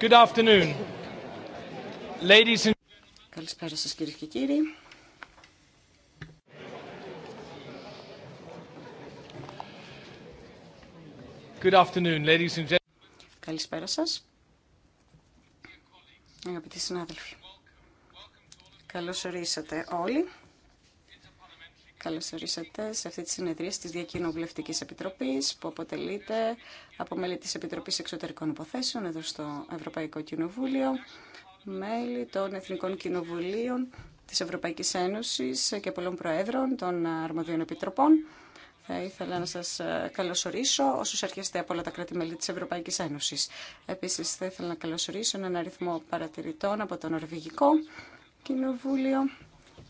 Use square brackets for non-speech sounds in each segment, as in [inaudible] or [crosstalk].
Good afternoon. Ladies and... Καλησπέρα σας κύριε και κύριοι. Good afternoon, ladies and gentlemen. Καλησπέρα σας. Αγαπητοί συνάδελφοι. Καλώς ορίσατε όλοι Καλώς ορίσατε σε αυτή τη συνεδρία της Διακοινοβουλευτικής Επιτροπής που αποτελείται από μέλη της Επιτροπής Εξωτερικών Υποθέσεων εδώ στο Ευρωπαϊκό Κοινοβούλιο, μέλη των Εθνικών Κοινοβουλίων της Ευρωπαϊκής Ένωσης και πολλών Προέδρων των Αρμοδίων Επιτροπών. Θα ήθελα να σας καλωσορίσω όσους έρχεστε από όλα τα κράτη-μέλη της Ευρωπαϊκής Ένωσης. Επίσης θα ήθελα να καλωσορίσω έναν αριθμό παρατηρητών από το Νορβηγικό Κοινοβούλιο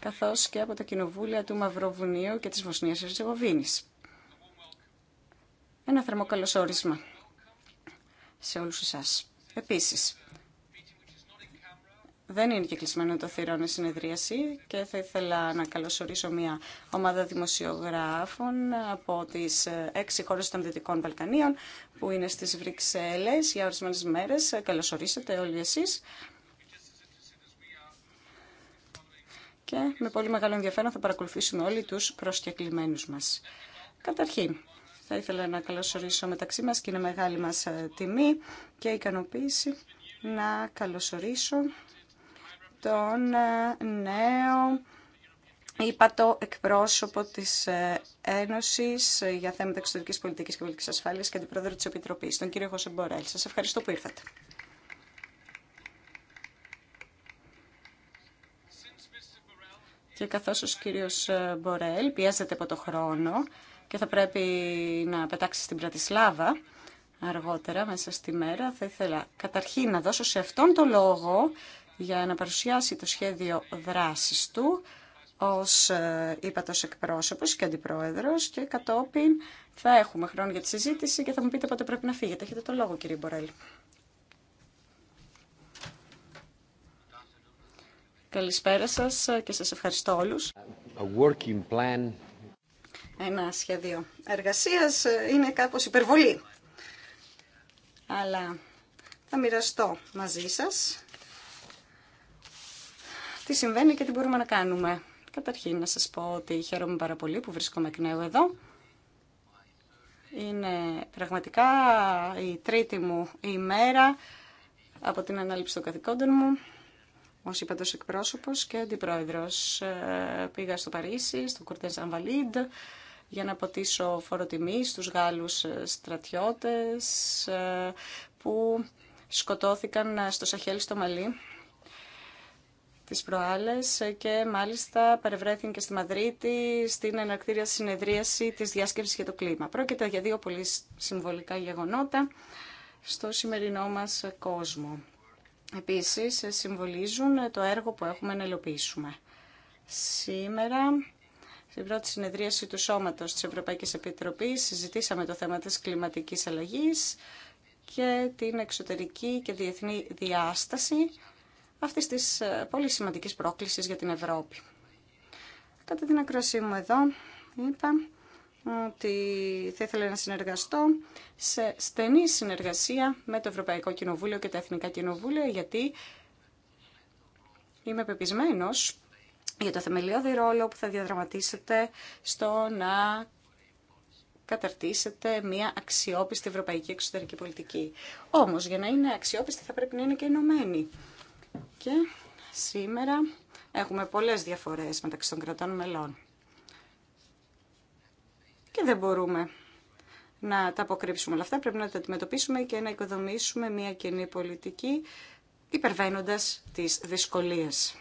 καθώς και από τα κοινοβούλια του Μαυροβουνίου και της Βοσνίας Ερζεγοβίνης. Ένα θερμό καλωσόρισμα σε όλους εσάς. Επίσης, δεν είναι και κλεισμένο το θηρόν συνεδρίαση και θα ήθελα να καλωσορίσω μια ομάδα δημοσιογράφων από τις έξι χώρες των Δυτικών Βαλκανίων που είναι στις Βρυξέλλες για ορισμένες μέρες. Καλωσορίσατε όλοι εσείς. και με πολύ μεγάλο ενδιαφέρον θα παρακολουθήσουμε όλοι τους προσκεκλημένους μας. Καταρχήν, θα ήθελα να καλωσορίσω μεταξύ μας και είναι μεγάλη μας ε, τιμή και ικανοποίηση να καλωσορίσω τον ε, νέο υπατό εκπρόσωπο της ε, Ένωσης για θέματα εξωτερικής πολιτικής και πολιτικής ασφάλειας και την πρόεδρο της Επιτροπής, τον κύριο Μπορέλ. Σας ευχαριστώ που ήρθατε. και καθώς ο κύριος ε, Μπορέλ πιέζεται από το χρόνο και θα πρέπει να πετάξει στην Πρατισλάβα αργότερα μέσα στη μέρα, θα ήθελα καταρχήν να δώσω σε αυτόν το λόγο για να παρουσιάσει το σχέδιο δράσης του ως ε, ύπατος εκπρόσωπος και αντιπρόεδρος και κατόπιν θα έχουμε χρόνο για τη συζήτηση και θα μου πείτε πότε πρέπει να φύγετε. Έχετε το λόγο κύριε Μπορέλ. Καλησπέρα σας και σας ευχαριστώ όλους. plan. Ένα σχέδιο εργασίας είναι κάπως υπερβολή. Αλλά θα μοιραστώ μαζί σας τι συμβαίνει και τι μπορούμε να κάνουμε. Καταρχήν να σας πω ότι χαίρομαι πάρα πολύ που βρίσκομαι εκ νέου εδώ. Είναι πραγματικά η τρίτη μου ημέρα από την ανάληψη των καθηκόντων μου ως υπαντός εκπρόσωπο και αντιπρόεδρο. Ε, πήγα στο Παρίσι, στο Κουρτέ Αμβαλίντ, για να ποτίσω φοροτιμή στους Γάλλους ε, στρατιώτες ε, που σκοτώθηκαν στο Σαχέλ στο Μαλί τις προάλλες και μάλιστα παρευρέθηκαν και στη Μαδρίτη στην ανακτήρια συνεδρίαση της διάσκεψης για το κλίμα. Πρόκειται για δύο πολύ συμβολικά γεγονότα στο σημερινό μας κόσμο. Επίσης, συμβολίζουν το έργο που έχουμε να ελοπίσουμε. Σήμερα, στην πρώτη συνεδρίαση του Σώματος της Ευρωπαϊκής Επιτροπής, συζητήσαμε το θέμα της κλιματικής αλλαγής και την εξωτερική και διεθνή διάσταση αυτής της ε, πολύ σημαντικής πρόκλησης για την Ευρώπη. Κατά την ακρόασή μου εδώ, είπα ότι θα ήθελα να συνεργαστώ σε στενή συνεργασία με το Ευρωπαϊκό Κοινοβούλιο και τα Εθνικά Κοινοβούλια, γιατί είμαι πεπισμένος για το θεμελιώδη ρόλο που θα διαδραματίσετε στο να καταρτήσετε μια αξιόπιστη ευρωπαϊκή εξωτερική πολιτική. Όμως, για να είναι αξιόπιστη θα πρέπει να είναι και ενωμένη. Και σήμερα έχουμε πολλές διαφορές μεταξύ των κρατών μελών και δεν μπορούμε να τα αποκρύψουμε όλα αυτά. Πρέπει να τα αντιμετωπίσουμε και να οικοδομήσουμε μια κοινή πολιτική υπερβαίνοντας τις δυσκολίες.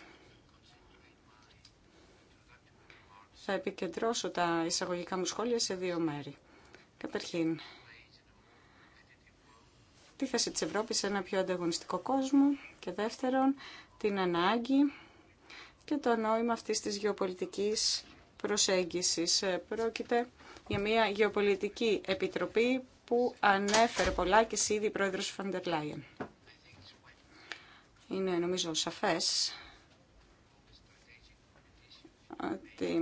Θα επικεντρώσω τα εισαγωγικά μου σχόλια σε δύο μέρη. Καταρχήν, τη θέση της Ευρώπη σε ένα πιο ανταγωνιστικό κόσμο και δεύτερον, την ανάγκη και το νόημα αυτής της γεωπολιτικής προσέγγισης. Πρόκειται για μια γεωπολιτική επιτροπή που ανέφερε πολλά και εσύ ήδη η πρόεδρος Φαντερ Λάιεν. Είναι νομίζω σαφές ότι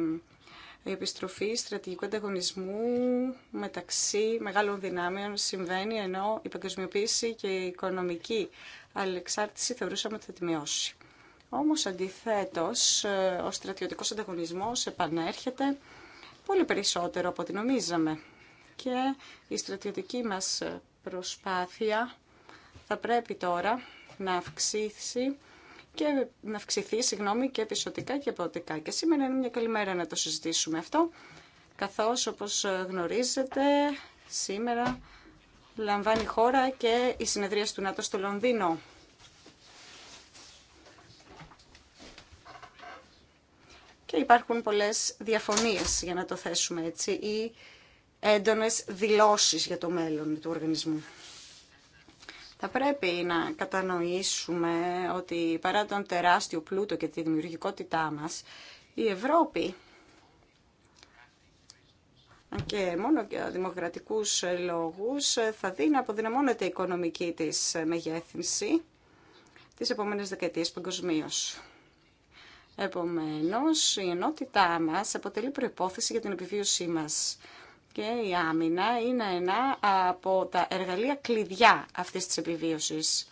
η επιστροφή στρατηγικού ανταγωνισμού μεταξύ μεγάλων δυνάμεων συμβαίνει ενώ η παγκοσμιοποίηση και η οικονομική αλεξάρτηση θεωρούσαμε ότι θα τη μειώσει. Όμως αντιθέτως ο στρατιωτικός ανταγωνισμός επανέρχεται πολύ περισσότερο από ό,τι νομίζαμε. Και η στρατιωτική μας προσπάθεια θα πρέπει τώρα να αυξήσει και να αυξηθεί, συγγνώμη, και επισωτικά και ποτικά. Και σήμερα είναι μια καλή μέρα να το συζητήσουμε αυτό, καθώς όπως γνωρίζετε σήμερα λαμβάνει χώρα και η συνεδρία του ΝΑΤΟ στο Λονδίνο. και υπάρχουν πολλές διαφωνίες για να το θέσουμε έτσι ή έντονες δηλώσεις για το μέλλον του οργανισμού. Θα πρέπει να κατανοήσουμε ότι παρά τον τεράστιο πλούτο και τη δημιουργικότητά μας, η Ευρώπη και μόνο για δημοκρατικούς λόγους θα δει να αποδυναμώνεται η οικονομική της μεγέθυνση τις επόμενες δεκαετίες παγκοσμίω. Επομένως, η ενότητά μας αποτελεί προϋπόθεση για την επιβίωσή μας. Και η άμυνα είναι ένα από τα εργαλεία κλειδιά αυτής της επιβίωσης.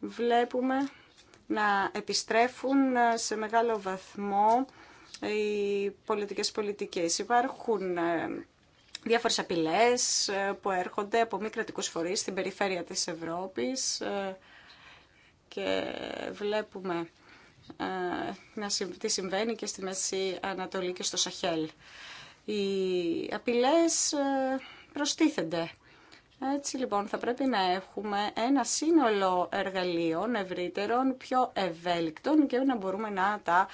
Βλέπουμε να επιστρέφουν σε μεγάλο βαθμό οι πολιτικές πολιτικές. Υπάρχουν ε, διάφορες απειλές ε, που έρχονται από μη κρατικούς φορείς στην περιφέρεια της Ευρώπης ε, και βλέπουμε ε, να, τι συμβαίνει και στη Μέση Ανατολή και στο Σαχέλ. Οι απειλές ε, προστίθενται. Έτσι λοιπόν θα πρέπει να έχουμε ένα σύνολο εργαλείων ευρύτερων, πιο ευέλικτων και να μπορούμε να τα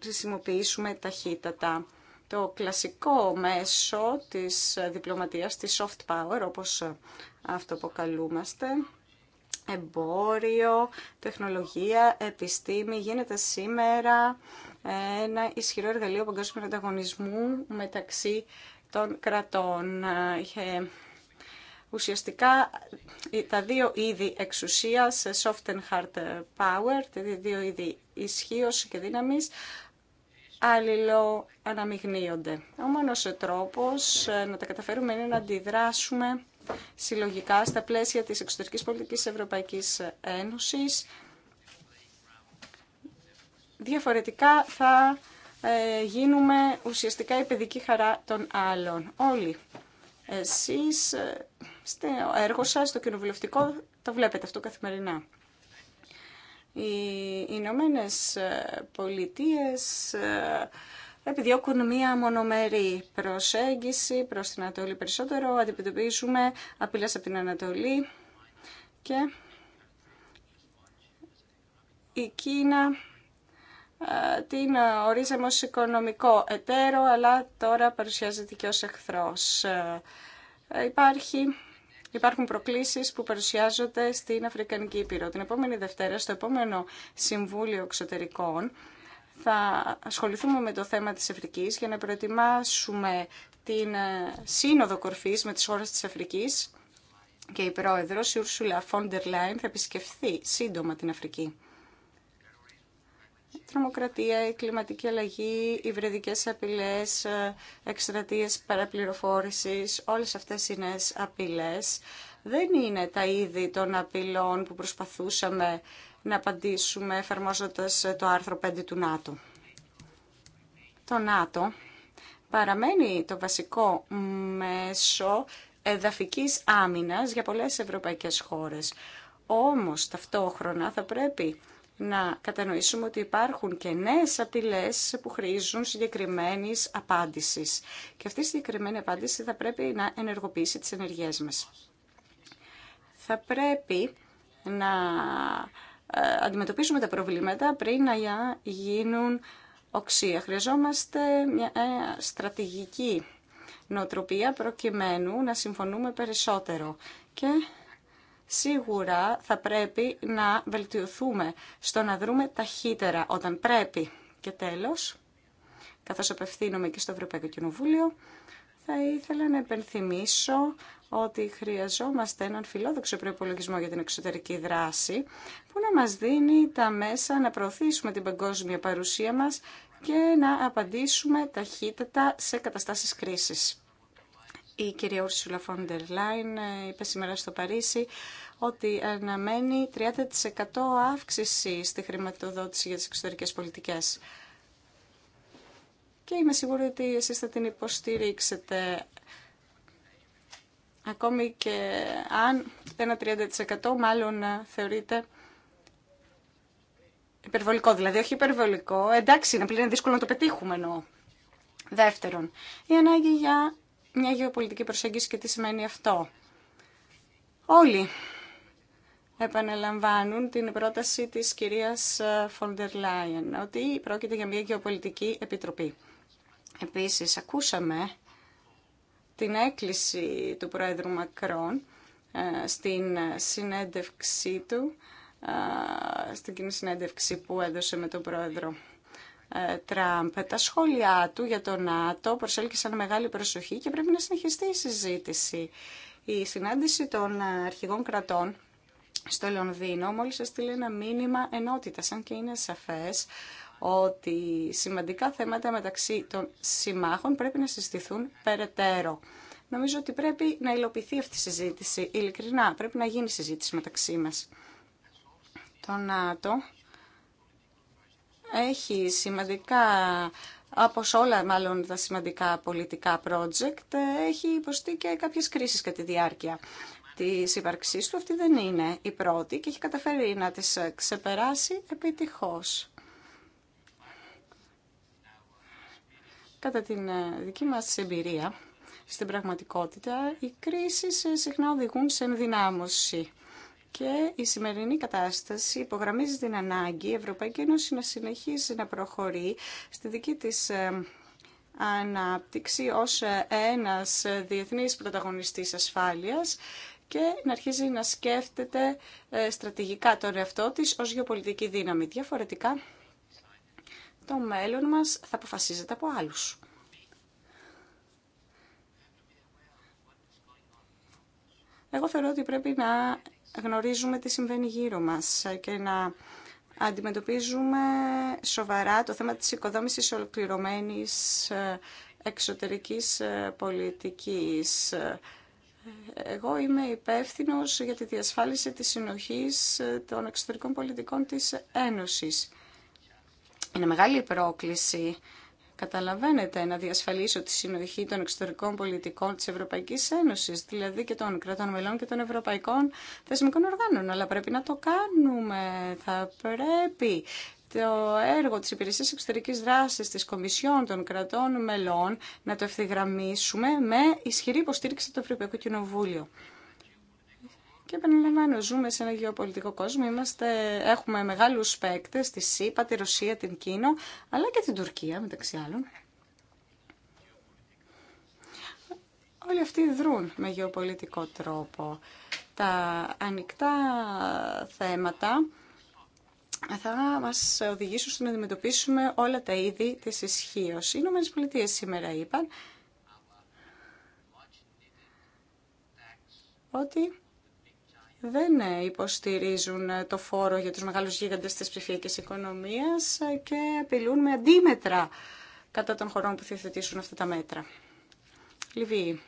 χρησιμοποιήσουμε ταχύτατα. Το κλασικό μέσο της διπλωματίας, της soft power όπως αυτό αποκαλούμαστε, εμπόριο, τεχνολογία, επιστήμη γίνεται σήμερα ένα ισχυρό εργαλείο παγκόσμιου ανταγωνισμού μεταξύ των κρατών. Ουσιαστικά τα δύο είδη εξουσίας, soft and hard power, τα δύο είδη ισχύος και δύναμης, αλληλοαναμειγνύονται. Ο μόνος τρόπος να τα καταφέρουμε είναι να αντιδράσουμε συλλογικά στα πλαίσια της εξωτερικής πολιτικής Ευρωπαϊκής Ένωσης. Διαφορετικά θα ε, γίνουμε ουσιαστικά η παιδική χαρά των άλλων. Όλοι εσείς ε, στο έργο σας, στο κοινοβουλευτικό, το βλέπετε αυτό καθημερινά. Οι Ηνωμένε ε, Πολιτείες επιδιώκουν μία μονομερή προσέγγιση προς την Ανατολή περισσότερο, αντιμετωπίζουμε απειλές από την Ανατολή και η Κίνα ε, την ορίζαμε ως οικονομικό εταίρο, αλλά τώρα παρουσιάζεται και ως εχθρός. Ε, υπάρχει Υπάρχουν προκλήσεις που παρουσιάζονται στην Αφρικανική Ήπειρο. Την επόμενη Δευτέρα, στο επόμενο Συμβούλιο Εξωτερικών, θα ασχοληθούμε με το θέμα της Αφρικής για να προετοιμάσουμε την ε, σύνοδο κορφής με τις χώρες της Αφρικής και η πρόεδρος η Ουρσουλα von der θα επισκεφθεί σύντομα την Αφρική. Η τρομοκρατία, η κλιματική αλλαγή, οι βρεδικές απειλές, ε, εκστρατείες παραπληροφόρησης, όλες αυτές οι νέες απειλές δεν είναι τα είδη των απειλών που προσπαθούσαμε να απαντήσουμε εφαρμόζοντας το άρθρο 5 του ΝΑΤΟ. Το ΝΑΤΟ παραμένει το βασικό μέσο εδαφικής άμυνας για πολλές ευρωπαϊκές χώρες. Όμως ταυτόχρονα θα πρέπει να κατανοήσουμε ότι υπάρχουν και νέες απειλές που χρήζουν συγκεκριμένης απάντησης. Και αυτή η συγκεκριμένη απάντηση θα πρέπει να ενεργοποιήσει τις ενεργές μας. Θα πρέπει να ε, αντιμετωπίσουμε τα προβλήματα πριν να γίνουν οξία. Χρειαζόμαστε μια ε, στρατηγική νοοτροπία προκειμένου να συμφωνούμε περισσότερο. Και σίγουρα θα πρέπει να βελτιωθούμε στο να δρούμε ταχύτερα όταν πρέπει. Και τέλος, καθώς απευθύνομαι και στο Ευρωπαϊκό Κοινοβούλιο, θα ήθελα να επενθυμίσω ότι χρειαζόμαστε έναν φιλόδοξο προπολογισμό για την εξωτερική δράση που να μας δίνει τα μέσα να προωθήσουμε την παγκόσμια παρουσία μας και να απαντήσουμε ταχύτατα σε καταστάσεις κρίσης. Η κυρία Ούρσουλα Φόντερ Λάιν ε, είπε σήμερα στο Παρίσι ότι αναμένει 30% αύξηση στη χρηματοδότηση για τις εξωτερικές πολιτικές. Και είμαι σίγουρη ότι εσείς θα την υποστηρίξετε ακόμη και αν ένα 30% μάλλον ε, θεωρείται υπερβολικό, δηλαδή όχι υπερβολικό, εντάξει είναι δύσκολο να το πετύχουμε εννοώ. Δεύτερον, η ανάγκη για μια γεωπολιτική προσέγγιση και τι σημαίνει αυτό. Όλοι επαναλαμβάνουν την πρόταση της κυρίας Φοντερ Λάιεν, ότι πρόκειται για μια γεωπολιτική επιτροπή. Επίσης, ακούσαμε την έκκληση του Πρόεδρου Μακρόν ε, στην συνέντευξή του, ε, στην κοινή συνέντευξη που έδωσε με τον Πρόεδρο ε, Τραμπ. Τα σχόλιά του για το ΝΑΤΟ προσέλκυσαν μεγάλη προσοχή και πρέπει να συνεχιστεί η συζήτηση. Η συνάντηση των αρχηγών κρατών στο Λονδίνο μόλις έστειλε ένα μήνυμα ενότητας, αν και είναι σαφές ότι σημαντικά θέματα μεταξύ των συμμάχων πρέπει να συστηθούν περαιτέρω. Νομίζω ότι πρέπει να υλοποιηθεί αυτή η συζήτηση. Ειλικρινά, πρέπει να γίνει συζήτηση μεταξύ μας. Το ΝΑΤΟ έχει σημαντικά από όλα μάλλον τα σημαντικά πολιτικά project έχει υποστεί και κάποιες κρίσεις κατά τη διάρκεια τη ύπαρξή του. Αυτή δεν είναι η πρώτη και έχει καταφέρει να τις ξεπεράσει επιτυχώς. Κατά την ε, δική μας εμπειρία, στην πραγματικότητα, οι κρίσεις ε, συχνά οδηγούν σε ενδυνάμωση. Και η σημερινή κατάσταση υπογραμμίζει την ανάγκη η Ευρωπαϊκή Ένωση να συνεχίσει να προχωρεί στη δική της ε, ανάπτυξη ως ένας διεθνής πρωταγωνιστής ασφάλειας και να αρχίζει να σκέφτεται στρατηγικά τον εαυτό της ως γεωπολιτική δύναμη. Διαφορετικά το μέλλον μας θα αποφασίζεται από άλλους. Εγώ θεωρώ ότι πρέπει να γνωρίζουμε τι συμβαίνει γύρω μας και να αντιμετωπίζουμε σοβαρά το θέμα της οικοδόμησης ολοκληρωμένης ε, εξωτερικής ε, πολιτικής. Εγώ είμαι υπεύθυνος για τη διασφάλιση της συνοχής ε, των εξωτερικών πολιτικών της Ένωσης. Είναι μεγάλη πρόκληση. Καταλαβαίνετε να διασφαλίσω τη συνοχή των εξωτερικών πολιτικών της Ευρωπαϊκής Ένωσης, δηλαδή και των κρατών μελών και των ευρωπαϊκών θεσμικών οργάνων. Αλλά πρέπει να το κάνουμε. Θα πρέπει το έργο της Υπηρεσίας Εξωτερικής Δράσης της Κομισιόν των Κρατών Μελών να το ευθυγραμμίσουμε με ισχυρή υποστήριξη του Ευρωπαϊκού Κοινοβούλιο. Και επαναλαμβάνω, ζούμε σε ένα γεωπολιτικό κόσμο, είμαστε, έχουμε μεγάλους παίκτες, τη ΣΥΠΑ, τη Ρωσία, την Κίνα, αλλά και την Τουρκία μεταξύ άλλων. Όλοι αυτοί δρούν με γεωπολιτικό τρόπο. Τα ανοιχτά θέματα θα μας οδηγήσουν στο να αντιμετωπίσουμε όλα τα είδη της ισχύω. Οι Ηνωμένες Πολιτείες σήμερα είπαν ότι δεν υποστηρίζουν το φόρο για τους μεγάλους γίγαντες της ψηφιακής οικονομίας και απειλούν με αντίμετρα κατά των χωρών που θεθετήσουν αυτά τα μέτρα. Λιβύη.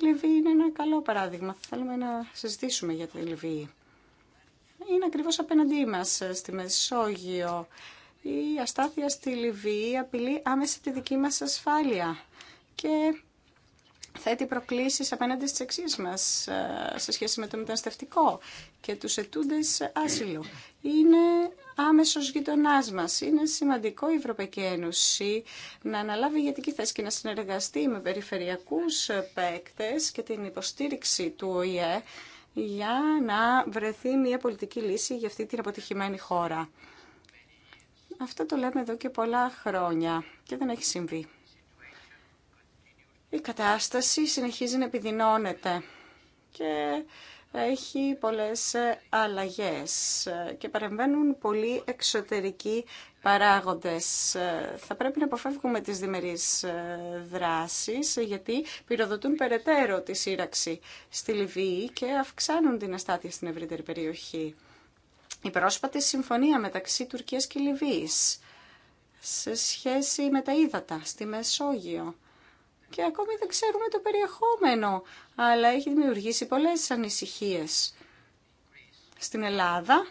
Η Λιβύη είναι ένα καλό παράδειγμα. Θέλουμε να συζητήσουμε για τη Λιβύη. Είναι ακριβώς απέναντί μας στη Μεσόγειο. Η αστάθεια στη Λιβύη απειλεί άμεσα τη δική μας ασφάλεια και θέτει προκλήσεις απέναντι στις αξίε μα ε, σε σχέση με το μεταναστευτικό και του ετούντε άσυλο. Είναι άμεσος γειτονά μα. Είναι σημαντικό η Ευρωπαϊκή Ένωση να αναλάβει ηγετική θέση και να συνεργαστεί με περιφερειακούς παίκτες και την υποστήριξη του ΟΗΕ για να βρεθεί μια πολιτική λύση για αυτή την αποτυχημένη χώρα. Αυτό το λέμε εδώ και πολλά χρόνια και δεν έχει συμβεί η κατάσταση συνεχίζει να επιδεινώνεται και έχει πολλές αλλαγές και παρεμβαίνουν πολλοί εξωτερικοί παράγοντες. Θα πρέπει να αποφεύγουμε τις διμερείς δράσεις γιατί πυροδοτούν περαιτέρω τη σύραξη στη Λιβύη και αυξάνουν την αστάθεια στην ευρύτερη περιοχή. Η πρόσπατη συμφωνία μεταξύ Τουρκίας και Λιβύης σε σχέση με τα ύδατα στη Μεσόγειο και ακόμη δεν ξέρουμε το περιεχόμενο, αλλά έχει δημιουργήσει πολλές ανησυχίες στην Ελλάδα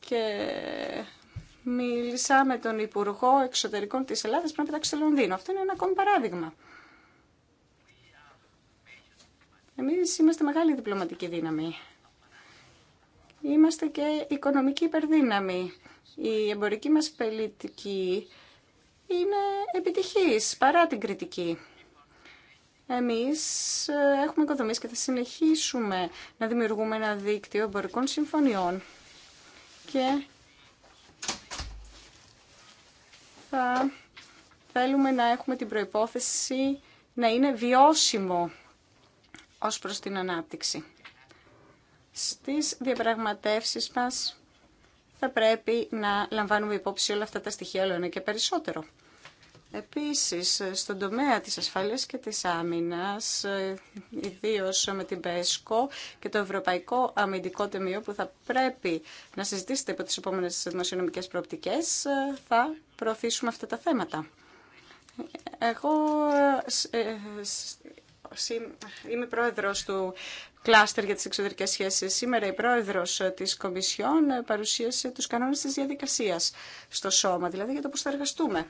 και μίλησα με τον Υπουργό Εξωτερικών της Ελλάδας πριν πετάξει στο Λονδίνο. Αυτό είναι ένα ακόμη παράδειγμα. Εμείς είμαστε μεγάλη διπλωματική δύναμη. Είμαστε και οικονομική υπερδύναμη. Η εμπορική μας πολιτική είναι επιτυχής παρά την κριτική εμείς ε, έχουμε οικοδομήσει και θα συνεχίσουμε να δημιουργούμε ένα δίκτυο εμπορικών συμφωνιών και θα θέλουμε να έχουμε την προϋπόθεση να είναι βιώσιμο ως προς την ανάπτυξη. Στις διαπραγματεύσεις μας θα πρέπει να λαμβάνουμε υπόψη όλα αυτά τα στοιχεία, όλο και περισσότερο. Επίσης, στον τομέα της ασφάλειας και της άμυνας, ε, ιδίως με την ΠΕΣΚΟ και το Ευρωπαϊκό Αμυντικό Τεμείο που θα πρέπει να συζητήσετε υπό τις επόμενες δημοσιονομικές προοπτικές, ε, θα προωθήσουμε αυτά τα θέματα. Εγώ ε, είμαι πρόεδρος του κλάστερ για τις εξωτερικές σχέσεις. Σήμερα η πρόεδρος της Κομισιόν παρουσίασε τους κανόνες της διαδικασίας στο σώμα, δηλαδή για το πώς θα εργαστούμε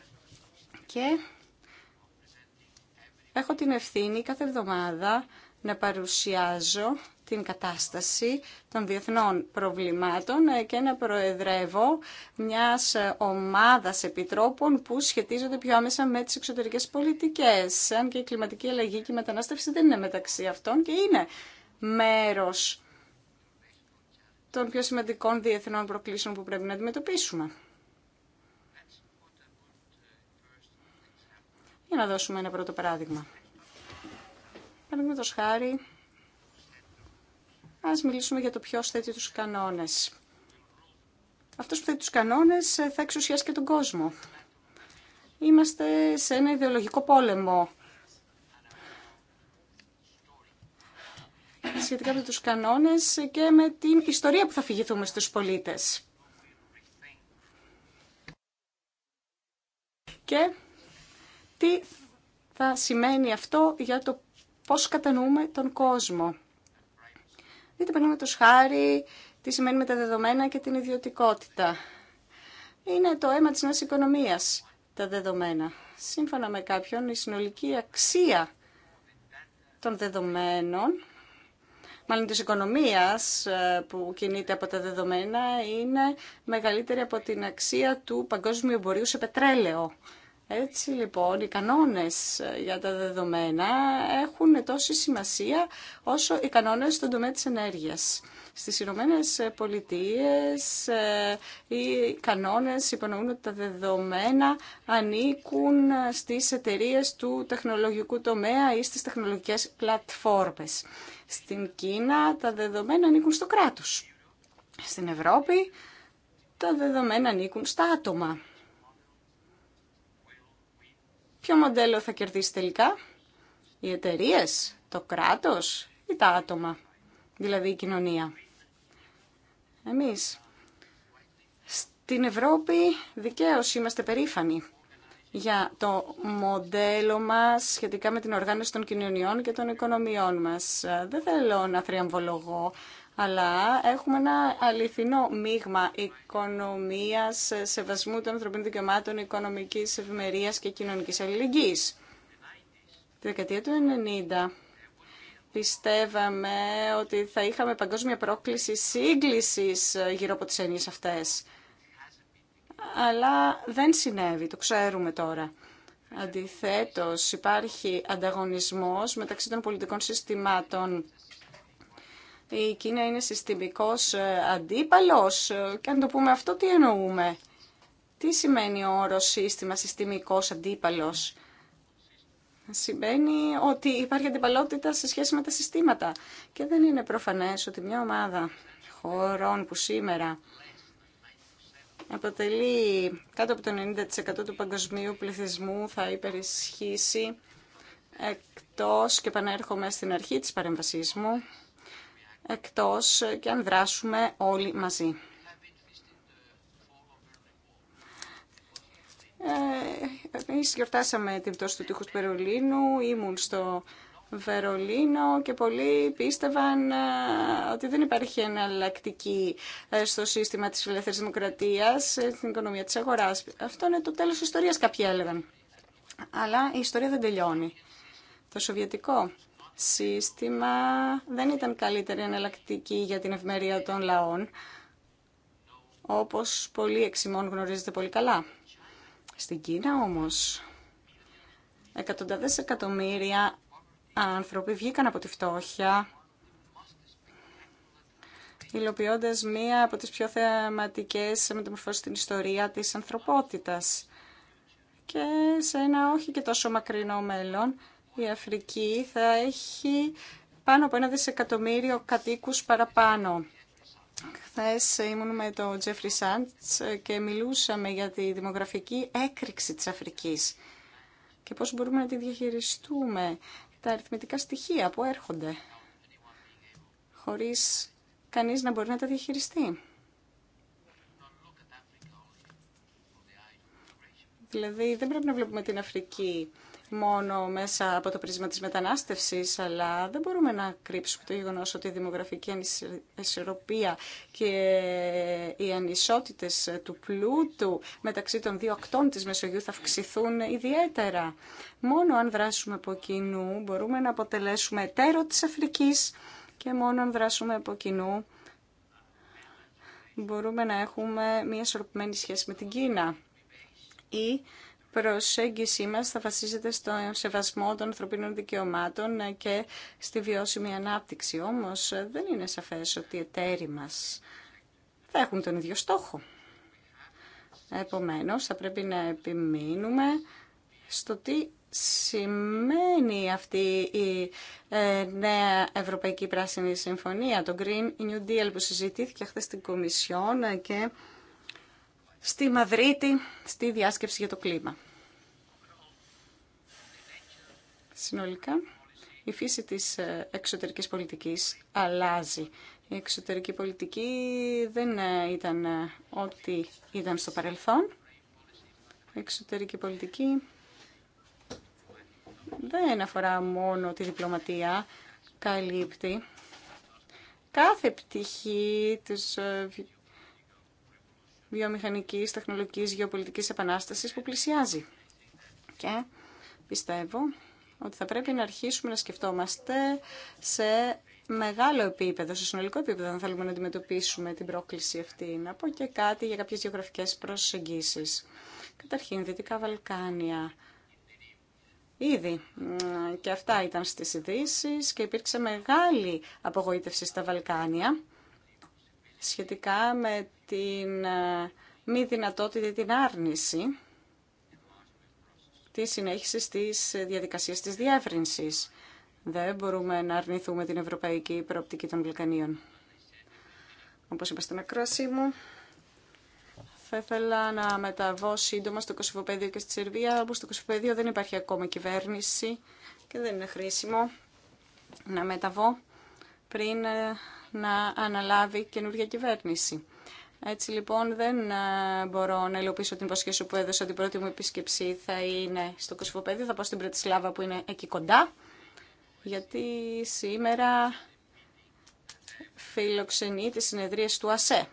και έχω την ευθύνη κάθε εβδομάδα να παρουσιάζω την κατάσταση των διεθνών προβλημάτων ε, και να προεδρεύω μιας ε, ομάδας επιτρόπων που σχετίζονται πιο άμεσα με τις εξωτερικές πολιτικές. Αν και η κλιματική αλλαγή και η μετανάστευση δεν είναι μεταξύ αυτών και είναι μέρος των πιο σημαντικών διεθνών προκλήσεων που πρέπει να αντιμετωπίσουμε. Για να δώσουμε ένα πρώτο παράδειγμα. Παραδείγματος χάρη, ας μιλήσουμε για το ποιο θέτει τους κανόνες. Αυτός που θέτει τους κανόνες ε, θα εξουσιάσει και τον κόσμο. Είμαστε σε ένα ιδεολογικό πόλεμο. σχετικά με τους κανόνες και με την ιστορία που θα φυγηθούμε στους πολίτες. Και τι θα σημαίνει αυτό για το πώς κατανοούμε τον κόσμο. Δείτε το σχάρι τι σημαίνει με τα δεδομένα και την ιδιωτικότητα. Είναι το αίμα της νέας οικονομίας τα δεδομένα. Σύμφωνα με κάποιον η συνολική αξία των δεδομένων μάλλον της οικονομίας ε, που κινείται από τα δεδομένα είναι μεγαλύτερη από την αξία του παγκόσμιου εμπορίου σε πετρέλαιο. Έτσι λοιπόν οι κανόνες για τα δεδομένα έχουν τόση σημασία όσο οι κανόνες στον τομέα της ενέργειας. Στις Ηνωμένε Πολιτείε, ε, οι κανόνες υπονοούν ότι τα δεδομένα ανήκουν στις εταιρείες του τεχνολογικού τομέα ή στις τεχνολογικές πλατφόρμες. Στην Κίνα τα δεδομένα ανήκουν στο κράτος. Στην Ευρώπη τα δεδομένα ανήκουν στα άτομα. Ποιο μοντέλο θα κερδίσει τελικά, οι εταιρείε, το κράτος ή τα άτομα, δηλαδή η κοινωνία. Εμείς στην Ευρώπη δικαίως είμαστε περήφανοι για το μοντέλο μας σχετικά με την οργάνωση των κοινωνιών και των οικονομιών μας. Δεν θέλω να θριαμβολογώ αλλά έχουμε ένα αληθινό μείγμα οικονομίας, σεβασμού των ανθρωπίνων δικαιωμάτων, οικονομικής ευημερίας και κοινωνικής αλληλεγγύης. Τη δεκαετία του 90 πιστεύαμε ότι θα είχαμε παγκόσμια πρόκληση σύγκλησης γύρω από τις έννοιες αυτές. Αλλά δεν συνέβη, το ξέρουμε τώρα. Αντιθέτως, υπάρχει ανταγωνισμός μεταξύ των πολιτικών συστημάτων η Κίνα είναι συστημικός ε, αντίπαλος ε, και αν το πούμε αυτό τι εννοούμε. Τι σημαίνει ο όρος σύστημα συστημικός αντίπαλος. Σημαίνει ότι υπάρχει αντιπαλότητα σε σχέση με τα συστήματα και δεν είναι προφανές ότι μια ομάδα χωρών που σήμερα αποτελεί κάτω από το 90% του παγκοσμίου πληθυσμού θα υπερισχύσει εκτός και επανέρχομαι στην αρχή της παρέμβασής μου εκτός και αν δράσουμε όλοι μαζί. Ε, εμείς γιορτάσαμε την πτώση του τείχους του Βερολίνου, ήμουν στο Βερολίνο και πολλοί πίστευαν ε, ότι δεν υπάρχει εναλλακτική ε, στο σύστημα της ελεύθερης δημοκρατίας, στην οικονομία της αγοράς. Αυτό είναι το τέλος της ιστορίας, κάποιοι έλεγαν. Αλλά η ιστορία δεν τελειώνει. Το σοβιετικό σύστημα δεν ήταν καλύτερη εναλλακτική για την ευμερία των λαών, όπως πολλοί εξημών γνωρίζετε πολύ καλά. Στην Κίνα όμως, εκατοντάδες εκατομμύρια άνθρωποι βγήκαν από τη φτώχεια, υλοποιώντα μία από τις πιο θεαματικές μεταμορφώσεις στην ιστορία της ανθρωπότητας. Και σε ένα όχι και τόσο μακρινό μέλλον, η Αφρική θα έχει πάνω από ένα δισεκατομμύριο κατοίκους παραπάνω. Χθε ήμουν με τον Τζέφρι Σάντς και μιλούσαμε για τη δημογραφική έκρηξη της Αφρικής και πώς μπορούμε να τη διαχειριστούμε, τα αριθμητικά στοιχεία που έρχονται, χωρίς κανείς να μπορεί να τα διαχειριστεί. Δηλαδή δεν πρέπει να βλέπουμε την Αφρική μόνο μέσα από το πρίσμα της μετανάστευσης, αλλά δεν μπορούμε να κρύψουμε το γεγονό ότι η δημογραφική ανισορροπία και οι ανισότητες του πλούτου μεταξύ των δύο ακτών της Μεσογείου θα αυξηθούν ιδιαίτερα. Μόνο αν δράσουμε από κοινού μπορούμε να αποτελέσουμε εταίρο της Αφρικής και μόνο αν δράσουμε από κοινού μπορούμε να έχουμε μια ισορροπημένη σχέση με την Κίνα προσέγγιση μας θα βασίζεται στο σεβασμό των ανθρωπίνων δικαιωμάτων και στη βιώσιμη ανάπτυξη. Όμως δεν είναι σαφές ότι οι εταίροι μας θα έχουν τον ίδιο στόχο. Επομένως θα πρέπει να επιμείνουμε στο τι σημαίνει αυτή η ε, νέα Ευρωπαϊκή Πράσινη Συμφωνία, το Green New Deal που συζητήθηκε χθε στην Κομισιόν και στη Μαδρίτη στη διάσκεψη για το κλίμα. Συνολικά, η φύση της ε, εξωτερικής πολιτικής αλλάζει. Η εξωτερική πολιτική δεν ε, ήταν ε, ό,τι ήταν στο παρελθόν. Η εξωτερική πολιτική δεν αφορά μόνο τη διπλωματία, καλύπτει κάθε πτυχή της βιομηχανικής, τεχνολογικής, γεωπολιτικής επανάστασης που πλησιάζει. Και πιστεύω ότι θα πρέπει να αρχίσουμε να σκεφτόμαστε σε μεγάλο επίπεδο, σε συνολικό επίπεδο, αν θέλουμε να αντιμετωπίσουμε την πρόκληση αυτή. Να πω και κάτι για κάποιες γεωγραφικές προσεγγίσεις. Καταρχήν, Δυτικά Βαλκάνια. Ήδη και αυτά ήταν στις ειδήσει και υπήρξε μεγάλη απογοήτευση στα Βαλκάνια σχετικά με την ε, μη δυνατότητα την άρνηση τη συνέχιση της διαδικασία της διεύρυνση. Δεν μπορούμε να αρνηθούμε την ευρωπαϊκή προοπτική των Βαλκανίων. Όπω είπα στην ακρόασή μου, θα ήθελα να μεταβώ σύντομα στο Κωσυφοπαίδιο και στη Σερβία, όπου στο Κωσυφοπαίδιο δεν υπάρχει ακόμα κυβέρνηση και δεν είναι χρήσιμο να μεταβώ πριν ε, να αναλάβει καινούργια κυβέρνηση. Έτσι λοιπόν δεν ε, μπορώ να υλοποιήσω την υποσχέση που έδωσα την πρώτη μου επίσκεψη θα είναι στο Κωσυφοπέδιο, θα πάω στην Πρετισλάβα που είναι εκεί κοντά, γιατί σήμερα φιλοξενεί τις συνεδρίες του ΑΣΕ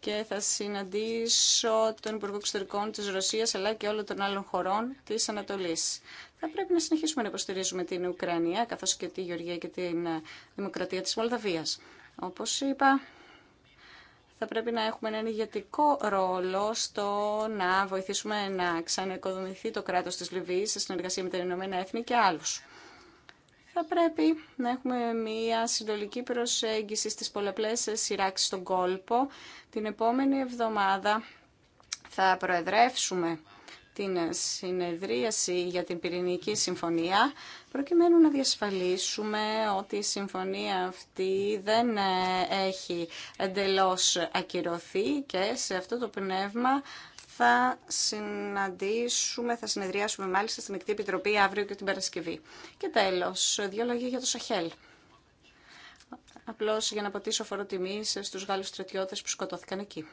και θα συναντήσω τον Υπουργό Εξωτερικών της Ρωσίας αλλά και όλων των άλλων χωρών της Ανατολής. Θα πρέπει να συνεχίσουμε να υποστηρίζουμε την Ουκρανία καθώς και τη Γεωργία και την ε, Δημοκρατία της Μολδαβίας. Όπως είπα, θα πρέπει να έχουμε έναν ηγετικό ρόλο στο να βοηθήσουμε να ξαναοικοδομηθεί το κράτος της Λιβύης σε συνεργασία με τα Ηνωμένα Έθνη και άλλους. Θα πρέπει να έχουμε μια συντολική προσέγγιση στις πολλαπλές σειράξεις στον κόλπο. Την επόμενη εβδομάδα θα προεδρεύσουμε την συνεδρίαση για την πυρηνική συμφωνία προκειμένου να διασφαλίσουμε ότι η συμφωνία αυτή δεν έχει εντελώς ακυρωθεί και σε αυτό το πνεύμα θα συναντήσουμε, θα συνεδριάσουμε μάλιστα στη Μεκτή Επιτροπή αύριο και την Παρασκευή. Και τέλος, δύο λόγια για το Σαχέλ. Απλώς για να ποτίσω φοροτιμή στους Γάλλους στρατιώτες που σκοτώθηκαν εκεί.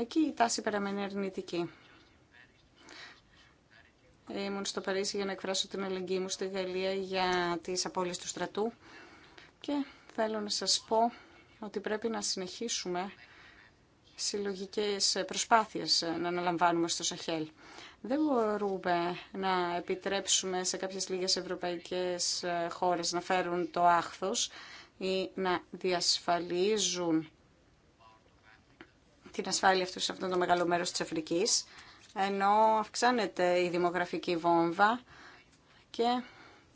Εκεί η τάση παραμένει αρνητική. Ήμουν στο Παρίσι για να εκφράσω την αλληλεγγύη μου στη Γαλλία για τις απώλειες του στρατού και θέλω να σας πω ότι πρέπει να συνεχίσουμε συλλογικές προσπάθειες να αναλαμβάνουμε στο Σαχέλ. Δεν μπορούμε να επιτρέψουμε σε κάποιες λίγες ευρωπαϊκές χώρες να φέρουν το άχθος ή να διασφαλίζουν την ασφάλεια αυτού σε αυτό το μεγάλο μέρος της Αφρικής, ενώ αυξάνεται η δημογραφική βόμβα και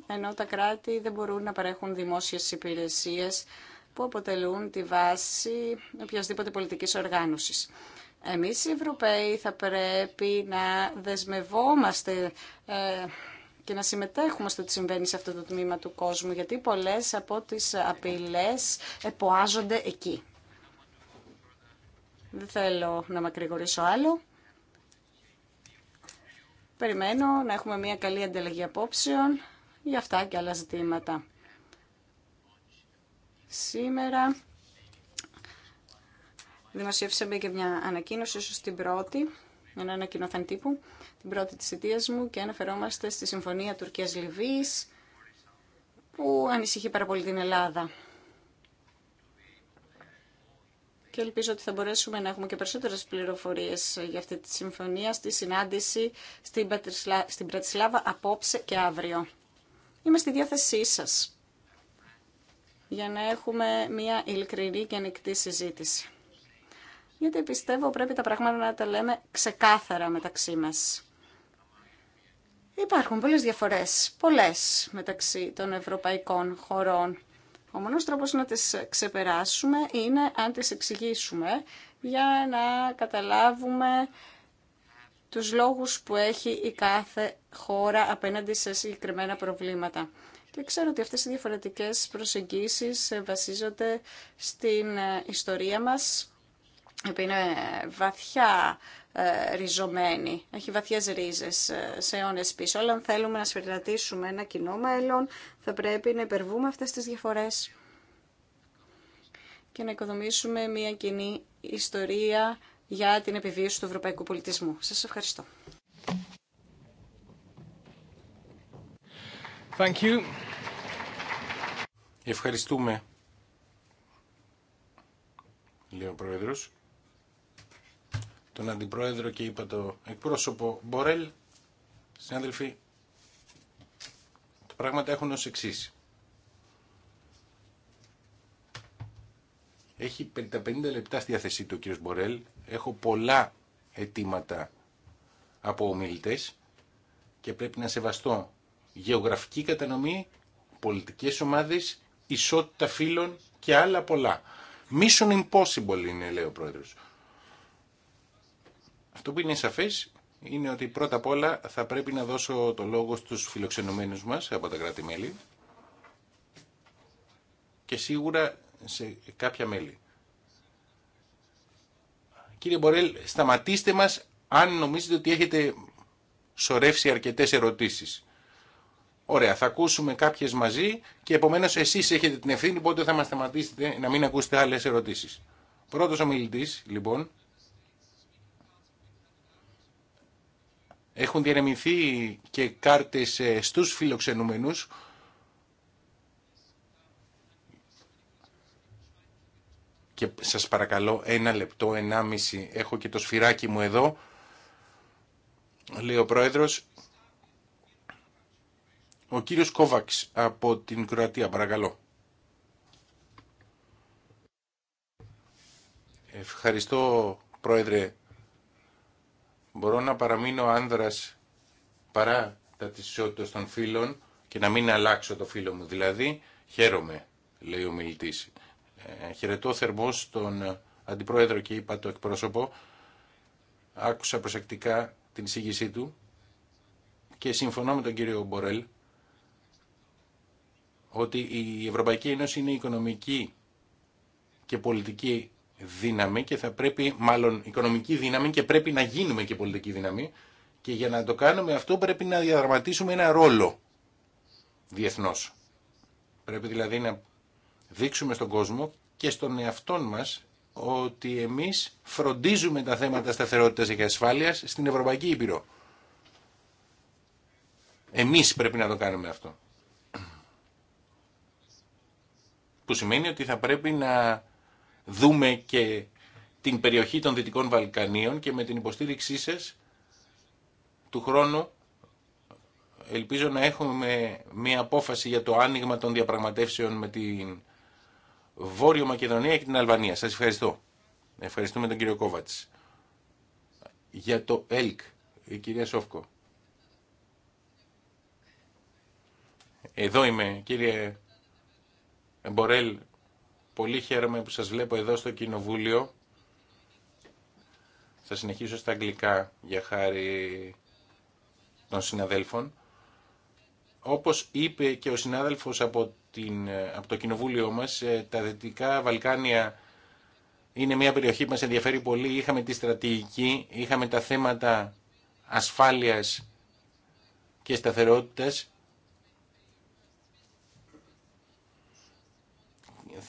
ενώ τα κράτη δεν μπορούν να παρέχουν δημόσιες υπηρεσίες που αποτελούν τη βάση οποιασδήποτε πολιτικής οργάνωσης. Εμείς οι Ευρωπαίοι θα πρέπει να δεσμευόμαστε ε, και να συμμετέχουμε στο τι συμβαίνει σε αυτό το τμήμα του κόσμου, γιατί πολλές από τις απειλές εποάζονται εκεί. Δεν θέλω να μακρηγορήσω άλλο. Περιμένω να έχουμε μια καλή ανταλλαγή απόψεων για αυτά και άλλα ζητήματα. Σήμερα δημοσιεύσαμε και μια ανακοίνωση, ίσως την πρώτη, ένα ανακοινωθέν τύπου, την πρώτη της αιτίας μου και αναφερόμαστε στη Συμφωνία Τουρκίας-Λιβύης που ανησυχεί πάρα πολύ την Ελλάδα και ελπίζω ότι θα μπορέσουμε να έχουμε και περισσότερες πληροφορίες για αυτή τη συμφωνία στη συνάντηση στην Πρατισλάβα απόψε και αύριο. Είμαι στη διάθεσή σας για να έχουμε μια ειλικρινή και ανοιχτή συζήτηση. Γιατί πιστεύω πρέπει τα πράγματα να τα λέμε ξεκάθαρα μεταξύ μας. Υπάρχουν πολλές διαφορές, πολλές μεταξύ των ευρωπαϊκών χωρών ο μόνος τρόπος να τις ξεπεράσουμε είναι αν τις εξηγήσουμε για να καταλάβουμε τους λόγους που έχει η κάθε χώρα απέναντι σε συγκεκριμένα προβλήματα. Και ξέρω ότι αυτές οι διαφορετικές προσεγγίσεις βασίζονται στην ε, ιστορία μας, που είναι βαθιά ε, ριζωμένη. Έχει βαθιές ρίζες ε, σε αιώνες πίσω. Αλλά αν θέλουμε να σφυρατήσουμε ένα κοινό μέλλον, θα πρέπει να υπερβούμε αυτές τις διαφορές και να οικοδομήσουμε μια κοινή ιστορία για την επιβίωση του ευρωπαϊκού πολιτισμού. Σας ευχαριστώ. Thank you. Ευχαριστούμε, Λέω ο Πρόεδρος τον Αντιπρόεδρο και είπα το εκπρόσωπο Μπορέλ, συνάδελφοι, τα πράγματα έχουν ως εξή. Έχει 50 λεπτά στη διάθεσή του ο κ. Μπορέλ. Έχω πολλά αιτήματα από ομιλητές και πρέπει να σεβαστώ γεωγραφική κατανομή, πολιτικές ομάδες, ισότητα φύλων και άλλα πολλά. Mission impossible είναι, λέει ο πρόεδρος. Αυτό που είναι σαφές είναι ότι πρώτα απ' όλα θα πρέπει να δώσω το λόγο στους φιλοξενουμένους μα από τα κράτη-μέλη και σίγουρα σε κάποια μέλη. Κύριε Μπορέλ, σταματήστε μας αν νομίζετε ότι έχετε σωρεύσει αρκετές ερωτήσεις. Ωραία, θα ακούσουμε κάποιες μαζί και επομένως εσείς έχετε την ευθύνη, οπότε θα μας σταματήσετε να μην ακούσετε άλλες ερωτήσεις. Πρώτος ομιλητής, λοιπόν, Έχουν διανεμηθεί και κάρτες ε, στους φιλοξενούμενους. Και σας παρακαλώ ένα λεπτό, ενάμιση, έχω και το σφυράκι μου εδώ. Λέει ο Πρόεδρος. Ο κύριος Κόβαξ από την Κροατία, παρακαλώ. Ευχαριστώ, Πρόεδρε μπορώ να παραμείνω άνδρας παρά τα της ισότητας των φίλων και να μην αλλάξω το φίλο μου. Δηλαδή, χαίρομαι, λέει ο μιλητής. Ε, χαιρετώ θερμός τον αντιπρόεδρο και είπα το εκπρόσωπο. Άκουσα προσεκτικά την εισήγησή του και συμφωνώ με τον κύριο Μπορέλ ότι η Ευρωπαϊκή Ένωση είναι οικονομική και πολιτική δύναμη και θα πρέπει, μάλλον οικονομική δύναμη και πρέπει να γίνουμε και πολιτική δύναμη και για να το κάνουμε αυτό πρέπει να διαδραματίσουμε ένα ρόλο διεθνώς. Πρέπει δηλαδή να δείξουμε στον κόσμο και στον εαυτόν μας ότι εμείς φροντίζουμε τα θέματα σταθερότητας και ασφάλειας στην Ευρωπαϊκή Ήπειρο. Εμείς πρέπει να το κάνουμε αυτό. Που σημαίνει ότι θα πρέπει να δούμε και την περιοχή των Δυτικών Βαλκανίων και με την υποστήριξή σας του χρόνου ελπίζω να έχουμε μια απόφαση για το άνοιγμα των διαπραγματεύσεων με την Βόρειο Μακεδονία και την Αλβανία. Σας ευχαριστώ. Ευχαριστούμε τον κύριο Κόβατς. Για το ΕΛΚ, η κυρία Σόφκο. Εδώ είμαι, κύριε Μπορέλ. Πολύ χαίρομαι που σας βλέπω εδώ στο Κοινοβούλιο. Θα συνεχίσω στα αγγλικά για χάρη των συναδέλφων. Όπως είπε και ο συνάδελφος από, την, από το Κοινοβούλιο μας, ε, τα Δυτικά Βαλκάνια είναι μια περιοχή που μας ενδιαφέρει πολύ. Είχαμε τη στρατηγική, είχαμε τα θέματα ασφάλειας και σταθερότητας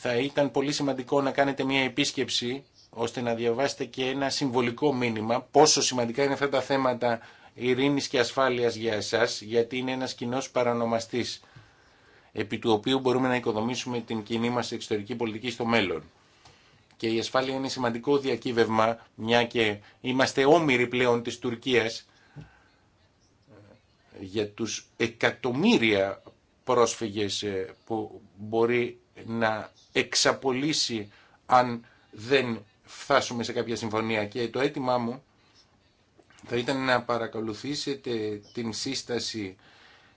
θα ήταν πολύ σημαντικό να κάνετε μια επίσκεψη ώστε να διαβάσετε και ένα συμβολικό μήνυμα πόσο σημαντικά είναι αυτά τα θέματα ειρήνης και ασφάλειας για εσάς γιατί είναι ένας κοινό παρανομαστής επί του οποίου μπορούμε να οικοδομήσουμε την κοινή μας εξωτερική πολιτική στο μέλλον. Και η ασφάλεια είναι σημαντικό διακύβευμα, μια και είμαστε όμοιροι πλέον της Τουρκίας ε, για τους εκατομμύρια πρόσφυγες ε, που μπορεί να εξαπολύσει αν δεν φτάσουμε σε κάποια συμφωνία. Και το αίτημά μου θα ήταν να παρακολουθήσετε την σύσταση,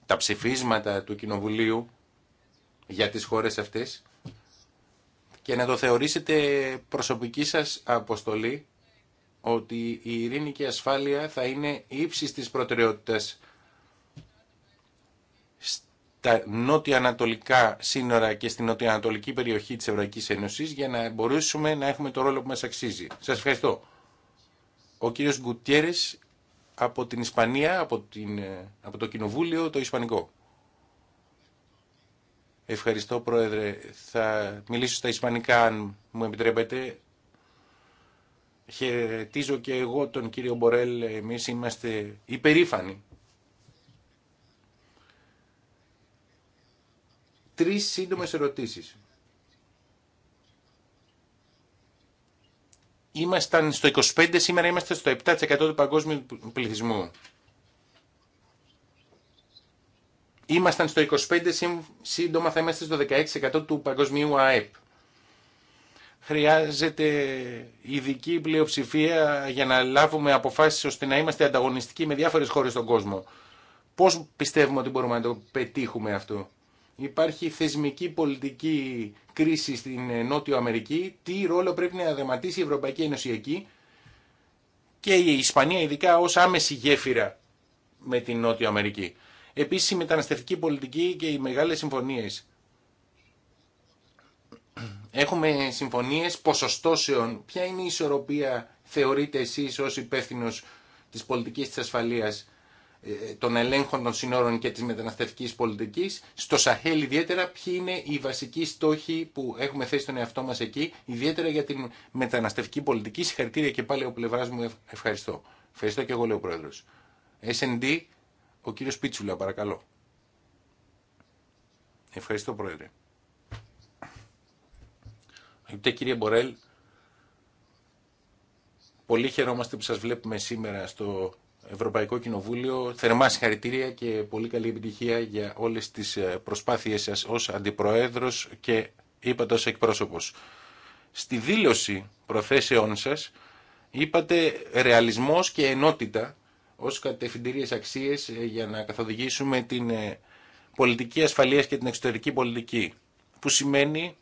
τα ψηφίσματα του Κοινοβουλίου για τις χώρες αυτές και να το θεωρήσετε προσωπική σας αποστολή ότι η ειρήνη και η ασφάλεια θα είναι ύψης της προτεραιότητας τα νότια-ανατολικά σύνορα και στην νοτιοανατολική περιοχή της Ευρωπαϊκής Ένωσης για να μπορέσουμε να έχουμε το ρόλο που μας αξίζει. Σας ευχαριστώ. Ο κύριος Γκουτιέρες από την Ισπανία, από, την, ε, από το Κοινοβούλιο, το Ισπανικό. Ευχαριστώ Πρόεδρε. Θα μιλήσω στα Ισπανικά αν μου επιτρέπετε. Χαιρετίζω και εγώ τον κύριο Μπορέλ. Εμείς είμαστε υπερήφανοι Τρεις σύντομες ερωτήσεις. Είμασταν στο 25, σήμερα είμαστε στο 7% του παγκόσμιου πληθυσμού. Είμασταν στο 25, σύντομα θα είμαστε στο 16% του παγκοσμίου ΑΕΠ. Χρειάζεται ειδική πλειοψηφία για να λάβουμε αποφάσεις ώστε να είμαστε ανταγωνιστικοί με διάφορες χώρες στον κόσμο. Πώς πιστεύουμε ότι μπορούμε να το πετύχουμε αυτό υπάρχει θεσμική πολιτική κρίση στην Νότιο Αμερική, τι ρόλο πρέπει να δεματίσει η Ευρωπαϊκή Ένωση εκεί και η Ισπανία ειδικά ως άμεση γέφυρα με την Νότιο Αμερική. Επίσης η μεταναστευτική πολιτική και οι μεγάλες συμφωνίες. Έχουμε συμφωνίες ποσοστώσεων. Ποια είναι η ισορροπία θεωρείτε εσείς ως υπεύθυνο της πολιτικής της ασφαλείας ε, των ελέγχων των συνόρων και της μεταναστευτικής πολιτικής. Στο Σαχέλ ιδιαίτερα ποιοι είναι οι βασικοί στόχοι που έχουμε θέσει τον εαυτό μας εκεί, ιδιαίτερα για την μεταναστευτική πολιτική. Συγχαρητήρια και πάλι ο πλευρά μου ευχαριστώ. Ευχαριστώ και εγώ λέω ο Πρόεδρος. SND, ο κύριος Πίτσουλα παρακαλώ. Ευχαριστώ Πρόεδρε. Αγαπητέ κύριε Μπορέλ, πολύ χαιρόμαστε που σας βλέπουμε σήμερα στο Ευρωπαϊκό Κοινοβούλιο. Θερμά συγχαρητήρια και πολύ καλή επιτυχία για όλες τις ε, προσπάθειές σας ως Αντιπροέδρος και είπατε ως εκπρόσωπος. Στη δήλωση προθέσεών σας είπατε ρεαλισμός και ενότητα ως κατευθυντήριες αξίες ε, για να καθοδηγήσουμε την ε, πολιτική ασφαλείας και την εξωτερική πολιτική που σημαίνει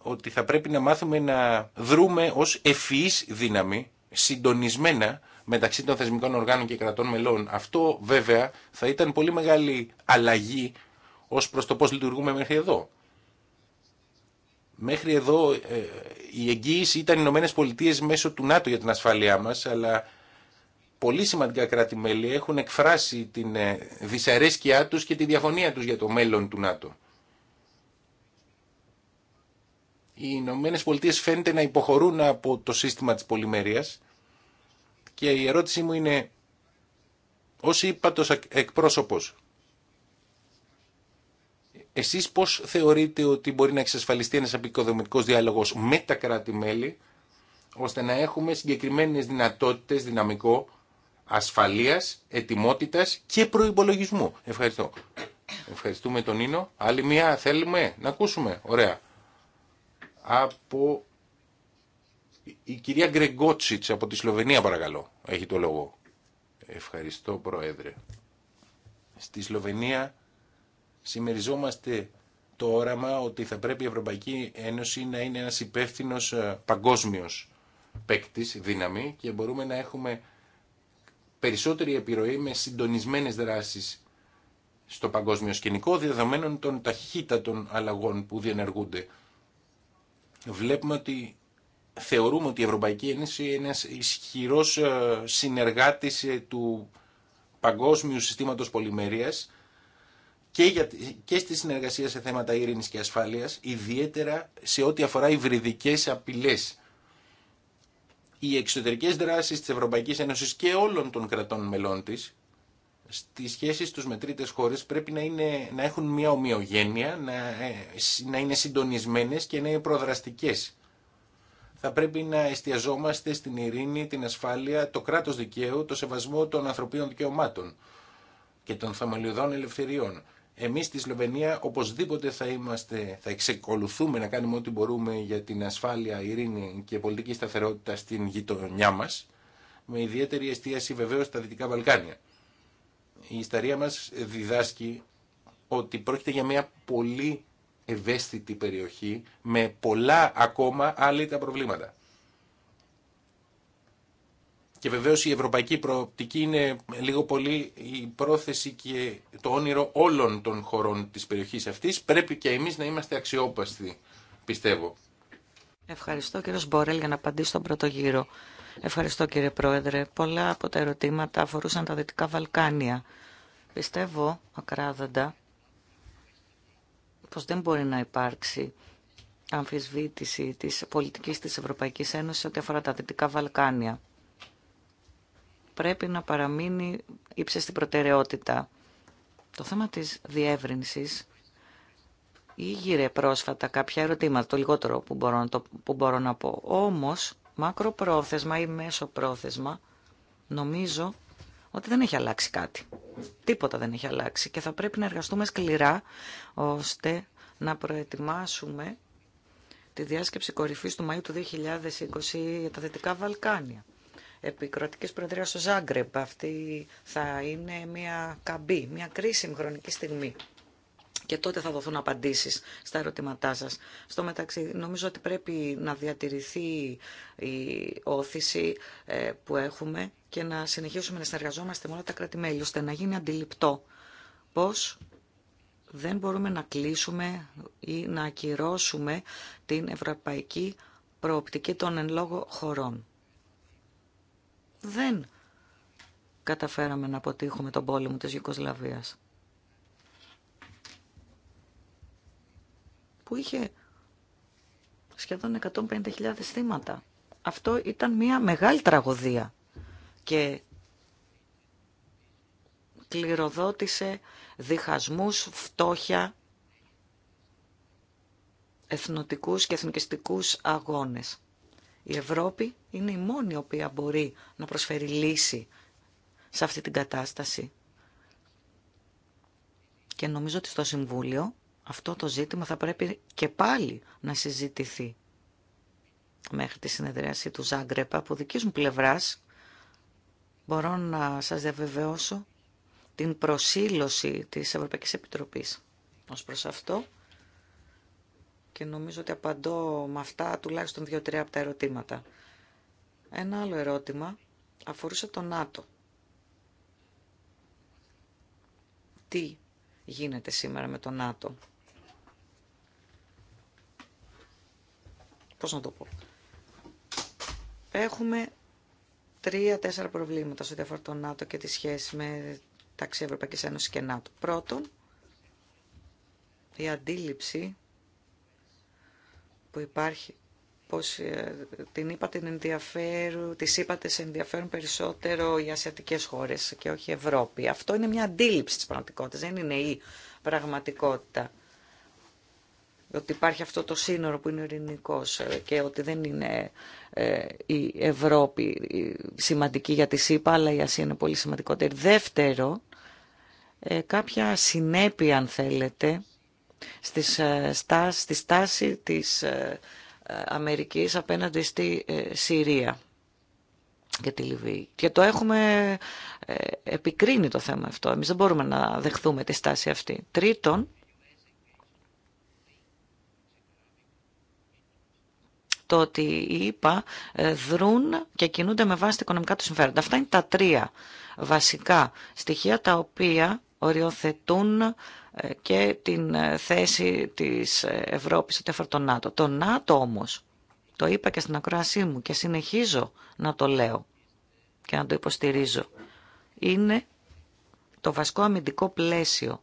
ότι θα πρέπει να μάθουμε να δρούμε ως ευφυής δύναμη συντονισμένα μεταξύ των θεσμικών οργάνων και κρατών μελών. Αυτό βέβαια θα ήταν πολύ μεγάλη αλλαγή ως προς το πώς λειτουργούμε μέχρι εδώ. Μέχρι εδώ ε, η εγγύηση ήταν οι Ηνωμένες Πολιτείες μέσω του ΝΑΤΟ για την ασφαλειά μας, αλλά πολύ σημαντικά κράτη-μέλη έχουν εκφράσει την ε, δυσαρέσκειά τους και τη διαφωνία τους για το μέλλον του ΝΑΤΟ. οι Ηνωμένε Πολιτείε φαίνεται να υποχωρούν από το σύστημα της πολυμερίας και η ερώτησή μου είναι ως ύπατος εκπρόσωπος εσείς πώς θεωρείτε ότι μπορεί να εξασφαλιστεί ένας απεικοδομητικός διάλογος με τα κράτη-μέλη ώστε να έχουμε συγκεκριμένες δυνατότητες δυναμικό ασφαλείας, ετοιμότητας και προϋπολογισμού. Ευχαριστώ. Ευχαριστούμε τον Νίνο. Άλλη μία θέλουμε να ακούσουμε. Ωραία από η κυρία Γκρεγκότσιτς από τη Σλοβενία παρακαλώ. Έχει το λόγο. Ευχαριστώ Πρόεδρε. Στη Σλοβενία συμμεριζόμαστε το όραμα ότι θα πρέπει η Ευρωπαϊκή Ένωση να είναι ένας υπεύθυνο ε, παγκόσμιος παίκτη δύναμη και μπορούμε να έχουμε περισσότερη επιρροή με συντονισμένες δράσεις στο παγκόσμιο σκηνικό δεδομένων των ταχύτατων αλλαγών που διενεργούνται βλέπουμε ότι θεωρούμε ότι η Ευρωπαϊκή Ένωση είναι ένας ισχυρός ε, συνεργάτης ε, του παγκόσμιου συστήματος πολυμερίας και, για, και στη συνεργασία σε θέματα ειρήνης και ασφάλειας, ιδιαίτερα σε ό,τι αφορά υβριδικές απειλές. Οι εξωτερικές δράσεις της Ευρωπαϊκής Ένωσης και όλων των κρατών μελών της Στι σχέσεις του με τρίτε χώρε πρέπει να, είναι, να έχουν μια ομοιογένεια, να, ε, να είναι συντονισμένε και να είναι προδραστικέ. Θα πρέπει να εστιαζόμαστε στην ειρήνη, την ασφάλεια, το κράτο δικαίου, το σεβασμό των ανθρωπίνων δικαιωμάτων και των θεμελιωδών ελευθεριών. Εμεί στη Σλοβενία οπωσδήποτε θα, είμαστε, θα εξεκολουθούμε να κάνουμε ό,τι μπορούμε για την ασφάλεια, ειρήνη και πολιτική σταθερότητα στην γειτονιά μα, με ιδιαίτερη εστίαση βεβαίως στα Δυτικά Βαλκάνια η ιστορία μας διδάσκει ότι πρόκειται για μια πολύ ευαίσθητη περιοχή με πολλά ακόμα άλλη τα προβλήματα. Και βεβαίως η ευρωπαϊκή προοπτική είναι λίγο πολύ η πρόθεση και το όνειρο όλων των χωρών της περιοχής αυτής. Πρέπει και εμείς να είμαστε αξιόπαστοι, πιστεύω. Ευχαριστώ κύριο Μπορέλ για να απαντήσει στον πρώτο γύρο. Ευχαριστώ κύριε Πρόεδρε. Πολλά από τα ερωτήματα αφορούσαν τα Δυτικά Βαλκάνια. Πιστεύω ακράδαντα πως δεν μπορεί να υπάρξει αμφισβήτηση της πολιτικής της Ευρωπαϊκής Ένωσης ό,τι αφορά τα Δυτικά Βαλκάνια. Πρέπει να παραμείνει στην προτεραιότητα. Το θέμα της διεύρυνσης ήγηρε πρόσφατα κάποια ερωτήματα, το λιγότερο που μπορώ να, που μπορώ να πω. Όμως, μακροπρόθεσμα ή μέσο πρόθεσμα, νομίζω ότι δεν έχει αλλάξει κάτι. Τίποτα δεν έχει αλλάξει και θα πρέπει να εργαστούμε σκληρά ώστε να προετοιμάσουμε τη διάσκεψη κορυφής του Μαΐου του 2020 για τα Δυτικά Βαλκάνια. Επικροτικής Προεδρίας στο Ζάγκρεπ. Αυτή θα είναι μια καμπή, μια κρίσιμη χρονική στιγμή και τότε θα δοθούν απαντήσεις στα ερωτήματά σας. Στο μεταξύ, νομίζω ότι πρέπει να διατηρηθεί η όθηση ε, που έχουμε και να συνεχίσουμε να συνεργαζόμαστε με όλα τα κρατη ώστε να γίνει αντιληπτό πώς δεν μπορούμε να κλείσουμε ή να ακυρώσουμε την ευρωπαϊκή προοπτική των εν λόγω χωρών. Δεν καταφέραμε να αποτύχουμε τον πόλεμο της Ιουκοσλαβίας. που είχε σχεδόν 150.000 θύματα. Αυτό ήταν μια μεγάλη τραγωδία και κληροδότησε διχασμούς, φτώχεια, εθνοτικούς και εθνικιστικούς αγώνες. Η Ευρώπη είναι η μόνη η οποία μπορεί να προσφέρει λύση σε αυτή την κατάσταση. Και νομίζω ότι στο Συμβούλιο αυτό το ζήτημα θα πρέπει και πάλι να συζητηθεί μέχρι τη συνεδρίαση του Ζάγκρεπα που δικής μου πλευράς μπορώ να σας διαβεβαιώσω την προσήλωση της Ευρωπαϊκής Επιτροπής ως προς αυτό και νομίζω ότι απαντώ με αυτά τουλάχιστον δύο-τρία από τα ερωτήματα. Ένα άλλο ερώτημα αφορούσε το ΝΑΤΟ. Τι γίνεται σήμερα με το ΝΑΤΟ. πώς να το πω, έχουμε τρία-τέσσερα προβλήματα σε διαφορά το ΝΑΤΟ και τη σχέση με ταξί Ευρωπαϊκής Ένωσης και ΝΑΤΟ. Πρώτον, η αντίληψη που υπάρχει πως ε, την είπα την τις είπατε σε ενδιαφέρουν περισσότερο οι ασιατικές χώρες και όχι η Ευρώπη. Αυτό είναι μια αντίληψη της πραγματικότητας, δεν είναι η πραγματικότητα ότι υπάρχει αυτό το σύνορο που είναι ειρηνικό ε, και ότι δεν είναι ε, η Ευρώπη σημαντική για τη ΣΥΠΑ, αλλά η Ασία είναι πολύ σημαντικότερη. Δεύτερο, ε, κάποια συνέπεια, αν θέλετε, στη στάση της Αμερικής απέναντι στη Συρία και τη Λιβύη. Και το έχουμε επικρίνει το θέμα αυτό. Εμείς δεν μπορούμε να δεχθούμε τη στάση αυτή. Τρίτον, το ότι οι ε, δρούν και κινούνται με βάση τα οικονομικά του συμφέροντα. Αυτά είναι τα τρία βασικά στοιχεία τα οποία οριοθετούν ε, και την ε, θέση της Ευρώπης ότι αφορά το ΝΑΤΟ. Το ΝΑΤΟ όμως, το είπα και στην ακρόασή μου και συνεχίζω να το λέω και να το υποστηρίζω, είναι το βασικό αμυντικό πλαίσιο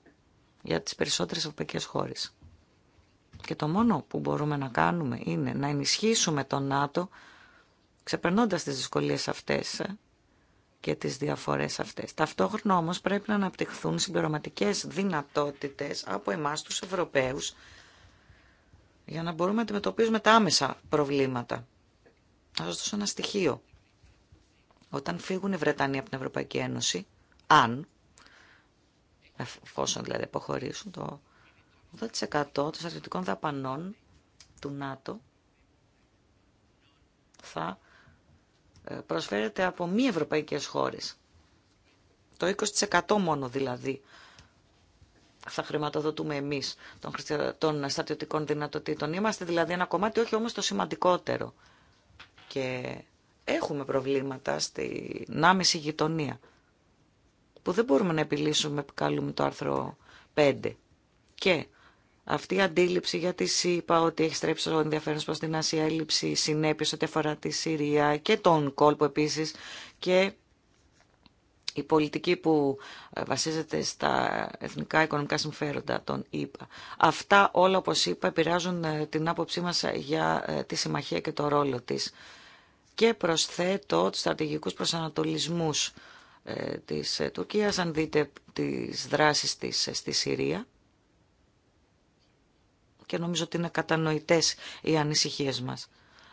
για τις περισσότερες ευρωπαϊκές χώρες. Και το μόνο που μπορούμε να κάνουμε είναι να ενισχύσουμε τον ΝΑΤΟ ξεπερνώντας τις δυσκολίες αυτές ε, και τις διαφορές αυτές. Ταυτόχρονα όμως πρέπει να αναπτυχθούν συμπληρωματικές δυνατότητες από εμάς τους Ευρωπαίους για να μπορούμε να αντιμετωπίζουμε τα άμεσα προβλήματα. Να σας δώσω ένα στοιχείο. Όταν φύγουν οι Βρετανοί από την Ευρωπαϊκή Ένωση, αν, εφόσον δηλαδή αποχωρήσουν το 80% των στρατιωτικών δαπανών του ΝΑΤΟ θα ε, προσφέρεται από μη ευρωπαϊκές χώρες. Το 20% μόνο δηλαδή θα χρηματοδοτούμε εμείς των, των στρατιωτικών δυνατοτήτων. Είμαστε δηλαδή ένα κομμάτι, όχι όμως το σημαντικότερο. Και έχουμε προβλήματα στην άμεση γειτονία που δεν μπορούμε να επιλύσουμε επικαλούμε το άρθρο 5. Και αυτή η αντίληψη για τη ΣΥΠΑ ότι έχει στρέψει ο ενδιαφέρον προ την Ασία, έλλειψη συνέπειε ό,τι αφορά τη Συρία και τον κόλπο επίσης και η πολιτική που ε, βασίζεται στα εθνικά οικονομικά συμφέροντα των ΗΠΑ. Αυτά όλα, όπως είπα, επηρεάζουν ε, την άποψή μας για ε, τη συμμαχία και το ρόλο της. Και προσθέτω τους στρατηγικούς προσανατολισμούς της Τουρκίας, αν δείτε τις δράσεις της στη Συρία και νομίζω ότι είναι κατανοητές οι ανησυχίες μας.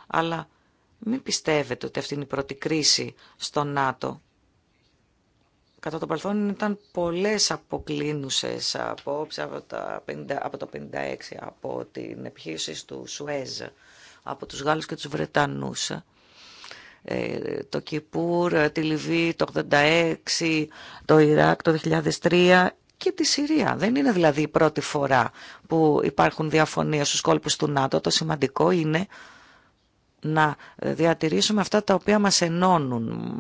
Αλλά μην πιστεύετε ότι αυτή είναι η πρώτη κρίση στο ΝΑΤΟ. Κατά το παρελθόν ήταν πολλές αποκλίνουσες από, 50, από το 56, από την επιχείρηση του Σουέζ, από τους Γάλλους και τους Βρετανούς. Ε, το Κιπούρ, τη Λιβύη το 86, το Ιράκ το 2003 και τη Συρία. Δεν είναι δηλαδή η πρώτη φορά που υπάρχουν διαφωνίες στους κόλπους του ΝΑΤΟ. Το σημαντικό είναι να διατηρήσουμε αυτά τα οποία μας ενώνουν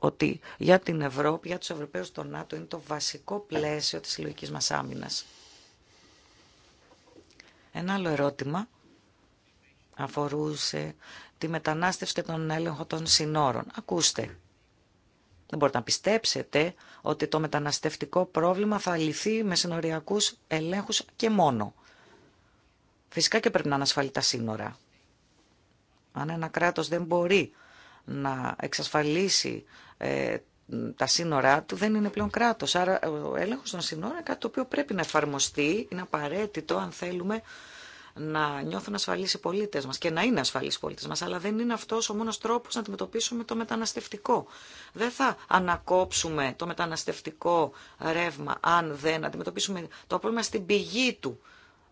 ότι για την Ευρώπη, για τους Ευρωπαίους το ΝΑΤΟ είναι το βασικό πλαίσιο της συλλογικής μας άμυνας. Ένα άλλο ερώτημα αφορούσε τη μετανάστευση και τον έλεγχο των συνόρων. Ακούστε, δεν μπορείτε να πιστέψετε ότι το μεταναστευτικό πρόβλημα θα λυθεί με συνοριακού ελέγχου και μόνο. Φυσικά και πρέπει να ανασφαλεί τα σύνορα. Αν ένα κράτος δεν μπορεί να εξασφαλίσει ε, τα σύνορά του, δεν είναι πλέον κράτος. Άρα ο έλεγχος των σύνορων είναι κάτι το οποίο πρέπει να εφαρμοστεί, είναι απαραίτητο αν θέλουμε να νιώθουν ασφαλείς οι πολίτες μας και να είναι ασφαλείς οι πολίτες μας, αλλά δεν είναι αυτός ο μόνος τρόπος να αντιμετωπίσουμε το μεταναστευτικό. Δεν θα ανακόψουμε το μεταναστευτικό ρεύμα αν δεν αντιμετωπίσουμε το πρόβλημα στην πηγή του,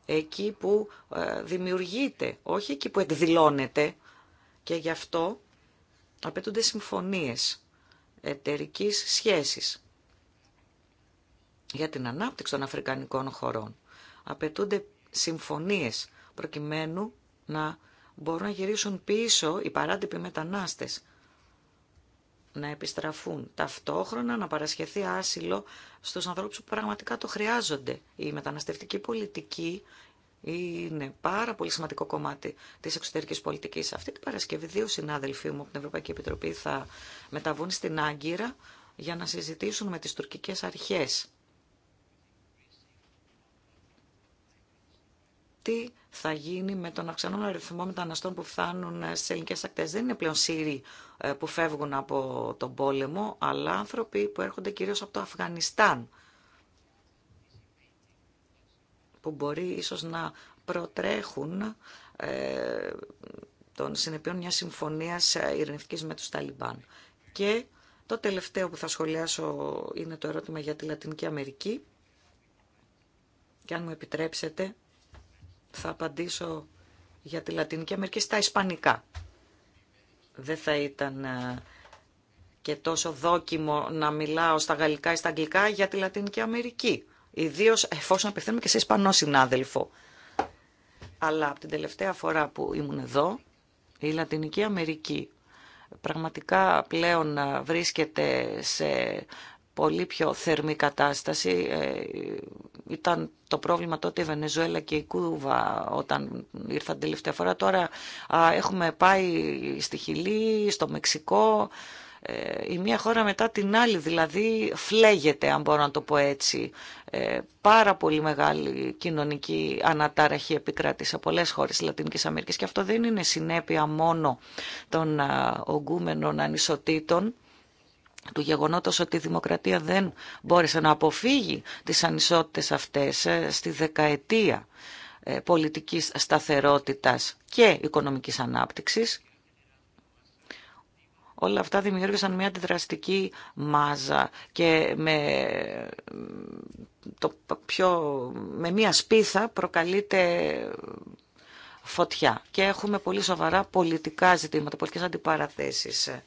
εκεί που ε, δημιουργείται, όχι εκεί που εκδηλώνεται και γι' αυτό απαιτούνται συμφωνίες εταιρική σχέσης για την ανάπτυξη των αφρικανικών χωρών. Απαιτούνται συμφωνίες προκειμένου να μπορούν να γυρίσουν πίσω οι παράτυποι μετανάστες να επιστραφούν ταυτόχρονα, να παρασχεθεί άσυλο στους ανθρώπους που πραγματικά το χρειάζονται. Η μεταναστευτική πολιτική είναι πάρα πολύ σημαντικό κομμάτι της εξωτερικής πολιτικής. Αυτή την Παρασκευή δύο συνάδελφοί μου από την Ευρωπαϊκή Επιτροπή θα μεταβούν στην Άγκυρα για να συζητήσουν με τις τουρκικές αρχές τι θα γίνει με τον αυξανόμενο αριθμό μεταναστών που φτάνουν στι ελληνικέ ακτές. Δεν είναι πλέον Σύριοι ε, που φεύγουν από τον πόλεμο, αλλά άνθρωποι που έρχονται κυρίως από το Αφγανιστάν, που μπορεί ίσως να προτρέχουν ε, των συνεπειών μια συμφωνία ε, ειρηνευτική με τους Ταλιμπάν. Και το τελευταίο που θα σχολιάσω είναι το ερώτημα για τη Λατινική Αμερική. Και αν μου επιτρέψετε, θα απαντήσω για τη Λατινική Αμερική στα Ισπανικά. Δεν θα ήταν ε, και τόσο δόκιμο να μιλάω στα γαλλικά ή στα αγγλικά για τη Λατινική Αμερική. Ιδίω εφόσον απευθύνομαι και σε Ισπανό συνάδελφο. Αλλά από την τελευταία φορά που ήμουν εδώ, η Λατινική Αμερική πραγματικά πλέον ε, βρίσκεται σε πολύ πιο θερμή κατάσταση. Ε, ήταν το πρόβλημα τότε η Βενεζουέλα και η Κούβα όταν ήρθαν τελευταία φορά. Τώρα έχουμε πάει στη Χιλή, στο Μεξικό. Ε, η μία χώρα μετά την άλλη δηλαδή φλέγεται αν μπορώ να το πω έτσι. Ε, πάρα πολύ μεγάλη κοινωνική ανατάραχη επικράτη σε πολλές χώρες της Λατινικής Αμερικής και αυτό δεν είναι συνέπεια μόνο των ογκούμενων ανισοτήτων του γεγονότος ότι η δημοκρατία δεν μπόρεσε να αποφύγει τις ανισότητες αυτές ε, στη δεκαετία ε, πολιτικής σταθερότητας και οικονομικής ανάπτυξης. Όλα αυτά δημιούργησαν μια αντιδραστική μάζα και με, το πιο, με μια σπίθα προκαλείται φωτιά. Και έχουμε πολύ σοβαρά πολιτικά ζητήματα, πολιτικές αντιπαραθέσεις ε.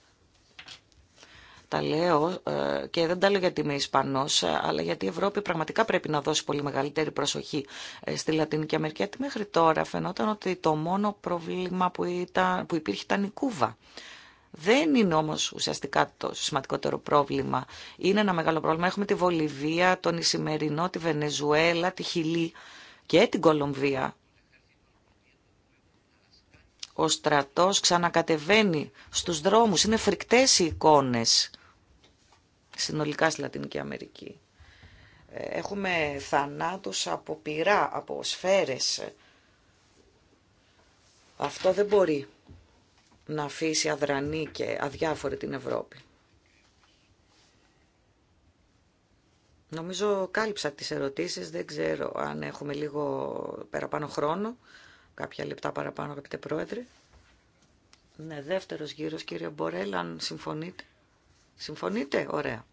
Τα λέω ε, και δεν τα λέω γιατί είμαι Ισπανός, ε, αλλά γιατί η Ευρώπη πραγματικά πρέπει να δώσει πολύ μεγαλύτερη προσοχή ε, στη Λατινική Αμερική. Γιατί μέχρι τώρα φαινόταν ότι το μόνο πρόβλημα που, ήταν, που υπήρχε ήταν η Κούβα. Δεν είναι όμως ουσιαστικά το σημαντικότερο πρόβλημα. Είναι ένα μεγάλο πρόβλημα. Έχουμε τη Βολιβία, τον Ισημερινό, τη Βενεζουέλα, τη Χιλή και την Κολομβία ο στρατός ξανακατεβαίνει στους δρόμους. Είναι φρικτές οι εικόνες, συνολικά στη Λατινική Αμερική. Ε, έχουμε θανάτους από πυρά, από σφαίρες. Αυτό δεν μπορεί να αφήσει αδρανή και αδιάφορη την Ευρώπη. Νομίζω κάλυψα τις ερωτήσεις, δεν ξέρω αν έχουμε λίγο παραπάνω χρόνο κάποια λεπτά παραπάνω, αγαπητέ Πρόεδρε. Ναι, δεύτερος γύρος, κύριε Μπορέλ, αν συμφωνείτε. Συμφωνείτε, ωραία.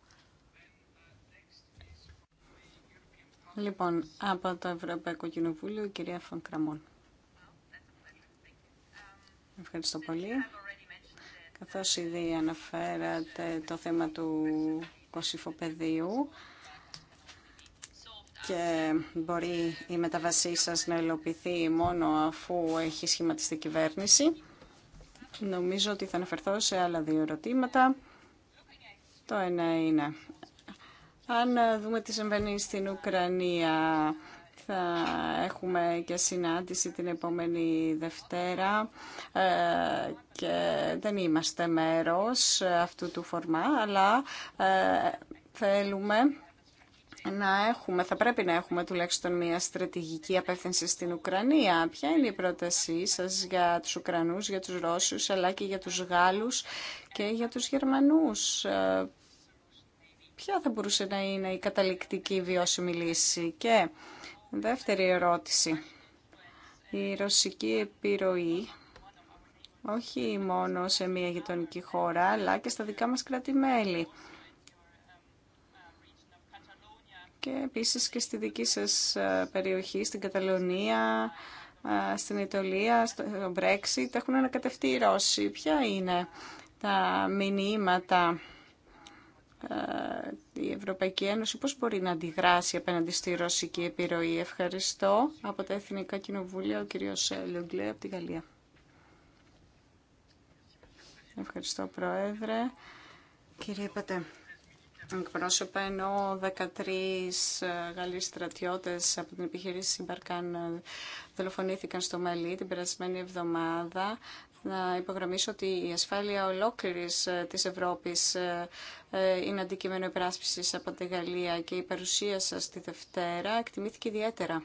Λοιπόν, από το Ευρωπαϊκό Κοινοβούλιο, η κυρία Φων Κραμών. Ευχαριστώ πολύ. Καθώς ήδη αναφέρατε το θέμα του κοσυφοπεδίου, και μπορεί η μεταβασή σας να ελοπιθεί μόνο αφού έχει σχηματιστεί κυβέρνηση. Νομίζω ότι θα αναφερθώ σε άλλα δύο ερωτήματα. Το ένα είναι, αν δούμε τι συμβαίνει στην Ουκρανία, θα έχουμε και συνάντηση την επόμενη Δευτέρα ε, και δεν είμαστε μέρος αυτού του φορμά, αλλά ε, θέλουμε να έχουμε, θα πρέπει να έχουμε τουλάχιστον μια στρατηγική απεύθυνση στην Ουκρανία. Ποια είναι η πρότασή σας για τους Ουκρανούς, για τους Ρώσους, αλλά και για τους Γάλλους και για τους Γερμανούς. Ε, ποια θα μπορούσε να είναι η καταληκτική βιώσιμη λύση. Και δεύτερη ερώτηση. Η ρωσική επιρροή όχι μόνο σε μια γειτονική χώρα, αλλά και στα δικά μας κρατη και επίσης και στη δική σας ε, περιοχή, στην Καταλωνία, ε, στην Ιταλία, στο Brexit, έχουν ανακατευτεί οι Ρώσοι. Ποια είναι τα μηνύματα ε, η Ευρωπαϊκή Ένωση πώς μπορεί να αντιδράσει απέναντι στη ρωσική επιρροή. Ευχαριστώ. Από τα Εθνικά Κοινοβούλια, ο κύριος Λογκλέ από τη Γαλλία. Ευχαριστώ, Πρόεδρε. Κύριε Πατέ, εκπρόσωπα, ενώ 13 ε, Γάλλοι στρατιώτες από την επιχείρηση Μπαρκάν ε, δολοφονήθηκαν στο Μαλί την περασμένη εβδομάδα. Να υπογραμμίσω ότι η ασφάλεια ολόκληρης ε, της Ευρώπης είναι αντικείμενο υπεράσπισης από τη Γαλλία και η παρουσία σας τη Δευτέρα εκτιμήθηκε ιδιαίτερα.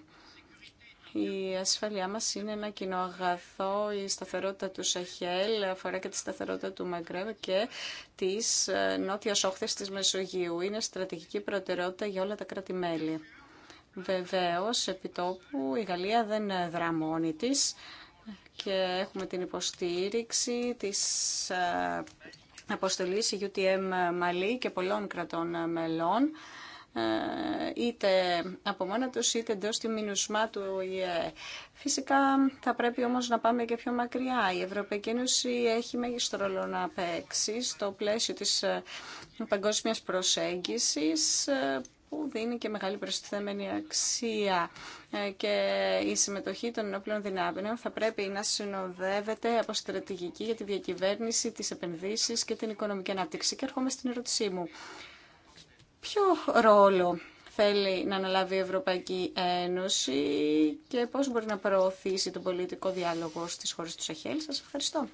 Η ασφαλειά μας είναι ένα κοινό αγαθό, η σταθερότητα του Σαχέλ αφορά και τη σταθερότητα του Μαγκρέβ και της ε, νότιας όχθης της Μεσογείου. Είναι στρατηγική προτεραιότητα για όλα τα κράτη-μέλη. Βεβαίως, τόπου, η Γαλλία δεν δρά της και έχουμε την υποστήριξη της ε, αποστολής UTM Μαλή και πολλών κρατών μελών ε, είτε από μόνα τους είτε εντό τη μηνουσμά του ΟΗΕ. Φυσικά θα πρέπει όμως να πάμε και πιο μακριά. Η Ευρωπαϊκή Ένωση έχει μέγιστο ρόλο να παίξει στο πλαίσιο της ε, παγκόσμιας προσέγγισης ε, που δίνει και μεγάλη προστιθέμενη αξία και η συμμετοχή των ενόπλων δυνάμεων θα πρέπει να συνοδεύεται από στρατηγική για τη διακυβέρνηση, τις επενδύσεις και την οικονομική ανάπτυξη. Και έρχομαι στην ερώτησή μου. Ποιο ρόλο θέλει να αναλάβει η Ευρωπαϊκή Ένωση και πώς μπορεί να προωθήσει τον πολιτικό διάλογο στις χώρες του Σαχέλ. Σας ευχαριστώ.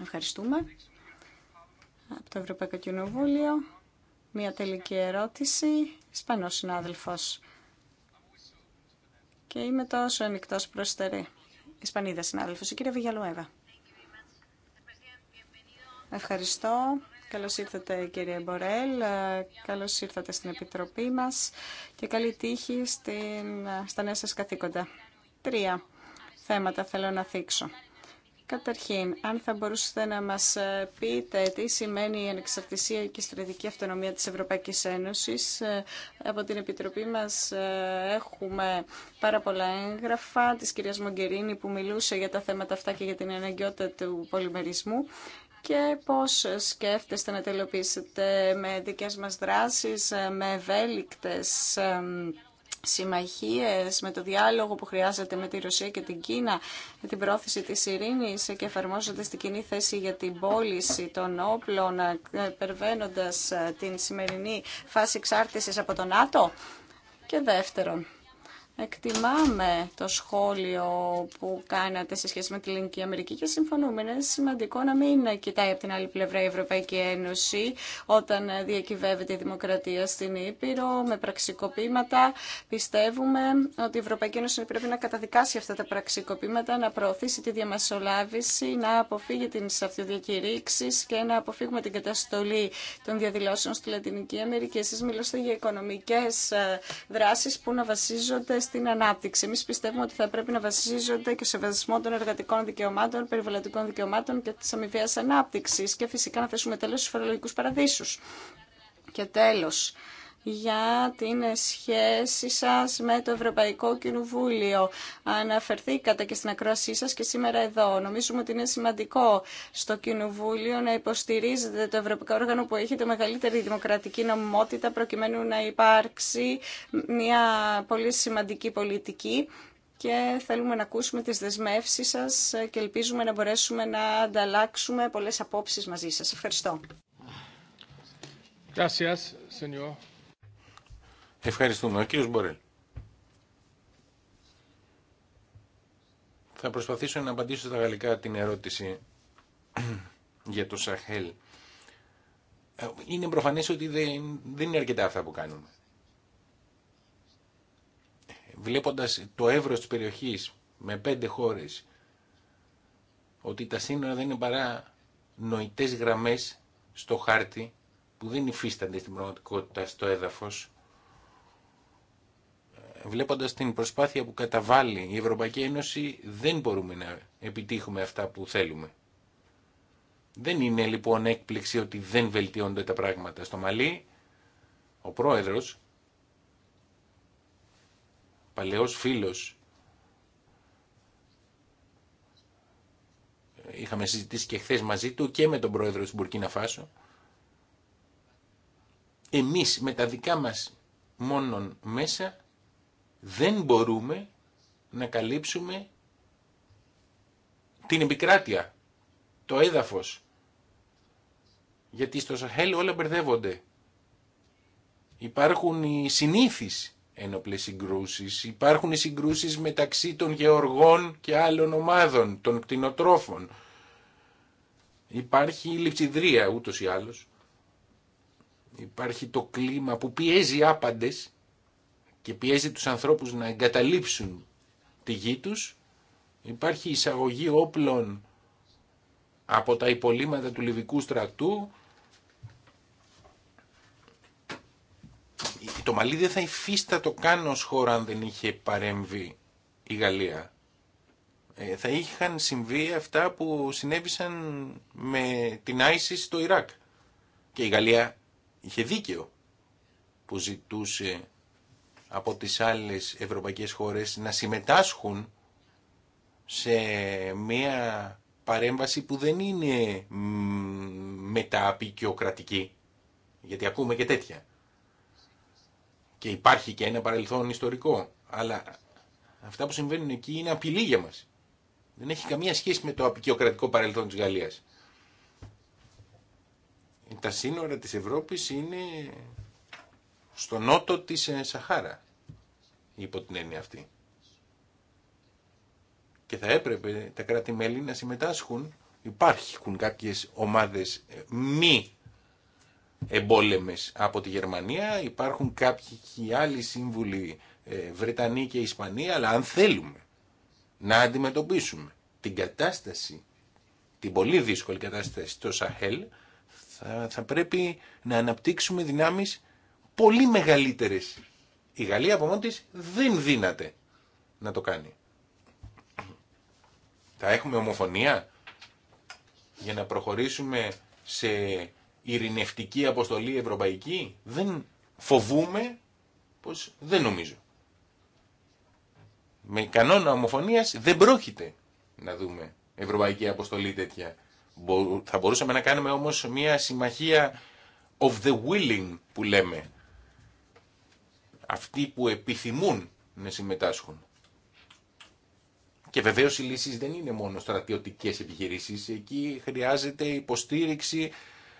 Ευχαριστούμε. Από το Ευρωπαϊκό Κοινοβούλιο, μία τελική ερώτηση. Ισπανός συνάδελφος. Και είμαι τόσο ανοιχτό προς Ισπανίδα συνάδελφος, η κυρία Βιγιαλουέβα. Ευχαριστώ. Καλώς ήρθατε κύριε Μπορέλ, καλώς ήρθατε στην Επιτροπή μας και καλή τύχη στην, στα νέα σας καθήκοντα. Τρία θέματα θέλω να θίξω. Καταρχήν, αν θα μπορούσατε να μας πείτε τι σημαίνει η ανεξαρτησία και η στρατηγική αυτονομία της Ευρωπαϊκής Ένωσης. Από την Επιτροπή μας ε, έχουμε πάρα πολλά έγγραφα της κυρίας Μογκερίνη που μιλούσε για τα θέματα αυτά και για την αναγκαιότητα του πολυμερισμού και πώς σκέφτεστε να τελειοποιήσετε με δικές μας δράσεις, με ευέλικτες συμμαχίες, με το διάλογο που χρειάζεται με τη Ρωσία και την Κίνα, με την πρόθεση της ειρήνης και εφαρμόζοντα την κοινή θέση για την πώληση των όπλων, ε, περβαίνοντας ε, την σημερινή φάση εξάρτησης από τον ΝΑΤΟ. Και δεύτερον, Εκτιμάμε το σχόλιο που κάνατε σε σχέση με την Ελληνική Αμερική και συμφωνούμε. Είναι σημαντικό να μην κοιτάει από την άλλη πλευρά η Ευρωπαϊκή Ένωση όταν διακυβεύεται η δημοκρατία στην Ήπειρο με πραξικοπήματα. Πιστεύουμε ότι η Ευρωπαϊκή Ένωση πρέπει να καταδικάσει αυτά τα πραξικοπήματα, να προωθήσει τη διαμεσολάβηση, να αποφύγει την αυτοδιακηρύξει και να αποφύγουμε την καταστολή των διαδηλώσεων στη Λατινική Αμερική. Εσεί για οικονομικέ ε, δράσει που να βασίζονται στην ανάπτυξη. Εμεί πιστεύουμε ότι θα πρέπει να βασίζονται και σε βασισμό των εργατικών δικαιωμάτων, περιβαλλοντικών δικαιωμάτων και τη αμοιβαία ανάπτυξη και φυσικά να θέσουμε τέλο στου φορολογικού παραδείσου. Και τέλο για την σχέση σας με το Ευρωπαϊκό Κοινοβούλιο. Αναφερθήκατε και στην ακρόασή σας και σήμερα εδώ. Νομίζουμε ότι είναι σημαντικό στο Κοινοβούλιο να υποστηρίζετε το Ευρωπαϊκό Όργανο που έχει το μεγαλύτερη δημοκρατική νομιμότητα προκειμένου να υπάρξει μια πολύ σημαντική πολιτική και θέλουμε να ακούσουμε τις δεσμεύσεις σας και ελπίζουμε να μπορέσουμε να ανταλλάξουμε πολλές απόψεις μαζί σας. Ευχαριστώ. Gracias, señor. Ευχαριστούμε. Ο κύριος Μπορέλ. Θα προσπαθήσω να απαντήσω στα γαλλικά την ερώτηση [clears throat] για το Σαχέλ. Ε, είναι προφανές ότι δεν, είναι αρκετά αυτά που κάνουμε. Βλέποντας το εύρος της περιοχής με πέντε χώρες, ότι τα σύνορα δεν είναι παρά νοητές γραμμές στο χάρτη που δεν υφίστανται στην πραγματικότητα στο έδαφος, βλέποντας την προσπάθεια που καταβάλει η Ευρωπαϊκή Ένωση δεν μπορούμε να επιτύχουμε αυτά που θέλουμε. Δεν είναι λοιπόν έκπληξη ότι δεν βελτιώνται τα πράγματα. Στο Μαλή ο πρόεδρος, παλαιός φίλος, είχαμε συζητήσει και χθε μαζί του και με τον πρόεδρο του Μπουρκίνα Φάσο, εμείς με τα δικά μας μόνον μέσα δεν μπορούμε να καλύψουμε την επικράτεια, το έδαφος. Γιατί στο Σαχέλ όλα μπερδεύονται. Υπάρχουν οι συνήθεις ένοπλες συγκρούσεις, υπάρχουν οι συγκρούσεις μεταξύ των γεωργών και άλλων ομάδων, των κτηνοτρόφων. Υπάρχει η λειψιδρία ούτως ή άλλως. Υπάρχει το κλίμα που πιέζει άπαντες και πιέζει τους ανθρώπους να εγκαταλείψουν τη γη τους. Υπάρχει εισαγωγή όπλων από τα υπολείμματα του Λιβικού στρατού. Το Μαλί δεν θα υφίστατο καν ως χώρα αν δεν είχε παρέμβει η Γαλλία. Ε, θα είχαν συμβεί αυτά που συνέβησαν με την Άισις στο Ιράκ. Και η Γαλλία είχε δίκαιο που ζητούσε από τις άλλες ευρωπαϊκές χώρες να συμμετάσχουν σε μια παρέμβαση που δεν είναι μεταπικιοκρατική. Γιατί ακούμε και τέτοια. Και υπάρχει και ένα παρελθόν ιστορικό. Αλλά αυτά που συμβαίνουν εκεί είναι απειλή για μας. Δεν έχει καμία σχέση με το απικιοκρατικό παρελθόν της Γαλλίας. Τα σύνορα της Ευρώπης είναι στο νότο της ε, Σαχάρα υπό την έννοια αυτή. Και θα έπρεπε τα κράτη-μέλη να συμμετάσχουν. Υπάρχουν κάποιες ομάδες ε, μη εμπόλεμες από τη Γερμανία, υπάρχουν κάποιοι άλλοι σύμβουλοι ε, Βρετανοί και Ισπανοί αλλά αν θέλουμε να αντιμετωπίσουμε την κατάσταση, την πολύ δύσκολη κατάσταση στο Σαχέλ, θα, θα πρέπει να αναπτύξουμε δυνάμεις πολύ μεγαλύτερες η Γαλλία από μόνη της δεν δύναται να το κάνει. Θα έχουμε ομοφωνία για να προχωρήσουμε σε ειρηνευτική αποστολή ευρωπαϊκή. Δεν φοβούμε πως δεν νομίζω. Με κανόνα ομοφωνίας δεν πρόκειται να δούμε ευρωπαϊκή αποστολή τέτοια. Θα μπορούσαμε να κάνουμε όμως μια συμμαχία of the willing που λέμε αυτοί που επιθυμούν να συμμετάσχουν. Και βεβαίω οι λύσει δεν είναι μόνο στρατιωτικέ επιχειρήσει. Εκεί χρειάζεται υποστήριξη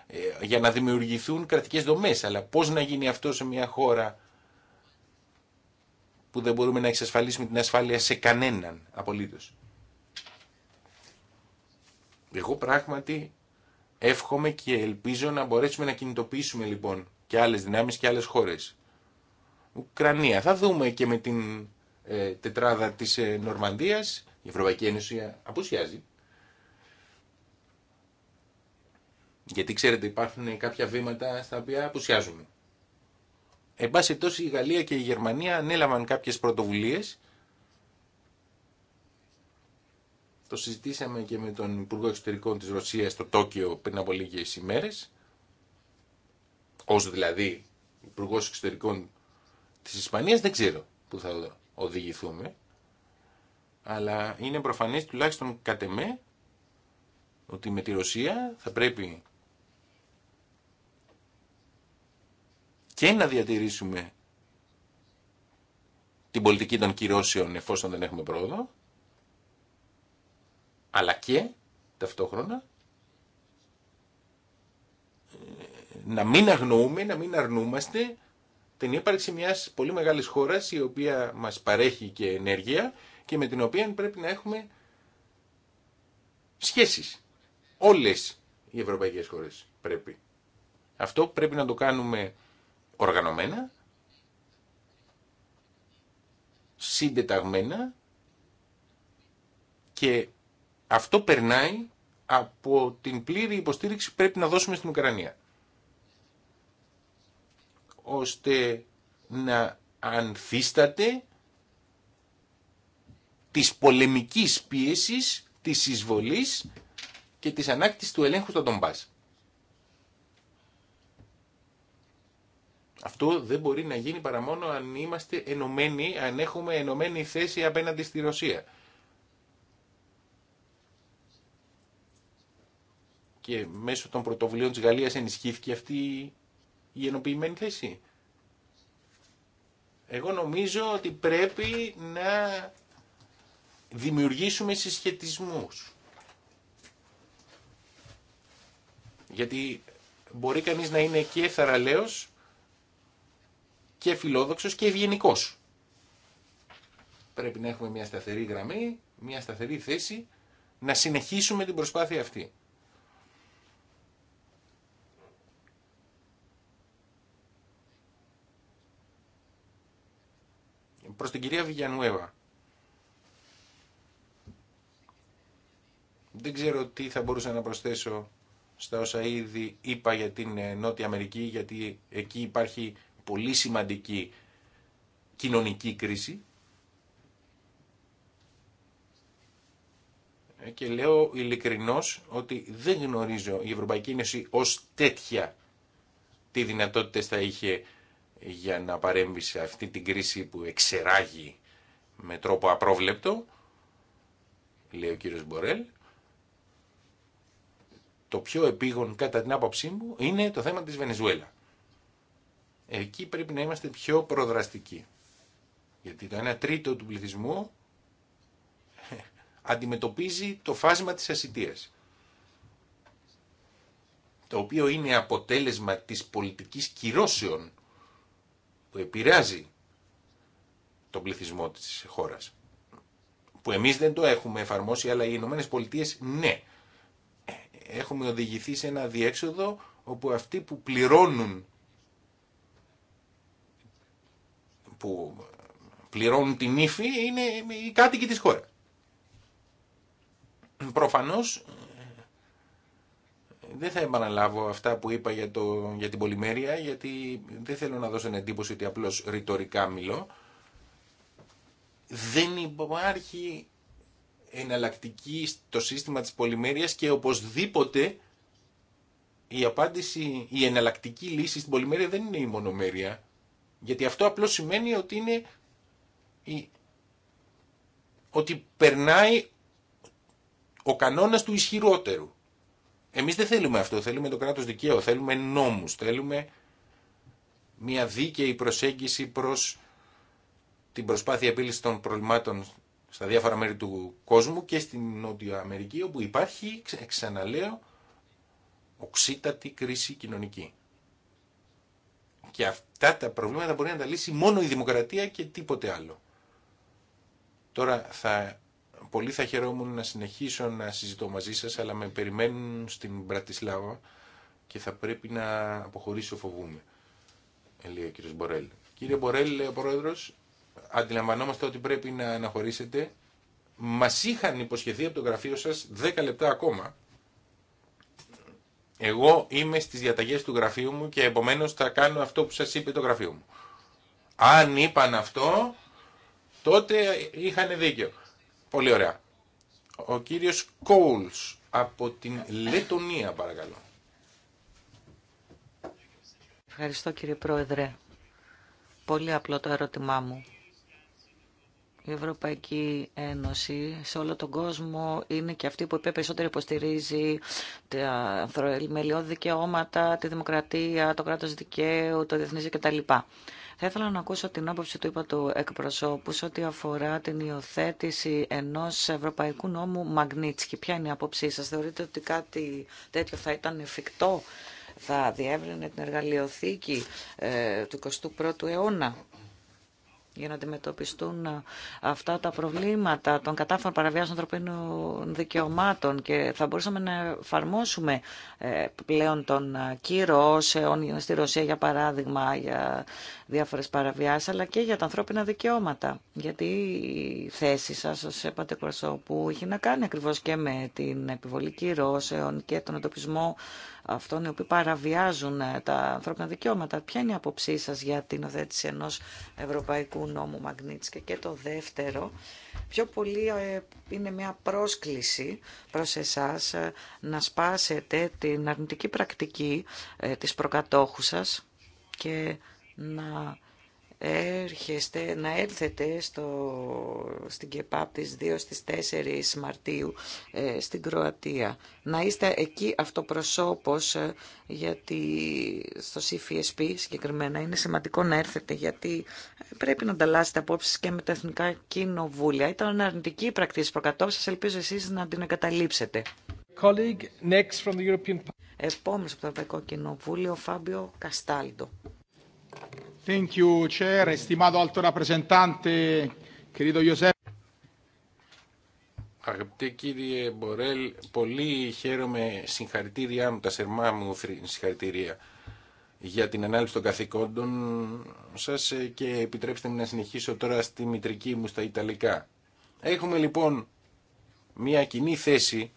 ε, για να δημιουργηθούν κρατικέ δομέ. Αλλά πώ να γίνει αυτό σε μια χώρα που δεν μπορούμε να εξασφαλίσουμε την ασφάλεια σε κανέναν απολύτω. Εγώ πράγματι εύχομαι και ελπίζω να μπορέσουμε να κινητοποιήσουμε λοιπόν και άλλες δυνάμεις και άλλες χώρες. Ουκρανία. Θα δούμε και με την ε, τετράδα της ε, Νορμανδίας. Η Ευρωπαϊκή Ένωση απουσιάζει. Γιατί ξέρετε υπάρχουν κάποια βήματα στα οποία απουσιάζουμε. Εν πάση τόσο η Γαλλία και η Γερμανία ανέλαβαν κάποιες πρωτοβουλίες. Το συζητήσαμε και με τον Υπουργό Εξωτερικών της Ρωσίας στο Τόκιο πριν από λίγες ημέρες. Όσο δηλαδή Υπουργό Εξωτερικών Τη ισπανία δεν ξέρω που θα οδηγηθούμε, αλλά είναι προφανές τουλάχιστον κατ' εμέ ότι με τη Ρωσία θα πρέπει και να διατηρήσουμε την πολιτική των κυρώσεων εφόσον δεν έχουμε πρόοδο, αλλά και ταυτόχρονα ε, να μην αγνοούμε, να μην αρνούμαστε την ύπαρξη μια πολύ μεγάλη χώρα η οποία μας παρέχει και ενέργεια και με την οποία πρέπει να έχουμε σχέσεις. Όλες οι ευρωπαϊκές χώρες πρέπει. Αυτό πρέπει να το κάνουμε οργανωμένα, συντεταγμένα και αυτό περνάει από την πλήρη υποστήριξη που πρέπει να δώσουμε στην Ουκρανία ώστε να ανθίσταται της πολεμικής πίεσης, της εισβολής και της ανάκτησης του ελέγχου στον Τονπάς. Αυτό δεν μπορεί να γίνει παρά μόνο αν είμαστε ενωμένοι, αν έχουμε ενωμένη θέση απέναντι στη Ρωσία. Και μέσω των πρωτοβουλίων της Γαλλίας ενισχύθηκε αυτή η ενοποιημένη θέση. Εγώ νομίζω ότι πρέπει να δημιουργήσουμε συσχετισμούς. Γιατί μπορεί κανείς να είναι και θαραλέος και φιλόδοξος και ευγενικό. Πρέπει να έχουμε μια σταθερή γραμμή, μια σταθερή θέση, να συνεχίσουμε την προσπάθεια αυτή. προς την κυρία Βιγιανουέβα. Δεν ξέρω τι θα μπορούσα να προσθέσω στα όσα ήδη είπα για την ε, Νότια Αμερική, γιατί εκεί υπάρχει πολύ σημαντική κοινωνική κρίση. Ε, και λέω ειλικρινώς ότι δεν γνωρίζω η Ευρωπαϊκή Ένωση ως τέτοια τι δυνατότητες θα είχε για να παρέμβει σε αυτή την κρίση που εξεράγει με τρόπο απρόβλεπτο, λέει ο κύριος Μπορέλ, το πιο επίγον κατά την άποψή μου είναι το θέμα της Βενεζουέλα. Εκεί πρέπει να είμαστε πιο προδραστικοί. Γιατί το 1 τρίτο του πληθυσμού ε, αντιμετωπίζει το φάσμα της ασυντίας Το οποίο είναι αποτέλεσμα της πολιτικής κυρώσεων που επηρεάζει τον πληθυσμό της χώρας. Που εμείς δεν το έχουμε εφαρμόσει, αλλά οι Ηνωμένε Πολιτείες ναι. Έχουμε οδηγηθεί σε ένα διέξοδο όπου αυτοί που πληρώνουν που πληρώνουν την ύφη είναι οι κάτοικοι της χώρας. Προφανώς δεν θα επαναλάβω αυτά που είπα για, το, για την πολυμέρεια, γιατί δεν θέλω να δώσω την εντύπωση ότι απλώς ρητορικά μιλώ. Δεν υπάρχει εναλλακτική στο σύστημα της πολυμέρειας και οπωσδήποτε η απάντηση, η εναλλακτική λύση στην πολυμέρεια δεν είναι η μονομέρεια. Γιατί αυτό απλώς σημαίνει ότι είναι ότι περνάει ο κανόνας του ισχυρότερου. Εμείς δεν θέλουμε αυτό, θέλουμε το κράτος δικαίου, θέλουμε νόμους, θέλουμε μια δίκαιη προσέγγιση προς την προσπάθεια επίλυση των προβλημάτων στα διάφορα μέρη του κόσμου και στην Νότια Αμερική όπου υπάρχει, ξαναλέω, οξύτατη κρίση κοινωνική. Και αυτά τα προβλήματα μπορεί να τα λύσει μόνο η δημοκρατία και τίποτε άλλο. Τώρα θα πολύ θα χαιρόμουν να συνεχίσω να συζητώ μαζί σας, αλλά με περιμένουν στην Μπρατισλάβα και θα πρέπει να αποχωρήσω φοβούμαι. Λέει ο Μπορέλ. Κύριε Μπορέλ, λέει ο πρόεδρος, αντιλαμβανόμαστε ότι πρέπει να αναχωρήσετε. Μας είχαν υποσχεθεί από το γραφείο σας 10 λεπτά ακόμα. Εγώ είμαι στις διαταγές του γραφείου μου και επομένω θα κάνω αυτό που σα είπε το γραφείο μου. Αν είπαν αυτό, τότε είχαν δίκιο. Πολύ ωραία. Ο κύριος Κόουλς από την Λετωνία παρακαλώ. Ευχαριστώ κύριε Πρόεδρε. Πολύ απλό το ερώτημά μου. Η Ευρωπαϊκή Ένωση σε όλο τον κόσμο είναι και αυτή που είπε περισσότερο υποστηρίζει τα ανθρωπιμελιώδη δικαιώματα, τη δημοκρατία, το κράτος δικαίου, το διεθνής κτλ. Θα ήθελα να ακούσω την άποψη του είπα του εκπροσώπου ό,τι αφορά την υιοθέτηση ενός ευρωπαϊκού νόμου Μαγνίτσκι. Ποια είναι η άποψή σας, θεωρείτε ότι κάτι τέτοιο θα ήταν εφικτό, θα διεύρυνε την εργαλειοθήκη ε, του 21ου αιώνα για να αντιμετωπιστούν ε, αυτά τα προβλήματα των κατάφορων παραβιάσεων ανθρωπίνων δικαιωμάτων και θα μπορούσαμε να εφαρμόσουμε ε, πλέον τον ε, κύρο στη Ρωσία για παράδειγμα για διάφορες παραβιάσεις αλλά και για τα ανθρώπινα δικαιώματα γιατί η θέση σας ως έπατε που έχει να κάνει ακριβώς και με την επιβολή κυρώσεων και τον εντοπισμό αυτών οι οποίοι παραβιάζουν τα ανθρώπινα δικαιώματα. Ποια είναι η αποψή σας για την οθέτηση ενός ευρωπαϊκού του νόμου Μαγνίτσκε Και το δεύτερο, πιο πολύ ε, είναι μια πρόσκληση προς εσάς ε, να σπάσετε την αρνητική πρακτική ε, της προκατόχου σας και να έρχεστε να έρθετε στο, στην ΚΕΠΑΠ της 2 στις 4 Μαρτίου ε, στην Κροατία. Να είστε εκεί αυτοπροσώπος ε, γιατί στο CFSP συγκεκριμένα είναι σημαντικό να έρθετε γιατί ε, πρέπει να ανταλλάσσετε απόψεις και με τα εθνικά κοινοβούλια. Ήταν αρνητική η πρακτική προκατόψης, ελπίζω εσείς να την εγκαταλείψετε. Επόμενο από το Ευρωπαϊκό Κοινοβούλιο, Φάμπιο Καστάλντο. Thank you, Chair. Estimado Alto Representante, querido Josep. Αγαπητέ κύριε Μπορέλ, πολύ χαίρομαι συγχαρητήριά μου, τα σερμά μου συγχαρητήρια για την ανάλυση των καθηκόντων σας ε, και επιτρέψτε μου να συνεχίσω τώρα στη μητρική μου στα Ιταλικά. Έχουμε λοιπόν μια κοινή θέση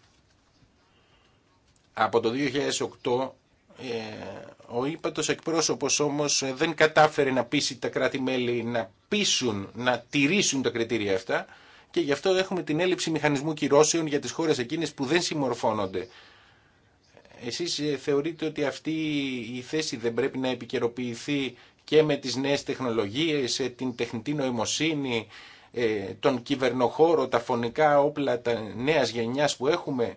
από το 2008 ο ύπατος εκπρόσωπος όμως ε, δεν κατάφερε να πείσει τα κράτη-μέλη να πείσουν, να τηρήσουν τα κριτήρια αυτά και γι' αυτό έχουμε την έλλειψη μηχανισμού κυρώσεων για τις χώρες εκείνες που δεν συμμορφώνονται. Εσείς ε, θεωρείτε ότι αυτή η θέση δεν πρέπει να επικαιροποιηθεί και με τις νέες τεχνολογίες, ε, την τεχνητή νοημοσύνη, τον κυβερνοχώρο, τα φωνικά όπλα τα νέας γενιάς που έχουμε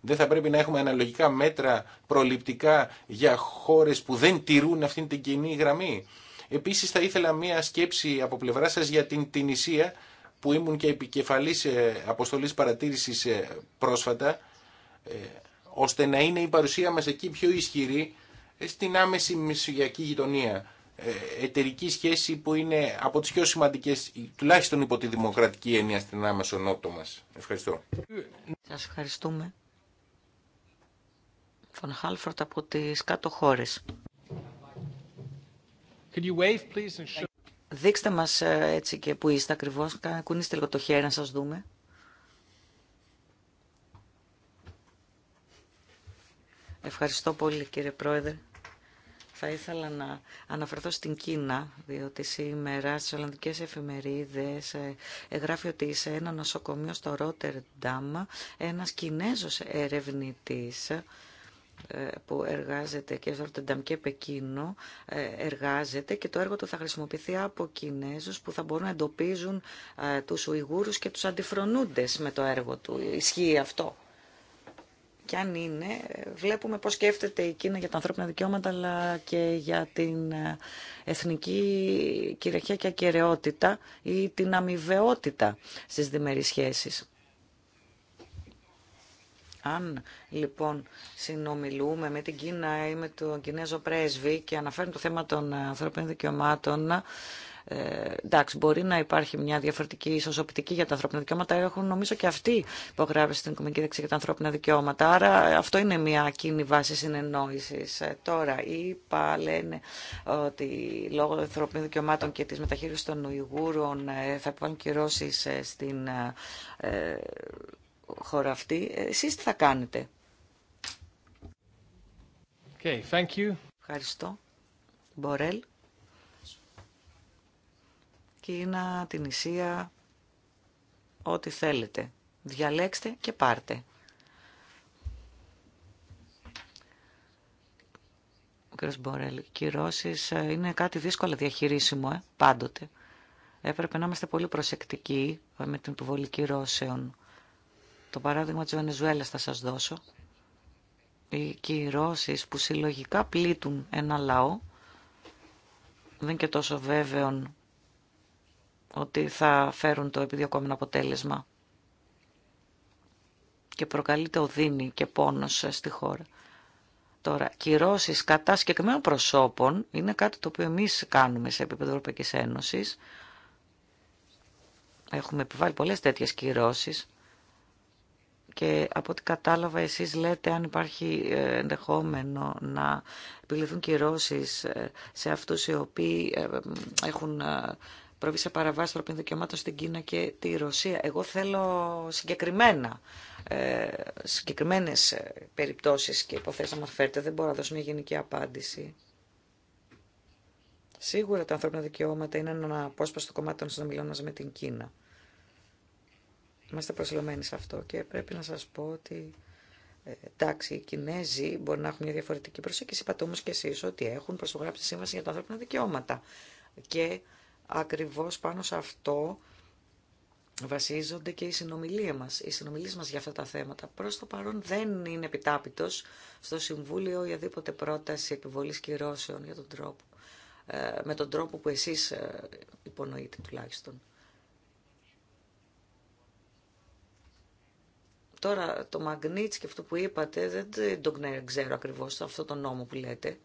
δεν θα πρέπει να έχουμε αναλογικά μέτρα προληπτικά για χώρες που δεν τηρούν αυτήν την κοινή γραμμή. Επίσης θα ήθελα μία σκέψη από πλευρά σας για την Τινησία που ήμουν και επικεφαλής ε, αποστολής παρατήρησης ε, πρόσφατα ε, ώστε να είναι η παρουσία μας εκεί πιο ισχυρή στην άμεση μεσογειακή γειτονία. Εταιρική σχέση που είναι από τις πιο σημαντικές, τουλάχιστον υπό τη δημοκρατική έννοια στην άμεσο νότο μας. Ευχαριστώ. Σας ευχαριστούμε. Φον Χάλφορτ από τις κάτω χώρε. Δείξτε μας ε, έτσι και που είστε ακριβώς. Κουνήστε λίγο το χέρι να σας δούμε. Ευχαριστώ πολύ κύριε Πρόεδρε. Θα ήθελα να αναφερθώ στην Κίνα, διότι σήμερα στι Ολλανδικές εφημερίδες ε, γράφει ότι σε ένα νοσοκομείο στο Ρότερνταμ ένας Κινέζος ερευνητή. Ε, που εργάζεται και στο Ροτενταμ και Πεκίνο ε, εργάζεται και το έργο του θα χρησιμοποιηθεί από Κινέζους που θα μπορούν να εντοπίζουν ε, τους Ουιγούρους και τους αντιφρονούντες με το έργο του. Ισχύει αυτό. Και αν είναι, βλέπουμε πώς σκέφτεται η Κίνα για τα ανθρώπινα δικαιώματα αλλά και για την εθνική κυριαρχία και ακαιρεότητα ή την αμοιβαιότητα στις διμερείς σχέσεις. Αν λοιπόν συνομιλούμε με την Κίνα ή με τον Κινέζο πρέσβη και αναφέρουμε το θέμα των ε, ανθρωπίνων δικαιωμάτων, ε, εντάξει, μπορεί να υπάρχει μια διαφορετική οπτική για τα ανθρώπινα δικαιώματα. Έχουν νομίζω και αυτοί υπογράψει την Οικουμενική Δεξιά για τα ανθρώπινα δικαιώματα. Άρα αυτό είναι μια κοινή βάση συνεννόηση. Ε, τώρα, είπα, λένε ότι λόγω των ανθρώπινων δικαιωμάτων και τη μεταχείριση των Ουιγούρων ε, θα επιβάλλουν κυρώσει ε, στην χώρα αυτή. Εσείς τι θα κάνετε. Okay, thank you. Ευχαριστώ. Μπορέλ. Κίνα, την Ισία, ό,τι θέλετε. Διαλέξτε και πάρτε. Ο Μπορέλ, κυρώσεις ε, είναι κάτι δύσκολο διαχειρίσιμο, ε, πάντοτε. Έπρεπε να είμαστε πολύ προσεκτικοί ε, με την επιβολή ρώσεων το παράδειγμα της Βενεζουέλας θα σας δώσω. Οι κυρώσεις που συλλογικά πλήττουν ένα λαό, δεν είναι και τόσο βέβαιον ότι θα φέρουν το επιδιωκόμενο αποτέλεσμα και προκαλείται οδύνη και πόνος στη χώρα. Τώρα, κυρώσει κατά συγκεκριμένων προσώπων είναι κάτι το οποίο εμεί κάνουμε σε επίπεδο Ευρωπαϊκή Ένωση. Έχουμε επιβάλει πολλέ τέτοιε κυρώσει και από ό,τι κατάλαβα εσείς λέτε αν υπάρχει ε, ενδεχόμενο να επιληθούν κυρώσεις ε, σε αυτούς οι οποίοι ε, έχουν προβεί σε παραβάσεις ανθρώπινων δικαιωμάτων στην Κίνα και τη Ρωσία. Εγώ θέλω συγκεκριμένα, συγκεκριμένες περιπτώσεις και υποθέσεις να μας φέρετε. Δεν μπορώ να δώσω μια γενική απάντηση. Σίγουρα τα ανθρώπινα δικαιώματα είναι ένα απόσπαστο κομμάτι των συνομιλών μας με την Κίνα. Είμαστε προσελωμένοι σε αυτό και πρέπει να σας πω ότι ε, εντάξει, οι Κινέζοι μπορεί να έχουν μια διαφορετική προσέγγιση, είπατε όμως και εσείς ότι έχουν προσογράψει σύμβαση για τα ανθρώπινα δικαιώματα. Και ακριβώς πάνω σε αυτό βασίζονται και οι συνομιλίες μας, οι συνομιλίες μας για αυτά τα θέματα. Προς το παρόν δεν είναι επιτάπητος στο Συμβούλιο ή πρόταση επιβολής κυρώσεων για τον τρόπο, ε, με τον τρόπο που εσείς ε, υπονοείτε τουλάχιστον. Τώρα το Μαγνίτς και αυτό που είπατε δεν το ξέρω ακριβώς αυτό το νόμο που λέτε.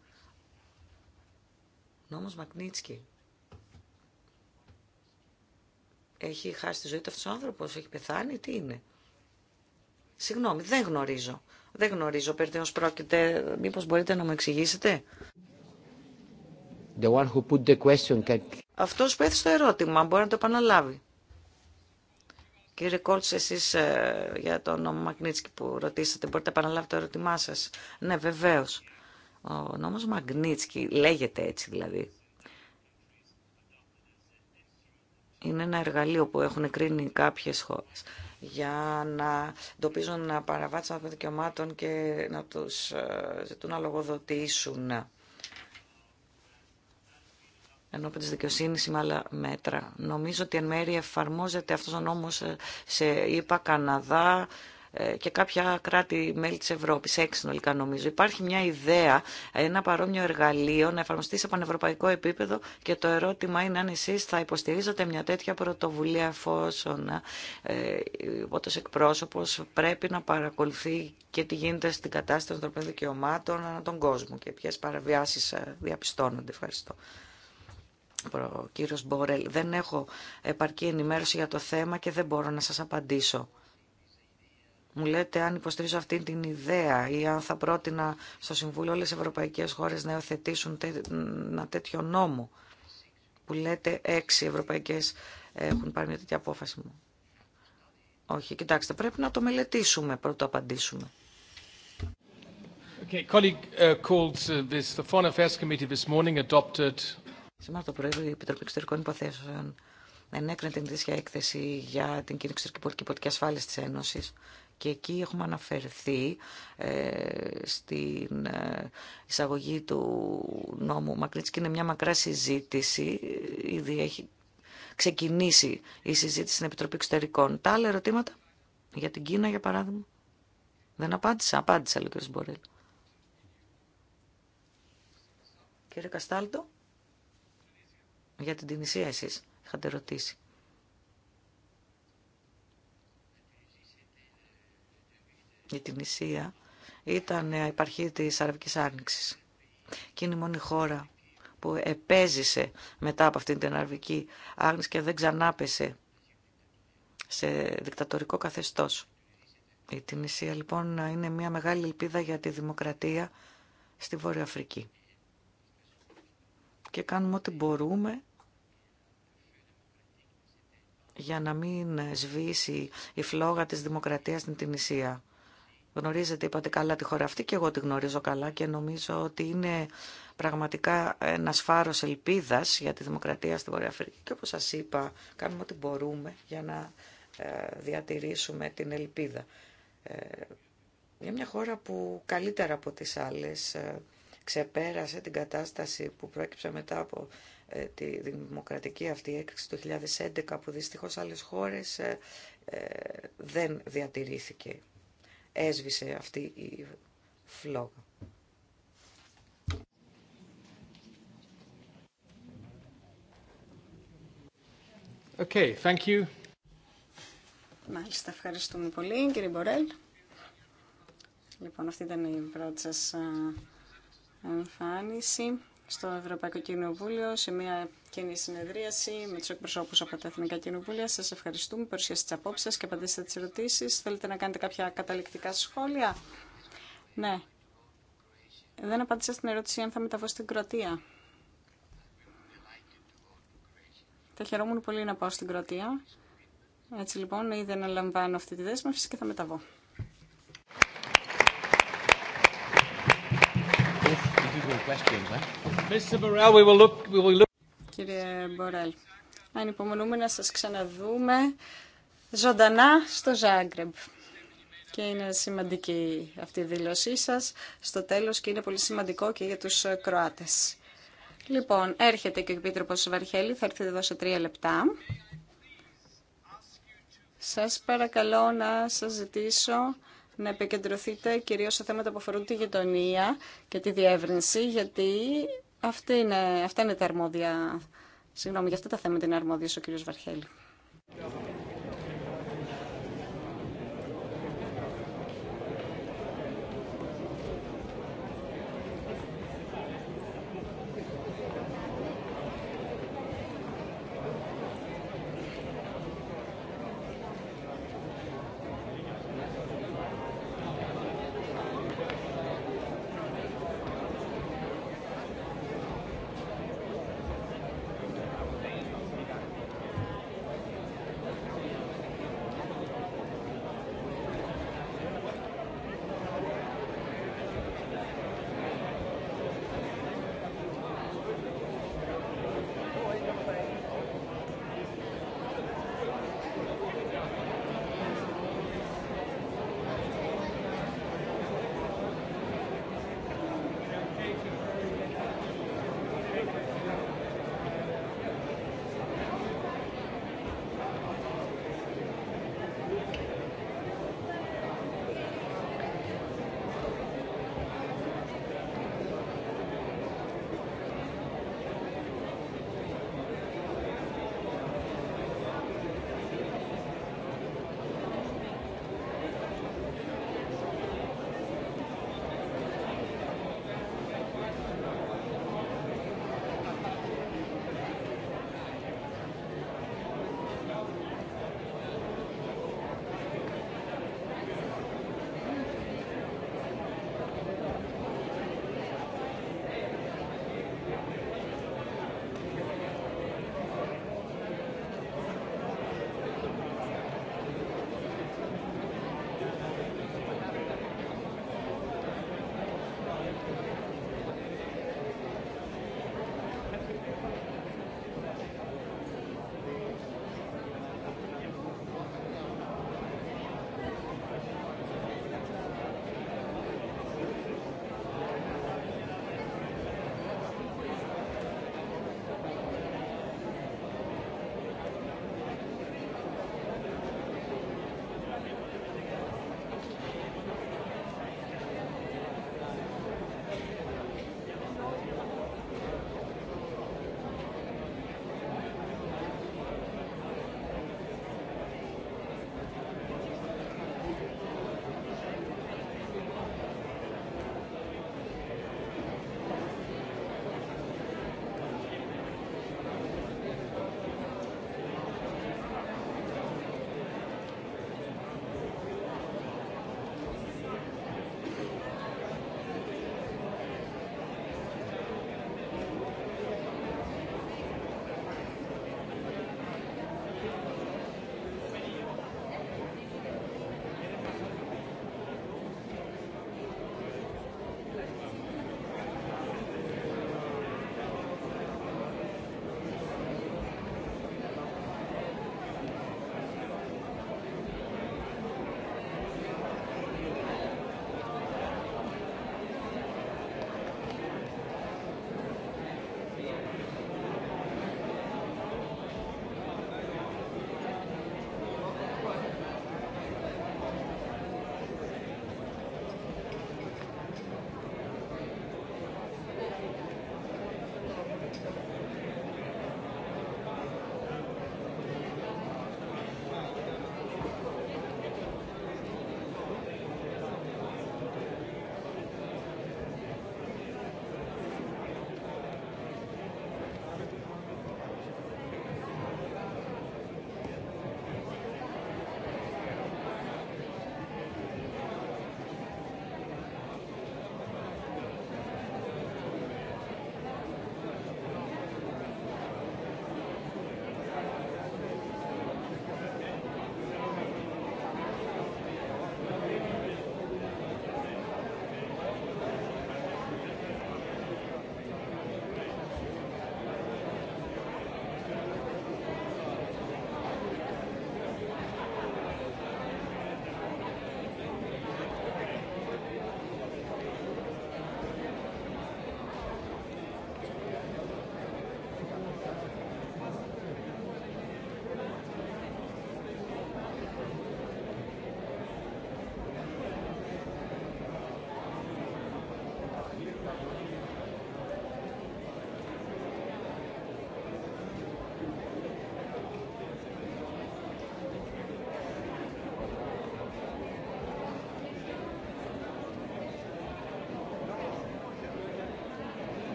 Νόμος Μαγνίτσκι. Έχει χάσει τη ζωή του αυτός ο άνθρωπος, έχει πεθάνει, τι είναι. Συγγνώμη, δεν γνωρίζω. Δεν γνωρίζω περί πρόκειται. Μήπως μπορείτε να μου εξηγήσετε. The one who put the question Αυτός που έθεσε το ερώτημα μπορεί να το επαναλάβει. Κύριε Κόλτς, εσείς ε, για το νόμο Μαγνίτσκι που ρωτήσατε, μπορείτε να επαναλάβετε το ερώτημά σας. Ναι, βεβαίως. Ο νόμος Μαγνίτσκι λέγεται έτσι δηλαδή. Είναι ένα εργαλείο που έχουν κρίνει κάποιες χώρες για να εντοπίζουν παραβάτες των δικαιωμάτων και να τους ε, ζητούν να λογοδοτήσουν ενώπιν της δικαιοσύνης με άλλα μέτρα. Νομίζω ότι εν μέρει εφαρμόζεται αυτό ο νόμο ε, σε ΙΠΑ, Καναδά ε, και κάποια κράτη-μέλη της Ευρώπης, έξι συνολικά νομίζω. Υπάρχει μια ιδέα, ένα παρόμοιο εργαλείο να εφαρμοστεί σε πανευρωπαϊκό επίπεδο και το ερώτημα είναι αν εσείς θα υποστηρίζετε μια τέτοια πρωτοβουλία εφόσον ε, ε ο εκπρόσωπος πρέπει να παρακολουθεί και τι γίνεται στην κατάσταση των ανθρωπίνων δικαιωμάτων ανά τον κόσμο και ποιες παραβιάσεις διαπιστώνονται. Ευχαριστώ κύριος Μπορέλ. Δεν έχω επαρκή ενημέρωση για το θέμα και δεν μπορώ να σας απαντήσω. Μου λέτε αν υποστηρίζω αυτή την ιδέα ή αν θα πρότεινα στο Συμβούλιο όλες οι ευρωπαϊκές χώρες να υιοθετήσουν ένα τέτοιο νόμο που λέτε έξι ευρωπαϊκές έχουν πάρει μια τέτοια απόφαση μου. Όχι, κοιτάξτε, πρέπει να το μελετήσουμε πρώτα απαντήσουμε. Okay, colleague uh, uh, this, the Committee Σήμερα το πρωί η Επιτροπή Εξωτερικών Υποθέσεων ενέκρινε την ειδήσια έκθεση για την κοινή εξωτερική πολιτική πολιτική ασφάλεια τη Ένωση. Και εκεί έχουμε αναφερθεί ε, στην ε, εισαγωγή του νόμου Μακρίτς και είναι μια μακρά συζήτηση, ήδη έχει ξεκινήσει η συζήτηση στην Επιτροπή Εξωτερικών. Τα άλλα ερωτήματα για την Κίνα, για παράδειγμα. Δεν απάντησα, απάντησα κ. Μπορέλ. Κύριε Καστάλτο. Για την Τινησία εσείς είχατε ρωτήσει. Η Τινησία ήταν η επαρχή της Αραβικής Άνοιξης. Και είναι η μόνη χώρα που επέζησε μετά από αυτήν την Αραβική Άνοιξη και δεν ξανάπεσε σε δικτατορικό καθεστώς. Η Τινησία λοιπόν είναι μια μεγάλη ελπίδα για τη δημοκρατία στη Βόρεια Αφρική και κάνουμε ό,τι μπορούμε για να μην σβήσει η φλόγα της δημοκρατίας στην Τινησία. Γνωρίζετε, είπατε καλά τη χώρα αυτή και εγώ τη γνωρίζω καλά και νομίζω ότι είναι πραγματικά ένα φάρο ελπίδα για τη δημοκρατία στην Βορεια Αφρική. Και όπω σα είπα, κάνουμε ό,τι μπορούμε για να ε, διατηρήσουμε την ελπίδα. Για ε, μια χώρα που καλύτερα από τις άλλες ε, ξεπέρασε την κατάσταση που πρόκειψε μετά από ε, τη δημοκρατική αυτή έκρηξη του 2011 που δυστυχώς άλλες χώρες ε, ε, δεν διατηρήθηκε. Έσβησε αυτή η φλόγα. Okay, thank you. Μάλιστα, ευχαριστούμε πολύ κύριε Μπορέλ. Λοιπόν, αυτή ήταν η πρώτη εμφάνιση στο Ευρωπαϊκό Κοινοβούλιο σε μια κοινή συνεδρίαση με του εκπροσώπους από τα Εθνικά Κοινοβούλια. Σας ευχαριστούμε που τι απόψει και απαντήστε τι ερωτήσει. Θέλετε να κάνετε κάποια καταληκτικά σχόλια. Ναι. Δεν απάντησα στην ερώτηση αν θα μεταβώ στην Κροατία. Θα χαιρόμουν πολύ να πάω στην Κροατία. Έτσι λοιπόν ήδη αναλαμβάνω αυτή τη δέσμευση και θα μεταβώ. Κύριε Μπορέλ, ανυπομονούμε να σας ξαναδούμε ζωντανά στο Ζάγκρεμπ. Και είναι σημαντική αυτή η δήλωσή σας στο τέλος και είναι πολύ σημαντικό και για τους Κροάτες. Λοιπόν, έρχεται και ο Επίτροπος Βαρχέλη, θα έρθετε εδώ σε τρία λεπτά. Σας παρακαλώ να σας ζητήσω να επικεντρωθείτε κυρίως σε θέματα που αφορούν τη γειτονία και τη διεύρυνση, γιατί αυτή είναι, αυτά είναι τα αρμόδια, συγγνώμη, για αυτά τα θέματα είναι αρμόδιος ο κύριος Βαρχέλη.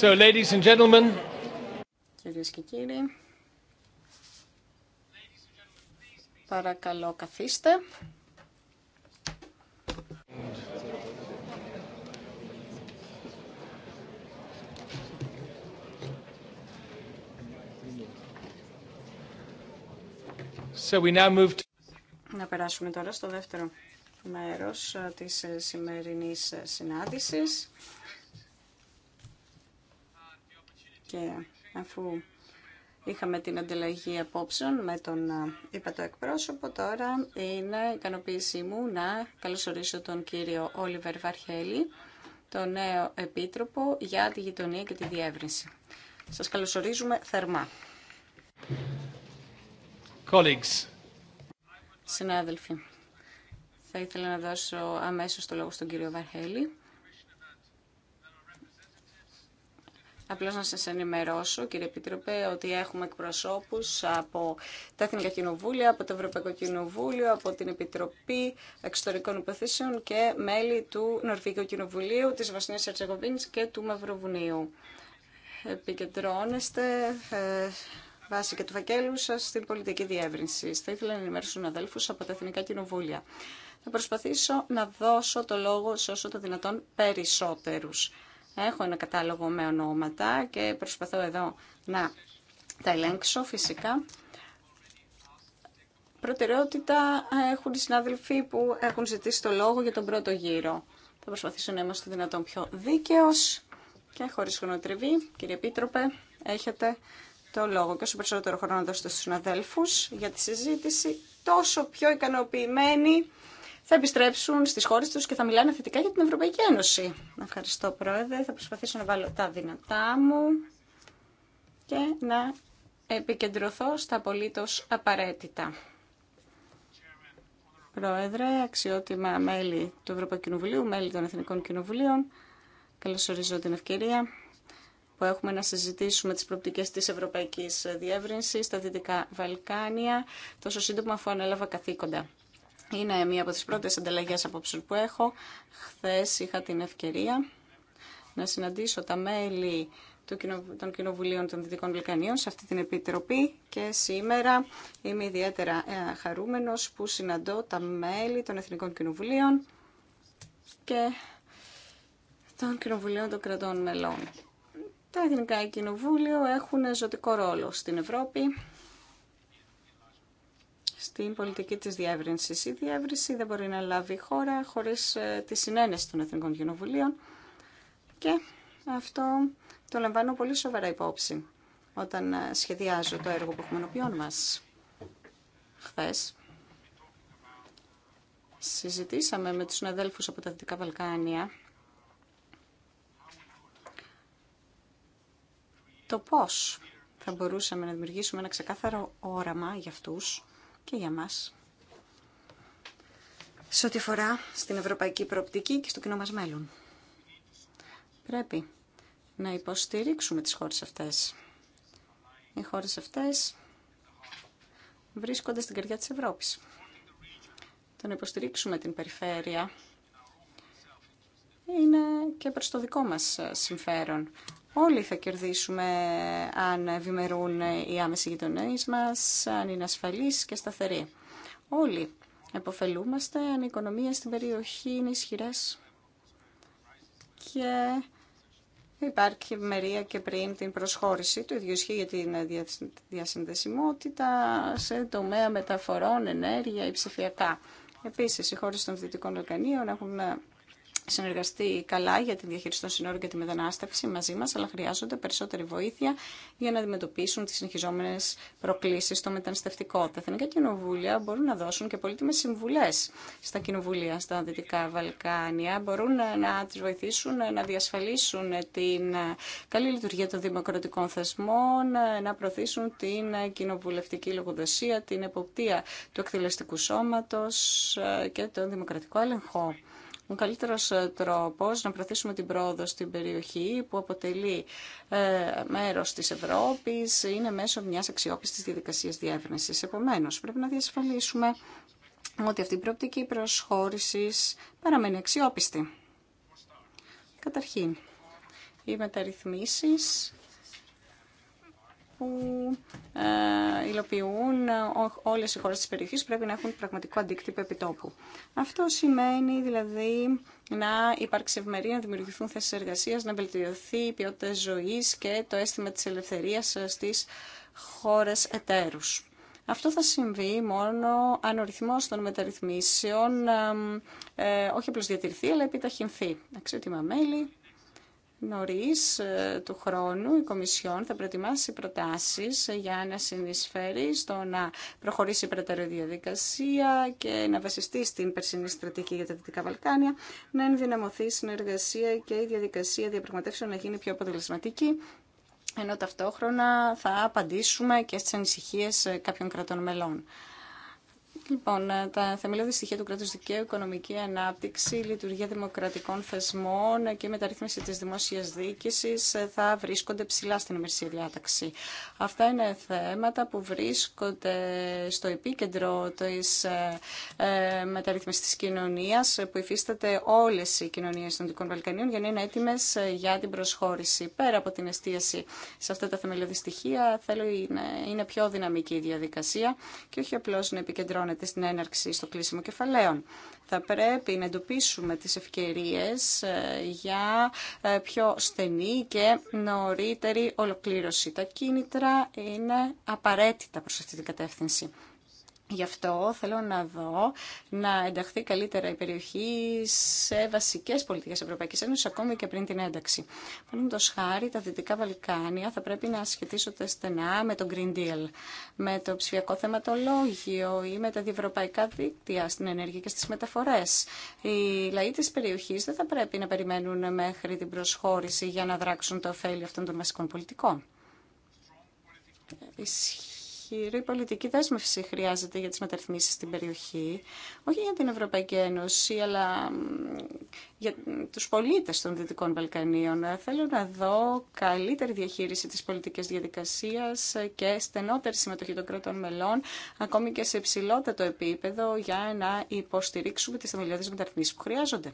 So, ladies and gentlemen. Κυρίες και κύριοι, παρακαλώ καθίστε. So we now move to... Να περάσουμε τώρα στο δεύτερο μέρος ε, της ε, σημερινής ε, συνάντησης. Και αφού είχαμε την ανταλλαγή απόψεων με τον είπα εκπρόσωπο, τώρα είναι ικανοποίησή μου να καλωσορίσω τον κύριο Όλιβερ Βαρχέλη, τον νέο Επίτροπο για τη Γειτονία και τη Διεύρυνση. Σας καλωσορίζουμε θερμά. Colleagues. Συνάδελφοι, θα ήθελα να δώσω αμέσως το λόγο στον κύριο Βαρχέλη Απλώ να σα ενημερώσω, κύριε Επιτροπέ, ότι έχουμε εκπροσώπους από τα Εθνικά Κοινοβούλια, από το Ευρωπαϊκό Κοινοβούλιο, από την Επιτροπή Εξωτερικών Υποθέσεων και μέλη του Νορβηγικού Κοινοβουλίου, τη Βασνία Ερτζεγοβίνη και του Μαυροβουνίου. Επικεντρώνεστε ε, βάσει και του φακέλου σα στην πολιτική διεύρυνση. Θα ήθελα να ενημερώσω αδέλφου από τα Εθνικά Κοινοβούλια. Θα προσπαθήσω να δώσω το λόγο σε όσο το δυνατόν περισσότερου. Έχω ένα κατάλογο με ονόματα και προσπαθώ εδώ να τα ελέγξω φυσικά. Προτεραιότητα έχουν οι συνάδελφοί που έχουν ζητήσει το λόγο για τον πρώτο γύρο. Θα προσπαθήσω να είμαστε δυνατόν πιο δίκαιος και χωρίς χρονοτριβή. Κύριε Επίτροπε, έχετε το λόγο. Και όσο περισσότερο χρόνο δώσετε στους συναδέλφους για τη συζήτηση, τόσο πιο ικανοποιημένοι θα επιστρέψουν στις χώρες τους και θα μιλάνε θετικά για την Ευρωπαϊκή Ένωση. Ευχαριστώ Πρόεδρε, θα προσπαθήσω να βάλω τα δυνατά μου και να επικεντρωθώ στα απολύτως απαραίτητα. Πρόεδρε, αξιότιμα μέλη του Ευρωπαϊκού Κοινοβουλίου, μέλη των Εθνικών Κοινοβουλίων, καλωσορίζω την ευκαιρία που έχουμε να συζητήσουμε τις προοπτικές της Ευρωπαϊκής Διεύρυνσης στα Δυτικά Βαλκάνια, τόσο σύντομα αφού ανέλαβα καθήκοντα. Είναι μία από τις πρώτες ανταλλαγές απόψεων που έχω. Χθες είχα την ευκαιρία να συναντήσω τα μέλη των Κοινοβουλίων των Δυτικών Βλυκανίων σε αυτή την Επιτροπή και σήμερα είμαι ιδιαίτερα ε, χαρούμενος που συναντώ τα μέλη των Εθνικών Κοινοβουλίων και των Κοινοβουλίων των Κρατών Μελών. Τα Εθνικά Κοινοβούλια έχουν ζωτικό ρόλο στην Ευρώπη στην πολιτική της διεύρυνσης. Η διεύρυνση δεν μπορεί να λάβει χώρα χωρίς ε, τη συνένεση των Εθνικών Κοινοβουλίων και αυτό το λαμβάνω πολύ σοβαρά υπόψη όταν ε, σχεδιάζω το έργο που έχουμε νοποιών μας. Χθες συζητήσαμε με τους συναδέλφους από τα Δυτικά Βαλκάνια το πώς θα μπορούσαμε να δημιουργήσουμε ένα ξεκάθαρο όραμα για αυτούς και για μας. Σε ό,τι αφορά στην ευρωπαϊκή προοπτική και στο κοινό μας μέλλον. Πρέπει να υποστηρίξουμε τις χώρες αυτές. Οι χώρες αυτές βρίσκονται στην καρδιά της Ευρώπης. Το να υποστηρίξουμε την περιφέρεια είναι και προς το δικό μας συμφέρον. Όλοι θα κερδίσουμε αν ευημερούν οι άμεσοι γειτονέ μας, αν είναι ασφαλεί και σταθεροί. Όλοι εποφελούμαστε αν η οικονομία στην περιοχή είναι ισχυρέ. και υπάρχει ευημερία και πριν την προσχώρηση. του ίδιο ισχύει για την διασυνδεσιμότητα σε τομέα μεταφορών, ενέργεια ή ψηφιακά. Επίσης, οι χώρε των Δυτικών Λοκανίων έχουν συνεργαστεί καλά για τη διαχείριση των συνόρων και τη μετανάστευση μαζί μας, αλλά χρειάζονται περισσότερη βοήθεια για να αντιμετωπίσουν τις συνεχιζόμενες προκλήσεις στο μεταναστευτικό. Τα εθνικά κοινοβούλια μπορούν να δώσουν και πολύτιμες συμβουλές στα κοινοβούλια στα Δυτικά Βαλκάνια. Μπορούν να τις βοηθήσουν να διασφαλίσουν την καλή λειτουργία των δημοκρατικών θεσμών, να προωθήσουν την κοινοβουλευτική λογοδοσία, την εποπτεία του εκτελεστικού σώματος και τον δημοκρατικό έλεγχο. Ο καλύτερος ε, τρόπος να προωθήσουμε την πρόοδο στην περιοχή που αποτελεί ε, μέρος της Ευρώπης είναι μέσω μιας αξιόπιστης διαδικασίας διεύρυνσης. Επομένως, πρέπει να διασφαλίσουμε ότι αυτή η προοπτική προσχώρησης παραμένει αξιόπιστη. Καταρχήν, οι μεταρρυθμίσεις που ε, υλοποιούν όλες οι χώρες της περιοχής πρέπει να έχουν πραγματικό αντίκτυπο επιτόπου. Αυτό σημαίνει δηλαδή να υπάρξει ευμερία, να δημιουργηθούν θέσεις εργασίας, να βελτιωθεί η ποιότητα ζωής και το αίσθημα της ελευθερίας στις χώρες εταίρους. Αυτό θα συμβεί μόνο αν ο ρυθμός των μεταρρυθμίσεων ε, ε όχι απλώς διατηρηθεί, αλλά επιταχυνθεί. Αξιότιμα μέλη, νωρίς ε, του χρόνου η Κομισιόν θα προετοιμάσει προτάσεις για να συνεισφέρει στο να προχωρήσει η περαιτέρω διαδικασία και να βασιστεί στην περσινή στρατηγική για τα Δυτικά Βαλκάνια, να ενδυναμωθεί η συνεργασία και η διαδικασία διαπραγματεύσεων να γίνει πιο αποτελεσματική ενώ ταυτόχρονα θα απαντήσουμε και στις ανησυχίες κάποιων κρατών μελών. Λοιπόν, ε, τα θεμελιώδη στοιχεία του κράτου δικαίου, οικονομική ανάπτυξη, λειτουργία δημοκρατικών θεσμών ε, και μεταρρύθμιση τη δημόσια διοίκηση ε, θα βρίσκονται ψηλά στην ημερησία διάταξη. Αυτά είναι θέματα που βρίσκονται στο επίκεντρο της μεταρρύθμισης της κοινωνίας που υφίσταται όλε οι κοινωνίε των Δυτικών Βαλκανίων για να είναι έτοιμε για την προσχώρηση. Πέρα από την εστίαση σε αυτά τα θεμελιώδη στοιχεία, θέλω να είναι πιο δυναμική η διαδικασία και όχι απλώ να επικεντρώνεται στην έναρξη στο κλείσιμο κεφαλαίων. Θα πρέπει να εντοπίσουμε τις ευκαιρίες ε, για ε, πιο στενή και νωρίτερη ολοκλήρωση. Τα κίνητρα είναι απαραίτητα προς αυτή την κατεύθυνση. Γι' αυτό θέλω να δω να ενταχθεί καλύτερα η περιοχή σε βασικές πολιτικές Ευρωπαϊκής Ένωσης, ακόμη και πριν την ένταξη. Παραδείγματο χάρη, τα Δυτικά Βαλκάνια θα πρέπει να σχετίσονται στενά με τον Green Deal, με το ψηφιακό θεματολόγιο ή με τα διευρωπαϊκά δίκτυα στην ενέργεια και στις μεταφορές. Οι λαοί της περιοχής δεν θα πρέπει να περιμένουν μέχρι την προσχώρηση για να δράξουν το ωφέλη αυτών των βασικών πολιτικών η πολιτική δέσμευση χρειάζεται για τις μεταρρυθμίσεις στην περιοχή, όχι για την Ευρωπαϊκή Ένωση, αλλά για τους πολίτες των Δυτικών Βαλκανίων. Θέλω να δω καλύτερη διαχείριση της πολιτικής διαδικασίας και στενότερη συμμετοχή των κρατών μελών, ακόμη και σε υψηλότερο επίπεδο, για να υποστηρίξουμε τις θεμελιώδεις μεταρρυθμίσεις που χρειάζονται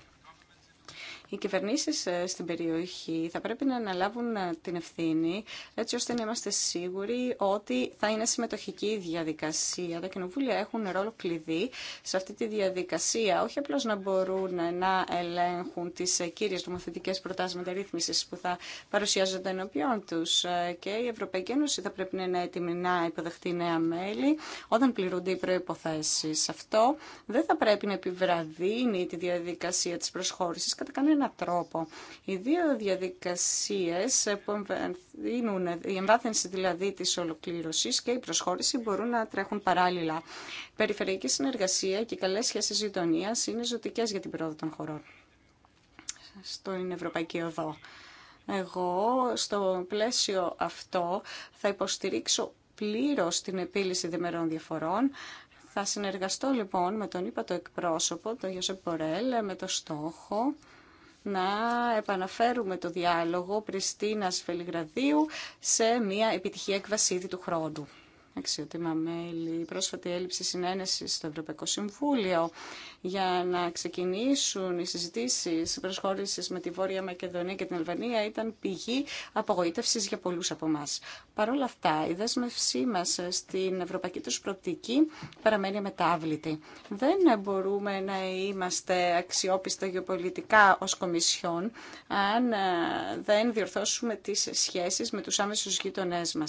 οι κυβερνήσει ε, στην περιοχή θα πρέπει να αναλάβουν ε, την ευθύνη έτσι ώστε να είμαστε σίγουροι ότι θα είναι συμμετοχική η διαδικασία. Τα κοινοβούλια έχουν ρόλο κλειδί σε αυτή τη διαδικασία, όχι απλώ να μπορούν ε, να ελέγχουν τι κύριε νομοθετικέ προτάσει μεταρρύθμιση που θα παρουσιάζονται ενώπιόν του. και η Ευρωπαϊκή Ένωση θα πρέπει να είναι έτοιμη να υποδεχτεί νέα μέλη όταν πληρούνται οι προποθέσει. Αυτό δεν θα πρέπει να επιβραδύνει τη διαδικασία τη προσχώρηση κατά κανένα τρόπο. Οι δύο διαδικασίες που δίνουν η εμβάθυνση δηλαδή της ολοκλήρωσης και η προσχώρηση μπορούν να τρέχουν παράλληλα. Περιφερειακή συνεργασία και οι καλές σχέσεις γειτονία είναι ζωτικές για την πρόοδο των χωρών στην Ευρωπαϊκή Οδό. Εγώ στο πλαίσιο αυτό θα υποστηρίξω πλήρως την επίλυση διμερών διαφορών. Θα συνεργαστώ λοιπόν με τον είπατο εκπρόσωπο, τον Ιωσεπ Πορέλ, με το στόχο να επαναφέρουμε το διάλογο Πριστίνας Φελιγραδίου σε μια επιτυχία εκβασίδη του χρόνου. Αξιότιμα μέλη, πρόσφατη έλλειψη συνένεση στο Ευρωπαϊκό Συμβούλιο για να ξεκινήσουν οι συζητήσεις προσχώρηση με τη Βόρεια Μακεδονία και την Αλβανία ήταν πηγή απογοήτευση για πολλού από εμά. Παρ' όλα αυτά, η δέσμευσή μα στην ευρωπαϊκή του προοπτική παραμένει μετάβλητη. Δεν μπορούμε να είμαστε αξιόπιστα γεωπολιτικά ω Κομισιόν αν ε, δεν διορθώσουμε τι σχέσει με τους άμεσου γείτονε μα.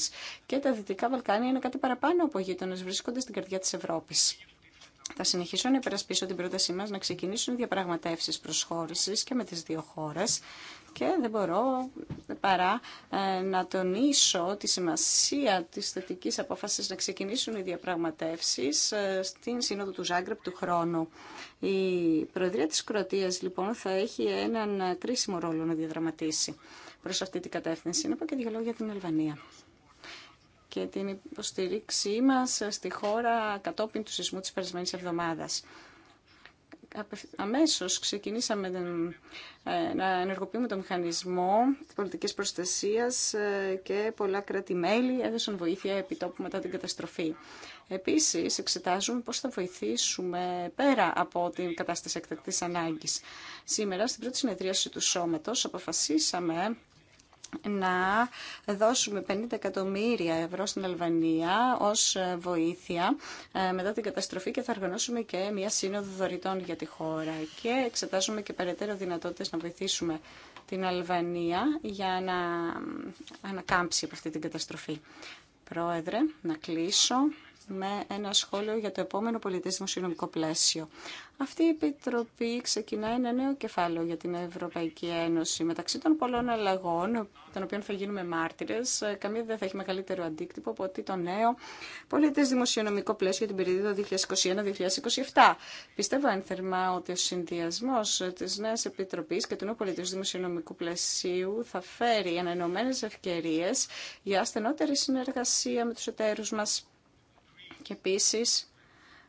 Και τα Δυτικά Βαλκάνια είναι κάτι παραπάνω από γείτονε, βρίσκονται στην καρδιά τη Ευρώπη. Θα συνεχίσω να υπερασπίσω την πρότασή μας να ξεκινήσουν οι διαπραγματεύσεις προσχώρησης και με τις δύο χώρες και δεν μπορώ παρά ε, να τονίσω τη σημασία της θετικής απόφασης να ξεκινήσουν οι διαπραγματεύσεις ε, στην Σύνοδο του Ζάγκρεπ του χρόνου. Η Προεδρία της Κροατίας λοιπόν θα έχει έναν κρίσιμο ρόλο να διαδραματίσει προς αυτή την κατεύθυνση. Να πω και δύο λόγια για την Αλβανία και την υποστήριξή μας στη χώρα κατόπιν του σεισμού της περασμένη εβδομάδας. Αμέσως ξεκινήσαμε ε, να ενεργοποιούμε το μηχανισμό της πολιτικής προστασίας ε, και πολλά κράτη-μέλη έδωσαν βοήθεια επί τόπου μετά την καταστροφή. Επίσης, εξετάζουμε πώς θα βοηθήσουμε πέρα από την κατάσταση εκτακτής ανάγκης. Σήμερα, στην πρώτη συνεδρίαση του Σώματος, αποφασίσαμε να δώσουμε 50 εκατομμύρια ευρώ στην Αλβανία ως ε, βοήθεια ε, μετά την καταστροφή και θα οργανώσουμε και μια σύνοδο δωρητών για τη χώρα και εξετάζουμε και περαιτέρω δυνατότητες να βοηθήσουμε την Αλβανία για να ε, ανακάμψει από αυτή την καταστροφή. Πρόεδρε, να κλείσω με ένα σχόλιο για το επόμενο πολιτές δημοσιονομικό πλαίσιο. Αυτή η Επιτροπή ξεκινά ένα νέο κεφάλαιο για την Ευρωπαϊκή Ένωση. Μεταξύ των πολλών αλλαγών, των οποίων θα γίνουμε μάρτυρε, ε, καμία δεν θα έχει μεγαλύτερο αντίκτυπο από ότι το νέο πολιτές δημοσιονομικό πλαίσιο για την περίοδο 2021-2027. Πιστεύω ενθερμά ότι ο συνδυασμό ε, τη νέα Επιτροπή και του νέου πολιτέ δημοσιονομικού πλαισίου θα φέρει ανανεωμένε ευκαιρίε για στενότερη συνεργασία με του εταίρου μα και επίσης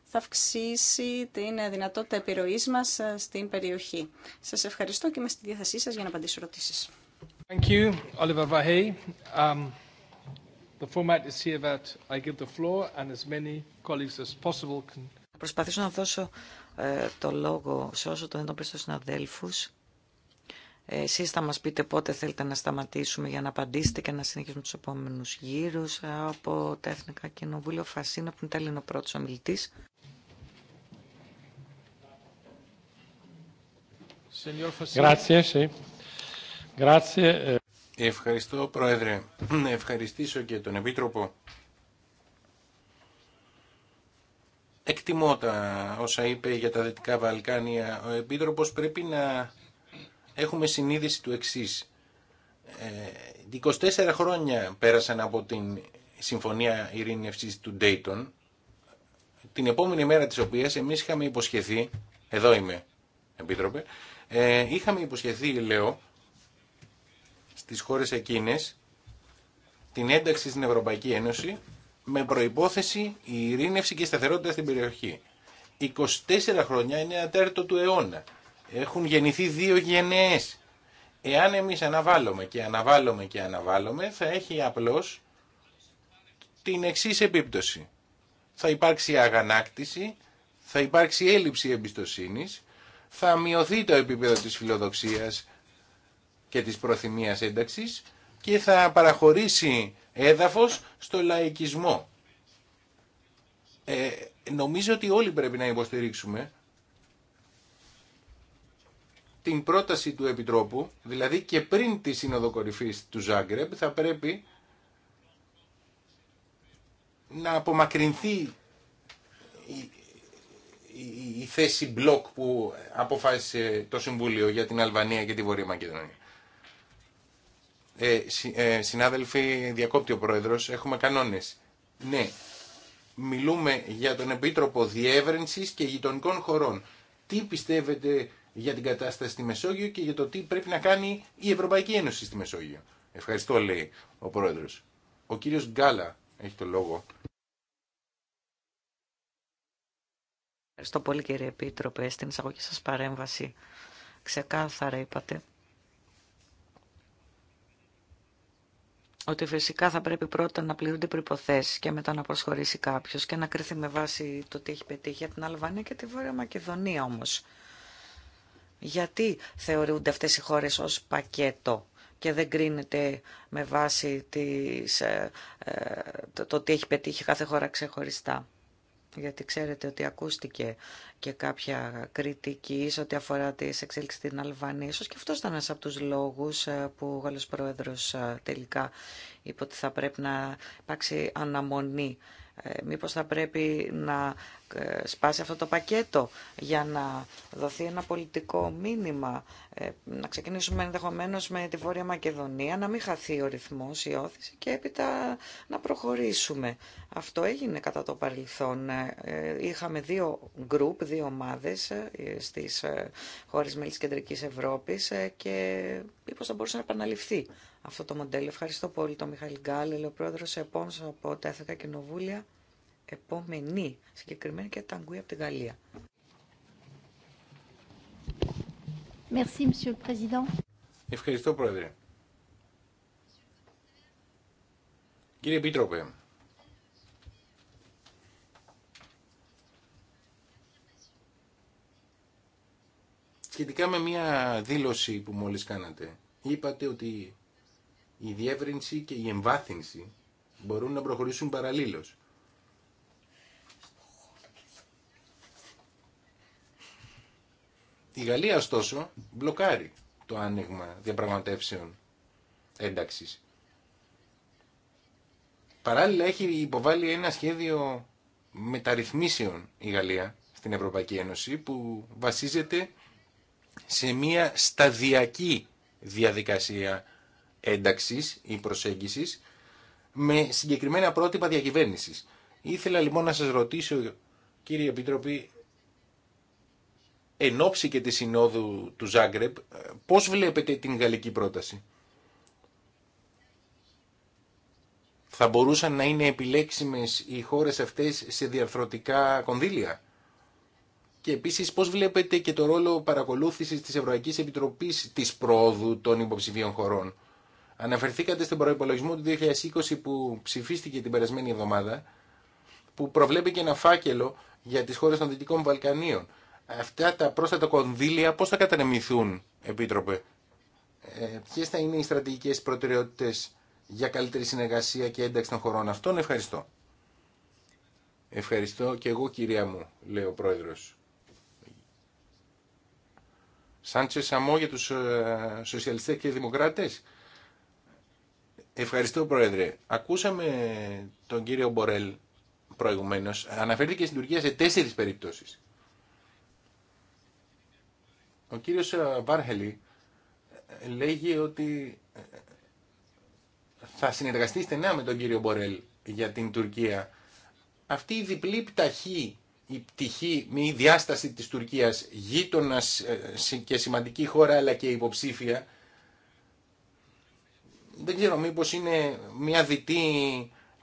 θα αυξήσει την δυνατότητα επιρροής μας ε, στην περιοχή. Σας ευχαριστώ και είμαι στη διάθεσή σας για να απαντήσω ερωτήσεις. Thank you, Oliver Um, the format is here I give the floor and as many colleagues as possible can... Προσπαθήσω να δώσω ε, το λόγο σε όσο το δυνατόν στους συναδέλφους εσείς θα μας πείτε πότε θέλετε να σταματήσουμε για να απαντήσετε και να συνεχίσουμε τους επόμενους γύρους από τα Εθνικά Κοινοβούλια Φασίνα που είναι ο πρώτο ομιλητής. Ε. Ευχαριστώ Πρόεδρε. ευχαριστήσω και τον Επίτροπο. Εκτιμώ τα όσα είπε για τα Δυτικά Βαλκάνια. Ο Επίτροπος πρέπει να έχουμε συνείδηση του εξής. 24 ε, χρόνια πέρασαν από την Συμφωνία Ειρήνευσης του Ντέιτον, την επόμενη μέρα της οποίας εμείς είχαμε υποσχεθεί, εδώ είμαι, Επίτροπε, ε, είχαμε υποσχεθεί, λέω, στις χώρες εκείνες, την ένταξη στην Ευρωπαϊκή Ένωση με προϋπόθεση η ειρήνευση και η σταθερότητα στην περιοχή. 24 χρόνια είναι ένα τέρτο του αιώνα. Έχουν γεννηθεί δύο γενναίες. Εάν εμείς αναβάλλουμε και αναβάλλουμε και αναβάλλουμε, θα έχει απλώς την εξής επίπτωση. Θα υπάρξει αγανάκτηση, θα υπάρξει έλλειψη εμπιστοσύνης, θα μειωθεί το επίπεδο της φιλοδοξίας και της προθυμίας ένταξης και θα παραχωρήσει έδαφος στο λαϊκισμό. Ε, νομίζω ότι όλοι πρέπει να υποστηρίξουμε την πρόταση του Επιτρόπου, δηλαδή και πριν τη Σύνοδο Κορυφής του Ζάγκρεπ, θα πρέπει να απομακρυνθεί η, θέση μπλοκ που αποφάσισε το Συμβούλιο για την Αλβανία και τη Βορρία Μακεδονία. Ε, ε, συνάδελφοι, διακόπτει ο Πρόεδρος, έχουμε κανόνες. Ναι, μιλούμε για τον Επίτροπο Διεύρυνσης και Γειτονικών Χωρών. Τι πιστεύετε για την κατάσταση στη Μεσόγειο και για το τι πρέπει να κάνει η Ευρωπαϊκή Ένωση στη Μεσόγειο. Ευχαριστώ, λέει ο Πρόεδρος. Ο κύριος Γκάλα έχει το λόγο. Ευχαριστώ πολύ κύριε Επίτροπε στην εισαγωγή σας παρέμβαση. Ξεκάθαρα είπατε ότι φυσικά θα πρέπει πρώτα να πληρούνται προϋποθέσεις και μετά να προσχωρήσει κάποιο και να κριθεί με βάση το τι έχει πετύχει για την Αλβανία και τη Βόρεια Μακεδονία όμω γιατί θεωρούνται αυτές οι χώρες ως πακέτο και δεν κρίνεται με βάση ε, ε, το, το τι έχει πετύχει κάθε χώρα ξεχωριστά. Γιατί ξέρετε ότι ακούστηκε και κάποια κριτική σε ό,τι αφορά τι εξέλιξη στην Αλβανία. Ίσως και αυτό ήταν ένα από τους λόγους ε, που ο Γάλλος Πρόεδρος τελικά είπε ότι θα πρέπει να υπάρξει αναμονή. Μήπως θα πρέπει να ε, σπάσει αυτό το πακέτο για να δοθεί ένα πολιτικό μήνυμα. Ε, να ξεκινήσουμε ενδεχομένω με τη Βόρεια Μακεδονία, να μην χαθεί ο ρυθμός, η όθηση και έπειτα να προχωρήσουμε. Αυτό έγινε κατά το παρελθόν. Ε, είχαμε δύο γκρουπ, δύο ομάδες στις χώρες μέλη Κεντρικής Ευρώπης και μήπως θα μπορούσε να επαναληφθεί αυτό το μοντέλο. Ευχαριστώ πολύ τον Μιχαήλ Γκάλε, ο πρόεδρος από τα Εθνικά Κοινοβούλια επόμενη συγκεκριμένη και ταγκούι από τη Γαλλία. Merci, Monsieur le Président. Ευχαριστώ, Πρόεδρε. Κύριε Επίτροπε, σχετικά με μια δήλωση που μόλις κάνατε, είπατε ότι η διεύρυνση και η εμβάθυνση μπορούν να προχωρήσουν παραλλήλως. Η Γαλλία, ωστόσο, μπλοκάρει το άνοιγμα διαπραγματεύσεων ένταξη, Παράλληλα έχει υποβάλει ένα σχέδιο μεταρρυθμίσεων η Γαλλία στην Ευρωπαϊκή Ένωση που βασίζεται σε μια σταδιακή διαδικασία ένταξης ή προσέγγισης με συγκεκριμένα πρότυπα διακυβέρνησης. Ήθελα λοιπόν να σας ρωτήσω κύριε Επίτροπη εν ώψη και τη συνόδου του Ζάγκρεπ, ε, πώς βλέπετε την γαλλική πρόταση. Θα μπορούσαν να είναι επιλέξιμες οι χώρες αυτές σε διαρθρωτικά κονδύλια. Και επίσης πώς βλέπετε και το ρόλο παρακολούθησης της Ευρωπαϊκής Επιτροπής της πρόοδου των υποψηφίων χωρών. Αναφερθήκατε στον προϋπολογισμό του 2020 που ψηφίστηκε την περασμένη εβδομάδα, που προβλέπει και ένα φάκελο για τις χώρες των Δυτικών Βαλκανίων αυτά τα πρόσθετα κονδύλια πώς θα κατανεμηθούν, Επίτροπε. Ε, ποιες θα είναι οι στρατηγικές προτεραιότητες για καλύτερη συνεργασία και ένταξη των χωρών αυτών. Ευχαριστώ. Ευχαριστώ και εγώ κυρία μου, λέει ο πρόεδρος. Σάντσε Σαμό για τους ε, σοσιαλιστές και δημοκράτες. Ευχαριστώ πρόεδρε. Ακούσαμε τον κύριο Μπορέλ προηγουμένως. Αναφέρθηκε στην Τουρκία σε τέσσερις περιπτώσεις. Ο κύριος ε, Βάρχελη ε, λέγει ότι ε, θα συνεργαστεί στενά με τον κύριο Μπορέλ για την Τουρκία. Αυτή η διπλή πταχή, η πτυχή με η διάσταση της Τουρκίας, γείτονα και σημαντική χώρα αλλά και υποψήφια, δεν ξέρω μήπως είναι μια διτή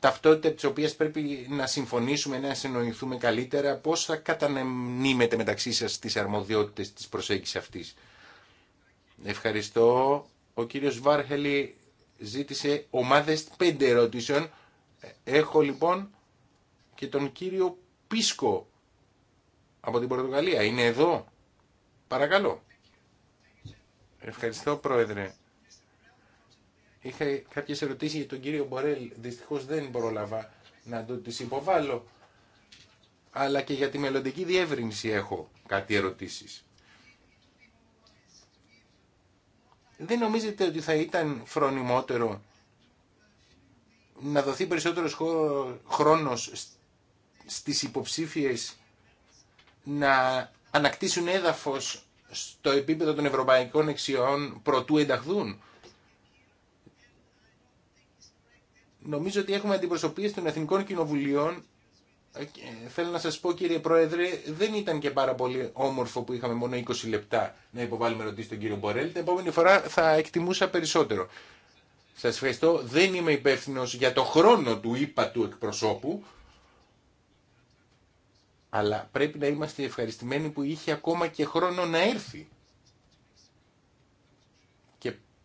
ταυτότητα τις οποίες πρέπει να συμφωνήσουμε, να συνοηθούμε καλύτερα, πώς θα κατανεμνύμετε μεταξύ σας τις αρμοδιότητες της προσέγγισης αυτής. Ευχαριστώ. Ο κύριος Βάρχελη ζήτησε ομάδες πέντε ερωτήσεων. Έχω λοιπόν και τον κύριο Πίσκο από την Πορτογαλία. Είναι εδώ. Παρακαλώ. Ευχαριστώ πρόεδρε. Είχα κάποιες ερωτήσεις για τον κύριο Μπορέλ, δυστυχώς δεν πρόλαβα να το τις υποβάλω, αλλά και για τη μελλοντική διεύρυνση έχω κάτι ερωτήσεις. Δεν νομίζετε ότι θα ήταν φρονιμότερο να δοθεί περισσότερο χρόνος στις υποψήφιες να ανακτήσουν έδαφος στο επίπεδο των ευρωπαϊκών εξιών προτού ενταχθούν. νομίζω ότι έχουμε αντιπροσωπείες των Εθνικών Κοινοβουλίων. Ε, θέλω να σας πω κύριε Πρόεδρε, δεν ήταν και πάρα πολύ όμορφο που είχαμε μόνο 20 λεπτά να υποβάλουμε ερωτήσει στον κύριο Μπορέλ. Την επόμενη φορά θα εκτιμούσα περισσότερο. Σας ευχαριστώ. Δεν είμαι υπεύθυνο για το χρόνο του είπα του εκπροσώπου. Αλλά πρέπει να είμαστε ευχαριστημένοι που είχε ακόμα και χρόνο να έρθει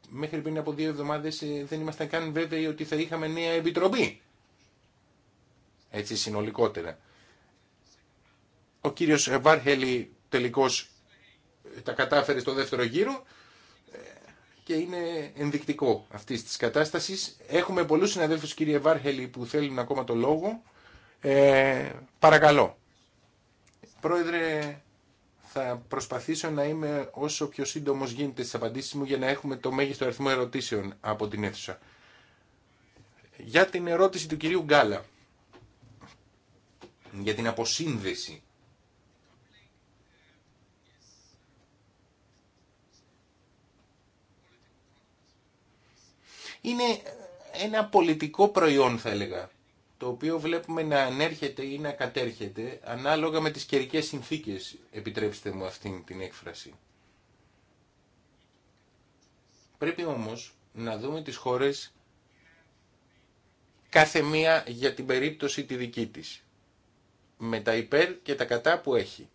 μέχρι πριν από δύο εβδομάδες ε, δεν ήμασταν καν βέβαιοι ότι θα είχαμε νέα επιτροπή. Έτσι συνολικότερα. Ο κύριος Βάρχελη τελικώς ε, τα κατάφερε στο δεύτερο γύρο ε, και είναι ενδεικτικό αυτής της κατάστασης. Έχουμε πολλούς συναδέλφους κύριε Βάρχελη που θέλουν ακόμα το λόγο. Ε, παρακαλώ. Πρόεδρε, θα προσπαθήσω να είμαι όσο πιο σύντομος γίνεται στις απαντήσεις μου για να έχουμε το μέγιστο αριθμό ερωτήσεων από την αίθουσα. Για την ερώτηση του κυρίου Γκάλα, για την αποσύνδεση είναι ένα πολιτικό προϊόν θα έλεγα το οποίο βλέπουμε να ανέρχεται ή να κατέρχεται ανάλογα με τις καιρικέ συνθήκες, επιτρέψτε μου αυτήν την έκφραση. Πρέπει όμως να δούμε τις χώρες κάθε μία για την περίπτωση τη δική της, με τα υπέρ και τα κατά που έχει.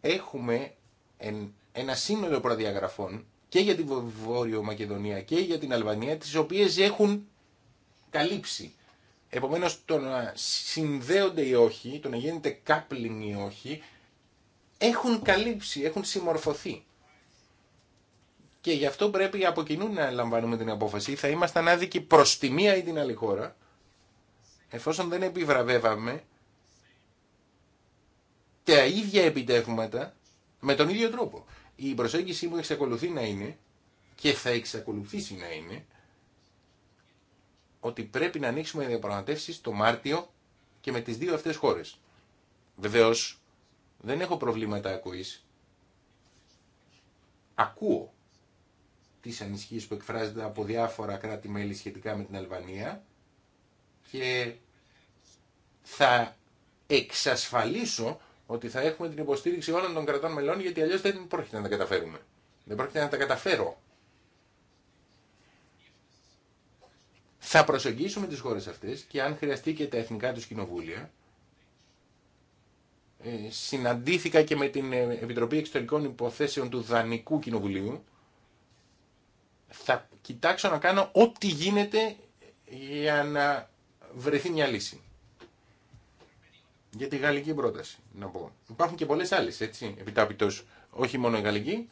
Έχουμε ένα σύνολο προδιαγραφών και για τη Βόρειο Μακεδονία και για την Αλβανία, τις οποίες έχουν καλύψει. Επομένως το να συνδέονται ή όχι, το να γίνεται coupling ή όχι, έχουν καλύψει, έχουν συμμορφωθεί. Και γι' αυτό πρέπει από κοινού να λαμβάνουμε την απόφαση. Θα ήμασταν άδικοι προ τη μία ή την άλλη χώρα, εφόσον δεν επιβραβεύαμε τα ίδια επιτεύγματα με τον ίδιο τρόπο. Η προσέγγιση μου εξακολουθεί να είναι και θα εξακολουθήσει να είναι ότι πρέπει να ανοίξουμε διαπραγματεύσει το Μάρτιο και με τις δύο αυτές χώρες. Βεβαίως, δεν έχω προβλήματα ακοής. Ακούω τι ανισχύσει που εκφράζονται από διάφορα κράτη-μέλη σχετικά με την Αλβανία και θα εξασφαλίσω ότι θα έχουμε την υποστήριξη όλων των κρατών μελών γιατί αλλιώς δεν πρόκειται να τα καταφέρουμε. Δεν πρόκειται να τα καταφέρω θα προσεγγίσουμε τις χώρες αυτές και αν χρειαστεί και τα εθνικά τους κοινοβούλια. Ε, συναντήθηκα και με την ε, Επιτροπή Εξωτερικών Υποθέσεων του Δανικού Κοινοβουλίου. Θα κοιτάξω να κάνω ό,τι γίνεται για να βρεθεί μια λύση. Για τη γαλλική πρόταση, να πω. Υπάρχουν και πολλές άλλες, έτσι, επιτάπητος, όχι μόνο η γαλλική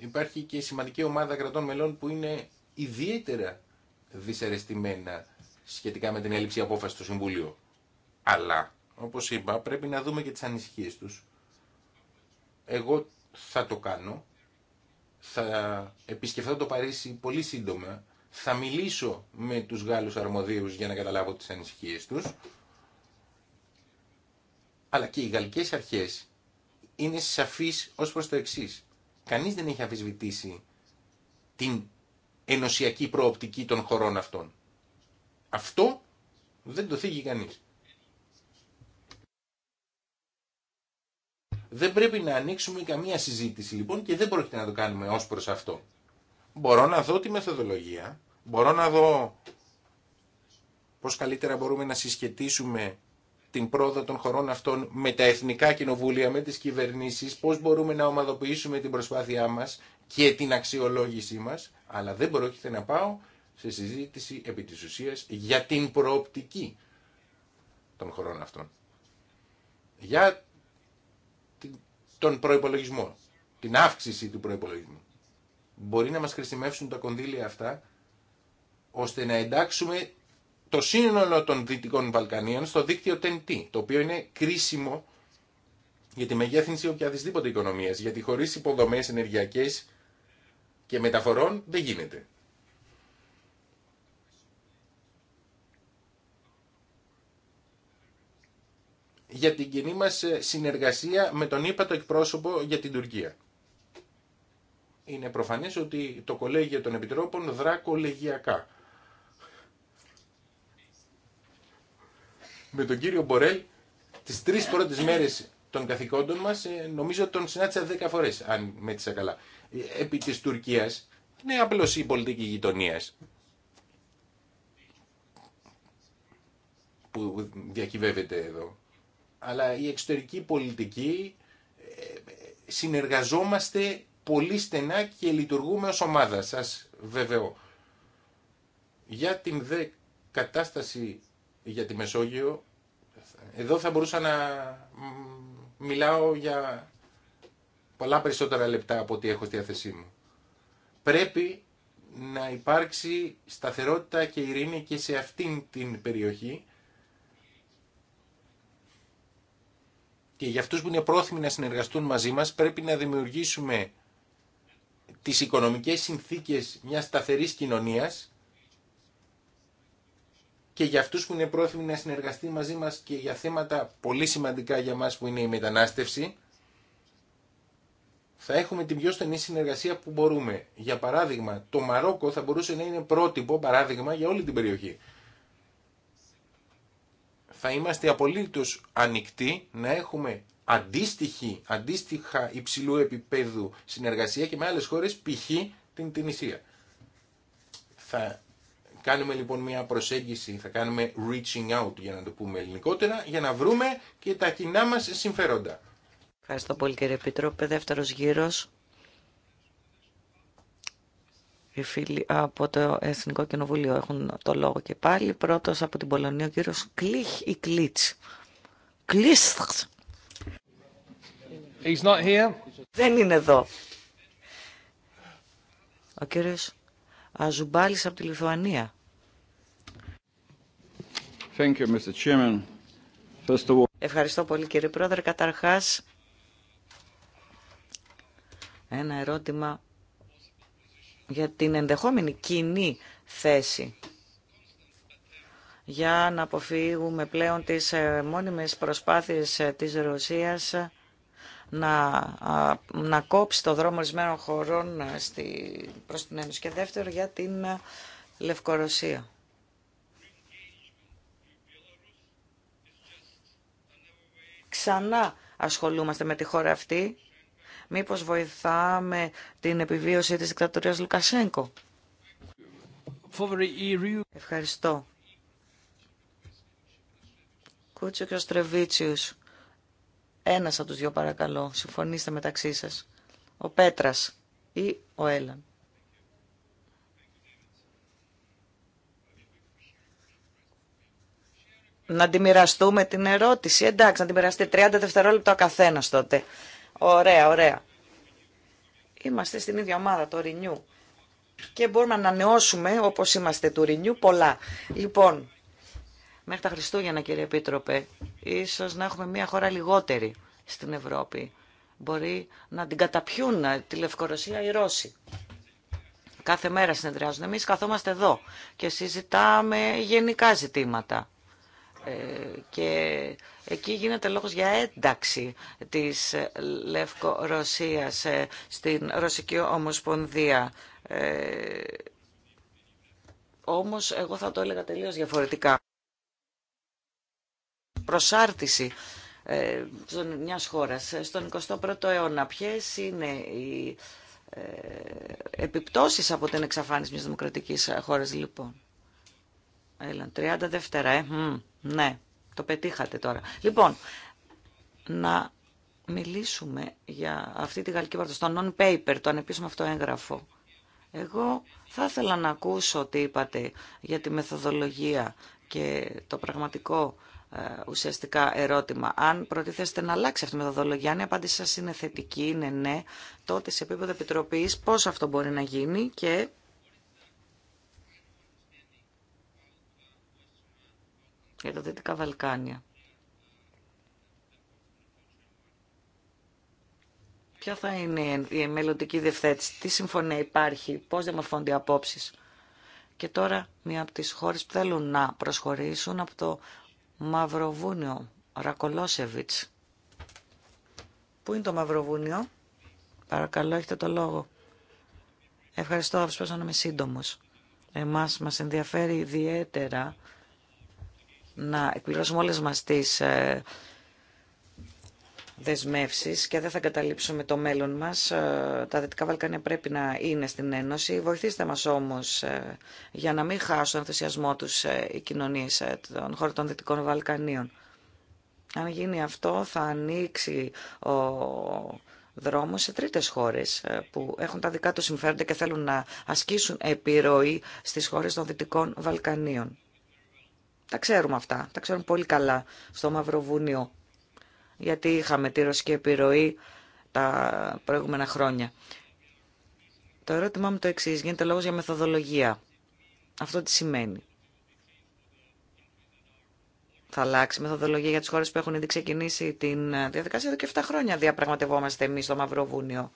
υπάρχει και σημαντική ομάδα κρατών μελών που είναι ιδιαίτερα δυσαρεστημένα σχετικά με την έλλειψη απόφαση του Συμβουλίου. Αλλά, όπως είπα, πρέπει να δούμε και τι ανησυχίε τους. Εγώ θα το κάνω, θα επισκεφθώ το Παρίσι πολύ σύντομα, θα μιλήσω με τους Γάλλους αρμοδίους για να καταλάβω τις ανησυχίε τους, αλλά και οι γαλλικέ αρχές είναι σαφεί ω προ το εξή. Κανείς δεν έχει αμφισβητήσει την ενωσιακή προοπτική των χωρών αυτών. Αυτό δεν το θίγει κανείς. Δεν πρέπει να ανοίξουμε καμία συζήτηση λοιπόν και δεν πρόκειται να το κάνουμε ως προς αυτό. Μπορώ να δω τη μεθοδολογία, μπορώ να δω πώς καλύτερα μπορούμε να συσχετίσουμε την πρόοδο των χωρών αυτών με τα εθνικά κοινοβούλια, με τις κυβερνήσεις, πώς μπορούμε να ομαδοποιήσουμε την προσπάθειά μας και την αξιολόγησή μας, αλλά δεν πρόκειται να πάω σε συζήτηση επί της ουσίας για την προοπτική των χωρών αυτών. Για τον προϋπολογισμό, την αύξηση του προϋπολογισμού. Μπορεί να μας χρησιμεύσουν τα κονδύλια αυτά ώστε να εντάξουμε το σύνολο των Δυτικών Βαλκανίων στο δίκτυο TNT, το οποίο είναι κρίσιμο για τη μεγέθυνση οποιαδήποτε οικονομία γιατί χωρίς υποδομές ενεργειακές και μεταφορών δεν γίνεται. για την κοινή μας ε, συνεργασία με τον ύπατο εκπρόσωπο για την Τουρκία. Είναι προφανές ότι το Κολέγιο των Επιτρόπων δρά κολεγιακά. με τον κύριο Μπορέλ τις τρεις πρώτες μέρες των καθηκόντων μας, ε, νομίζω τον συνάντησα δέκα φορές, αν με τις καλά. Ε, επί της Τουρκίας, είναι απλώς η πολιτική γειτονία που διακυβεύεται εδώ. Αλλά η εξωτερική πολιτική ε, συνεργαζόμαστε πολύ στενά και λειτουργούμε ως ομάδα, σας βεβαιώ. Για την δε κατάσταση για τη Μεσόγειο. Εδώ θα μπορούσα να μιλάω για πολλά περισσότερα λεπτά από ό,τι έχω στη διάθεσή μου. Πρέπει να υπάρξει σταθερότητα και ειρήνη και σε αυτήν την περιοχή και για αυτούς που είναι πρόθυμοι να συνεργαστούν μαζί μας πρέπει να δημιουργήσουμε τις οικονομικές συνθήκες μιας σταθερής κοινωνίας και για αυτούς που είναι πρόθυμοι να συνεργαστεί μαζί μας και για θέματα πολύ σημαντικά για μας που είναι η μετανάστευση, θα έχουμε την πιο στενή συνεργασία που μπορούμε. Για παράδειγμα, το Μαρόκο θα μπορούσε να είναι πρότυπο παράδειγμα για όλη την περιοχή. Θα είμαστε απολύτως ανοιχτοί να έχουμε αντίστοιχη, αντίστοιχα υψηλού επίπεδου συνεργασία και με άλλες χώρες, π.χ. την Τινησία. Θα Κάνουμε λοιπόν μια προσέγγιση, θα κάνουμε reaching out για να το πούμε ελληνικότερα, για να βρούμε και τα κοινά μας συμφέροντα. Ευχαριστώ πολύ κύριε Επίτροπε. Δεύτερος γύρος. Οι φίλοι από το Εθνικό Κοινοβούλιο έχουν το λόγο και πάλι. Πρώτος από την Πολωνία ο κύριος Κλίχ ή Κλίτς. Κλίστ. He's not here. Δεν είναι εδώ. Ο κύριος Αζουμπάλης από τη Λιθουανία. Thank you, Mr. Chairman. First of all... Ευχαριστώ πολύ κύριε Πρόεδρε. Καταρχάς, ένα ερώτημα για την ενδεχόμενη κοινή θέση για να αποφύγουμε πλέον τις ε, μόνιμες προσπάθειες ε, της Ρωσίας να, να κόψει το δρόμο ορισμένων χωρών ε, στη, προς την Ένωση και δεύτερο για την ε, Λευκορωσία. Ξανά ασχολούμαστε με τη χώρα αυτή. Μήπως βοηθάμε την επιβίωση της δικτατορίας Λουκασέγκο. Ευχαριστώ. Κούτσο και ο Στρεβίτσιος. Ένας από τους δύο παρακαλώ, συμφωνήστε μεταξύ σας. Ο Πέτρας ή ο Έλαν. Να αντιμοιραστούμε την ερώτηση. Εντάξει, να αντιμοιραστεί 30 δευτερόλεπτα ο καθένας τότε. Ωραία, ωραία. Είμαστε στην ίδια ομάδα, το Renew. Και μπορούμε να ανανεώσουμε, όπως είμαστε του Renew, πολλά. Λοιπόν, μέχρι τα Χριστούγεννα, κύριε Επίτροπε, ίσως να έχουμε μια χώρα λιγότερη στην Ευρώπη. Μπορεί να την καταπιούν τη Λευκορωσία οι Ρώσοι. Κάθε μέρα συνεδριάζουν. Εμείς καθόμαστε εδώ και συζητάμε γενικά ζητήματα. Ε, και εκεί γίνεται λόγος για ένταξη της Λευκορωσίας ε, στην Ρωσική Ομοσπονδία. Ε, όμως εγώ θα το έλεγα τελείως διαφορετικά προσάρτηση ε, μιας χώρας ε, στον 21ο αιώνα. Ποιες είναι οι ε, επιπτώσεις από την εξαφάνιση μιας δημοκρατικής χώρας λοιπόν. Έλα, 30 δεύτερα, ε, Μ, ναι, το πετύχατε τώρα. Λοιπόν, να μιλήσουμε για αυτή τη γαλλική πρόταση, το non-paper, το ανεπίσημο αυτό έγγραφο. Εγώ θα ήθελα να ακούσω τι είπατε για τη μεθοδολογία και το πραγματικό ε, ουσιαστικά ερώτημα. Αν προτίθεστε να αλλάξει αυτή η μεθοδολογία, αν η απάντηση σα είναι θετική, είναι ναι, τότε σε επίπεδο επιτροπή Πώ αυτό μπορεί να γίνει και για τα Δυτικά Βαλκάνια. Ποια θα είναι η μελλοντική διευθέτηση, τι συμφωνία υπάρχει, πώς διαμορφώνται οι απόψεις. Και τώρα μία από τις χώρες που θέλουν να προσχωρήσουν από το Μαυροβούνιο, Ρακολόσεβιτς. Πού είναι το Μαυροβούνιο? Παρακαλώ, έχετε το λόγο. Ευχαριστώ, Αυσπέσα να είμαι σύντομο. Εμάς μας ενδιαφέρει ιδιαίτερα να εκπληρώσουμε όλες μας τις ε, και δεν θα καταλήψουμε το μέλλον μας. Ε, τα Δυτικά Βαλκάνια πρέπει να είναι στην Ένωση. Βοηθήστε μας όμως ε, για να μην χάσουν ενθουσιασμό τους ε, οι κοινωνίες των χώρων των Δυτικών Βαλκανίων. Αν γίνει αυτό θα ανοίξει ο δρόμο σε τρίτες χώρες που έχουν τα δικά τους συμφέροντα και θέλουν να ασκήσουν επιρροή στις χώρες των Δυτικών Βαλκανίων. Τα ξέρουμε αυτά, τα ξέρουμε πολύ καλά στο Μαυροβούνιο γιατί είχαμε τη ρωσική επιρροή τα προηγούμενα χρόνια. Το ερώτημά μου το εξή. Γίνεται λόγος για μεθοδολογία. Αυτό τι σημαίνει. Θα αλλάξει η μεθοδολογία για τις χώρες που έχουν ήδη ξεκινήσει την διαδικασία εδώ και 7 χρόνια διαπραγματευόμαστε εμείς στο Μαυροβούνιο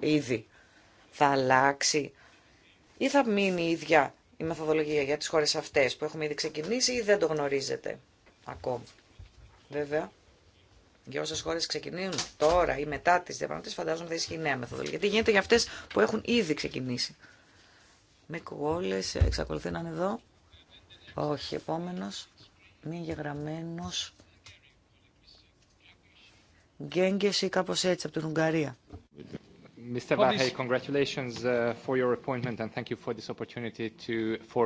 ε, ήδη. Θα αλλάξει ή θα μείνει η ίδια η μεθοδολογία για τις χώρες αυτές που έχουμε ήδη ξεκινήσει ή δεν το γνωρίζετε ακόμα. Βέβαια, για όσε χώρε ξεκινούν τώρα ή μετά τι διαπραγματεύσει, φαντάζομαι θα ισχύει η νέα μεθοδολογία. Γιατί γίνεται για αυτέ που έχουν ήδη ξεκινήσει. Με Γουόλε, εξακολουθεί να είναι εδώ. Όχι, επόμενο. Μη γεγραμμένο. Γκέγκε ή κάπω έτσι από την Ουγγαρία.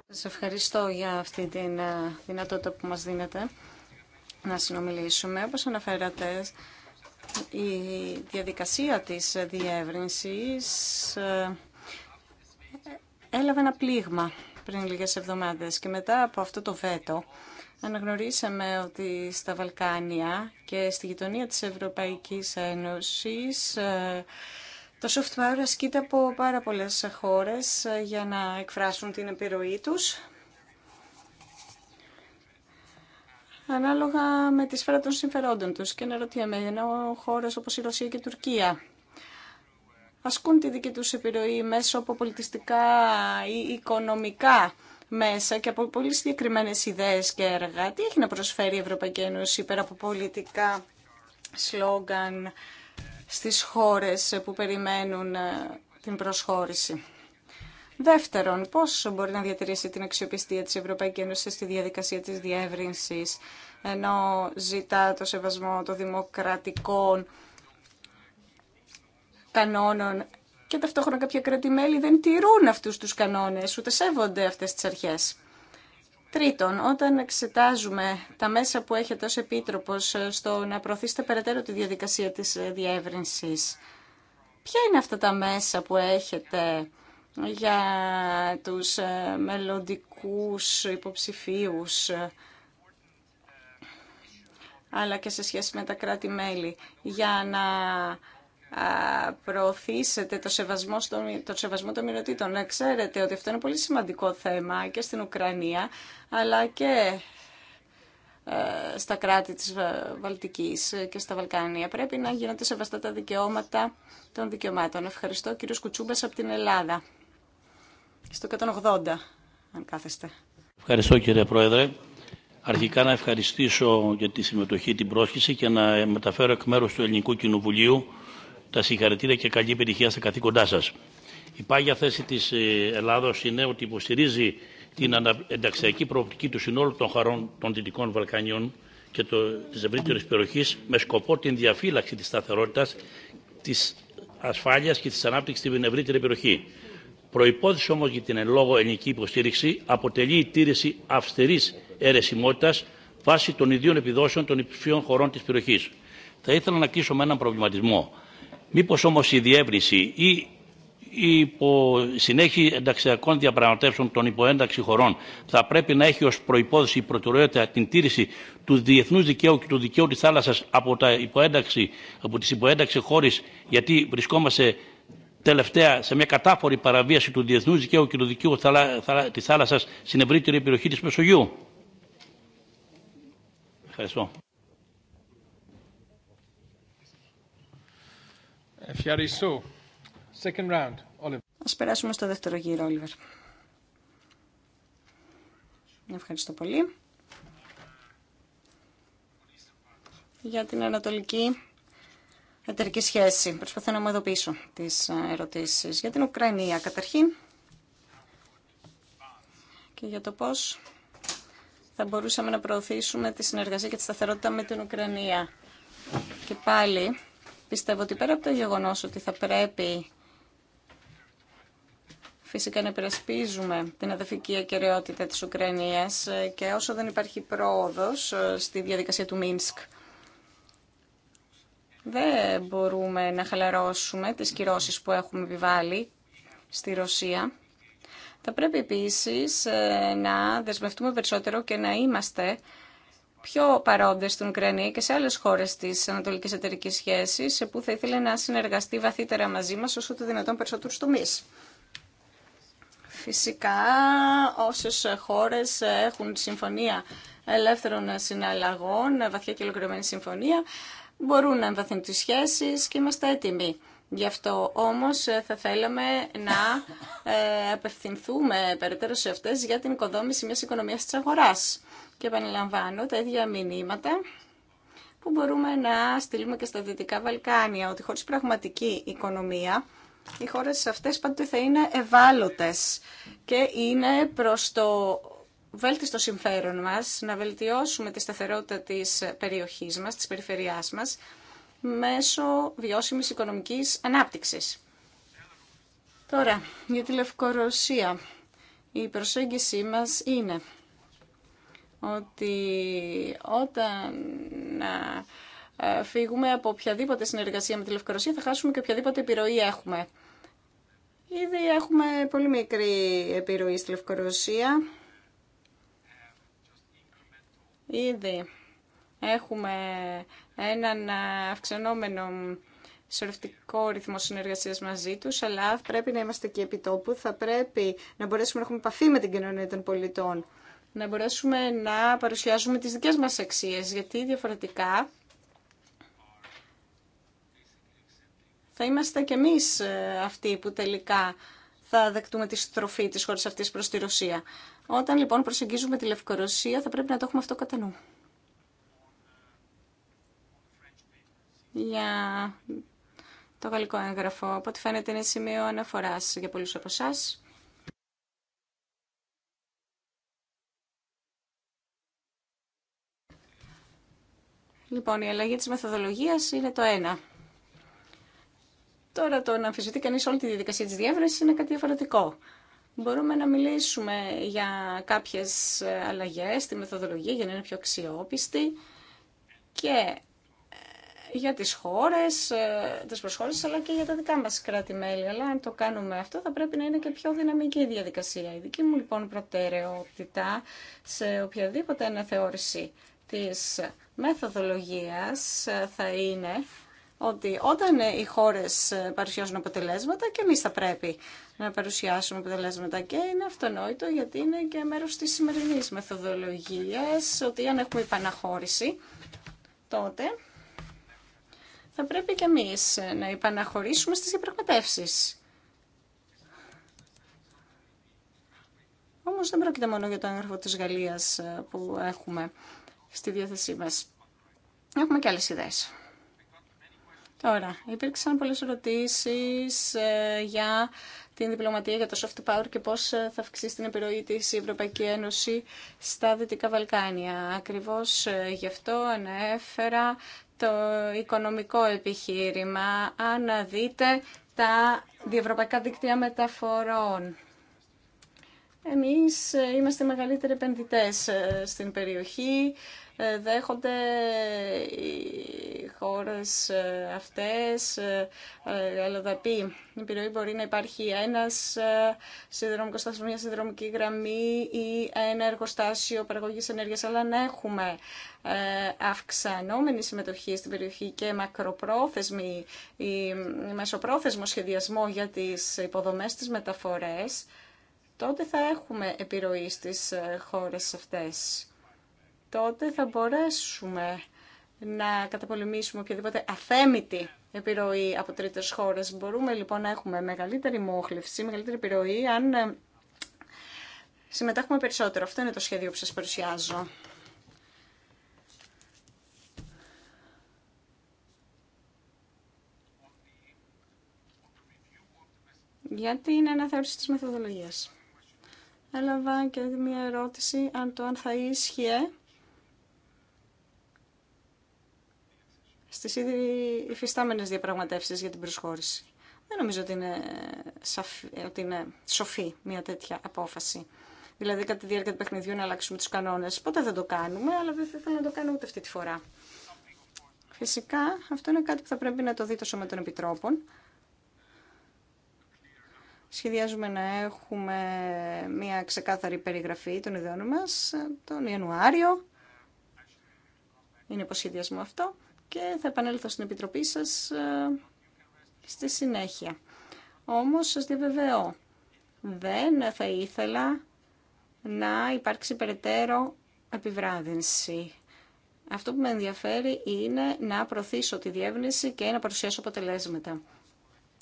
Σας ευχαριστώ για αυτή την uh, δυνατότητα που μας δίνετε να συνομιλήσουμε. Όπως αναφέρατε, η διαδικασία της διεύρυνσης ε, έλαβε ένα πλήγμα πριν λίγες εβδομάδες και μετά από αυτό το βέτο αναγνωρίσαμε ότι στα Βαλκάνια και στη γειτονία της Ευρωπαϊκής Ένωσης ε, το software ασκείται από πάρα πολλές χώρες ε, για να εκφράσουν την επιρροή τους ανάλογα με τη σφαίρα των συμφερόντων τους. Και να αναρωτιέμαι, ενώ χώρες όπως η Ρωσία και η Τουρκία ασκούν τη δική τους επιρροή μέσω από πολιτιστικά ή οικονομικά μέσα και από πολύ συγκεκριμένε ιδέες και έργα. Τι έχει να προσφέρει η Ευρωπαϊκή Ένωση πέρα από πολιτικά σλόγγαν στις χώρες που περιμένουν ε, την προσχώρηση. Δεύτερον, πόσο μπορεί να διατηρήσει την αξιοπιστία της Ευρωπαϊκή Ένωση στη διαδικασία της διεύρυνσης, ενώ ζητά το σεβασμό των δημοκρατικών κανόνων και ταυτόχρονα κάποια δεν τηρούν αυτούς τους κανόνες, ούτε σέβονται αυτές τις αρχές. Τρίτον, όταν εξετάζουμε τα μέσα που έχετε ως Επίτροπος στο να προωθήσετε περαιτέρω τη διαδικασία της διεύρυνσης, ποια είναι αυτά τα μέσα που έχετε για τους ε, μελλοντικούς υποψηφίους ε, αλλά και σε σχέση με τα κράτη-μέλη για να προωθήσετε το σεβασμό, στο, το σεβασμό των Να Ξέρετε ότι αυτό είναι πολύ σημαντικό θέμα και στην Ουκρανία αλλά και ε, στα κράτη της Βαλτικής και στα Βαλκάνια. Πρέπει να γίνονται σεβαστά τα δικαιώματα των δικαιωμάτων. Ευχαριστώ κύριο Κουτσούμπας από την Ελλάδα στο 180, αν κάθεστε. Ευχαριστώ κύριε Πρόεδρε. Αρχικά να ευχαριστήσω για τη συμμετοχή, την πρόσκληση και να μεταφέρω εκ μέρους του Ελληνικού Κοινοβουλίου τα συγχαρητήρια και καλή επιτυχία στα καθήκοντά σας. Η πάγια θέση της ε, Ελλάδος είναι ότι υποστηρίζει την ενταξιακή προοπτική του συνόλου των χαρών των Δυτικών Βαλκανίων και της ευρύτερη περιοχή με σκοπό την διαφύλαξη της σταθερότητας, της ασφάλειας και της ανάπτυξης στην ευρύτερη περιοχή. Προϋπόθεση όμω για την εν λόγω ελληνική υποστήριξη αποτελεί η τήρηση αυστηρή αιρεσιμότητα βάσει των ιδίων επιδόσεων των υποψηφίων χωρών τη περιοχή. Θα ήθελα να κλείσω με έναν προβληματισμό. Μήπω όμω η διεύρυνση ή η συνεχεια συνέχιση ενταξιακών διαπραγματεύσεων των υποένταξη χωρών θα πρέπει να έχει ω προποθεση η προτεραιότητα την τήρηση του διεθνού δικαίου και του δικαίου τη θάλασσα από, τα υποένταξη, από τις υποένταξη χώρες γιατί βρισκόμαστε τελευταία σε μια κατάφορη παραβίαση του διεθνού δικαίου και του δικαίου τη θάλασσα στην ευρύτερη περιοχή τη Μεσογείου. Ευχαριστώ. Ευχαριστώ. Second round. Ας περάσουμε στο δεύτερο γύρο, Όλιβερ. Ευχαριστώ πολύ. Για την Ανατολική εταιρική σχέση. Προσπαθώ να μου ειδοποιήσω τις ε, ερωτήσεις για την Ουκρανία καταρχήν και για το πώς θα μπορούσαμε να προωθήσουμε τη συνεργασία και τη σταθερότητα με την Ουκρανία. Και πάλι πιστεύω ότι πέρα από το γεγονός ότι θα πρέπει φυσικά να υπερασπίζουμε την αδερφική ακαιρεότητα της Ουκρανίας ε, και όσο δεν υπάρχει πρόοδος ε, στη διαδικασία του Μίνσκ δεν μπορούμε να χαλαρώσουμε τις κυρώσεις που έχουμε επιβάλει στη Ρωσία. Θα πρέπει επίσης ε, να δεσμευτούμε περισσότερο και να είμαστε πιο παρόντες στην Ουκρανία και σε άλλες χώρες της ανατολικής εταιρικής σχέσης, σε που θα ήθελε να συνεργαστεί βαθύτερα μαζί μας όσο το δυνατόν περισσότερους τομείς. Φυσικά, όσες χώρες έχουν συμφωνία ελεύθερων συναλλαγών, βαθιά και ολοκληρωμένη συμφωνία, μπορούν να εμβαθύνουν τις σχέσεις και είμαστε έτοιμοι. Γι' αυτό όμως ε, θα θέλαμε να ε, απευθυνθούμε περαιτέρω σε αυτές για την οικοδόμηση μιας οικονομίας της αγοράς. Και επαναλαμβάνω τα ίδια μηνύματα που μπορούμε να στείλουμε και στα Δυτικά Βαλκάνια, ότι χωρίς πραγματική οικονομία οι χώρες αυτές πάντοτε θα είναι ευάλωτες και είναι προς το βέλτιστο συμφέρον μας να βελτιώσουμε τη σταθερότητα της περιοχής μας, της περιφερειάς μας, μέσω βιώσιμης οικονομικής ανάπτυξης. Τώρα, για τη Λευκορωσία. Η προσέγγιση μας είναι ότι όταν φύγουμε από οποιαδήποτε συνεργασία με τη Λευκορωσία θα χάσουμε και οποιαδήποτε επιρροή έχουμε. Ήδη έχουμε πολύ μικρή επιρροή στη Λευκορωσία Ήδη έχουμε έναν αυξανόμενο σωρευτικό ρυθμό συνεργασία μαζί του, αλλά πρέπει να είμαστε και επιτόπου. Θα πρέπει να μπορέσουμε να έχουμε επαφή με την κοινωνία των πολιτών, να μπορέσουμε να παρουσιάζουμε τι δικέ μα αξίε, γιατί διαφορετικά θα είμαστε κι εμείς ε, αυτοί που τελικά θα δεκτούμε τη στροφή τη χώρα αυτής προ τη Ρωσία. Όταν λοιπόν προσεγγίζουμε τη Λευκορωσία θα πρέπει να το έχουμε αυτό κατά νου. Για το γαλλικό έγγραφο, από ό,τι φαίνεται είναι σημείο αναφοράς για πολλού από εσά. Λοιπόν, η αλλαγή της μεθοδολογίας είναι το ένα. Τώρα το να αμφισβητεί κανείς όλη τη διαδικασία της διεύρυνσης είναι κάτι διαφορετικό. Μπορούμε να μιλήσουμε για κάποιες αλλαγές στη μεθοδολογία για να είναι πιο αξιόπιστη και ε, για τις χώρες, ε, τις προσχώρες, αλλά και για τα δικά μας κράτη-μέλη. Αλλά αν το κάνουμε αυτό θα πρέπει να είναι και πιο δυναμική η διαδικασία. Η δική μου λοιπόν προτεραιότητα σε οποιαδήποτε αναθεώρηση της μεθοδολογίας θα είναι ότι όταν ε, οι χώρες ε, παρουσιάζουν αποτελέσματα και εμείς θα πρέπει να παρουσιάσουμε αποτελέσματα και είναι αυτονόητο γιατί είναι και μέρος της σημερινής μεθοδολογίας ότι αν έχουμε υπαναχώρηση τότε θα πρέπει και εμείς ε, να υπαναχωρήσουμε στις διαπραγματεύσει. Όμως δεν πρόκειται μόνο για το έγγραφο της Γαλλίας που έχουμε στη διάθεσή μας. Έχουμε και άλλες ιδέες. Τώρα, υπήρξαν πολλές ερωτήσεις ε, για την διπλωματία, για το soft power και πώς ε, θα αυξήσει την επιρροή της η Ευρωπαϊκή Ένωση στα Δυτικά Βαλκάνια. Ακριβώς ε, γι' αυτό ανέφερα το οικονομικό επιχείρημα. Αν δείτε τα διευρωπαϊκά δίκτυα μεταφορών. Εμείς είμαστε μεγαλύτεροι επενδυτές στην περιοχή. Ε, δέχονται οι χώρες ε, αυτές ε, η επιρροή μπορεί να υπάρχει ένας συνδρομικός στάσιο, μια συνδρομική γραμμή ή ένα εργοστάσιο παραγωγής ενέργειας, αλλά να έχουμε αυξανόμενη συμμετοχή στην περιοχή και μακροπρόθεσμη ή μεσοπρόθεσμο σχεδιασμό για τις υποδομές, της μεταφορές, τότε θα έχουμε επιρροή στις χώρες αυτές τότε θα μπορέσουμε να καταπολεμήσουμε οποιαδήποτε αθέμητη επιρροή από τρίτες χώρες. Μπορούμε λοιπόν να έχουμε μεγαλύτερη μόχλευση, μεγαλύτερη επιρροή, αν ε, συμμετάχουμε περισσότερο. Αυτό είναι το σχέδιο που σας παρουσιάζω. Γιατί είναι αναθεώρηση της μεθοδολογίας. Έλαβα και μια ερώτηση αν το αν θα ίσχυε στις ήδη υφιστάμενες διαπραγματεύσεις για την προσχώρηση. Δεν νομίζω ότι είναι, ε, ότι είναι σοφή μια τέτοια απόφαση. Δηλαδή κατά τη διάρκεια του παιχνιδιού να αλλάξουμε τους κανόνες. Ποτέ δεν το κάνουμε, αλλά δεν θα ήθελα να το κάνω ούτε αυτή τη φορά. Φυσικά αυτό είναι κάτι που θα πρέπει να το δει το Σώμα των Επιτρόπων. Σχεδιάζουμε να έχουμε μια ξεκάθαρη περιγραφή των ιδεών μας τον Ιανουάριο. Είναι υποσχεδιασμό αυτό και θα επανέλθω στην Επιτροπή σας ε, στη συνέχεια. Όμως σας διαβεβαιώ, δεν θα ήθελα να υπάρξει περαιτέρω επιβράδυνση. Αυτό που με ενδιαφέρει είναι να προωθήσω τη διεύνηση και να παρουσιάσω αποτελέσματα.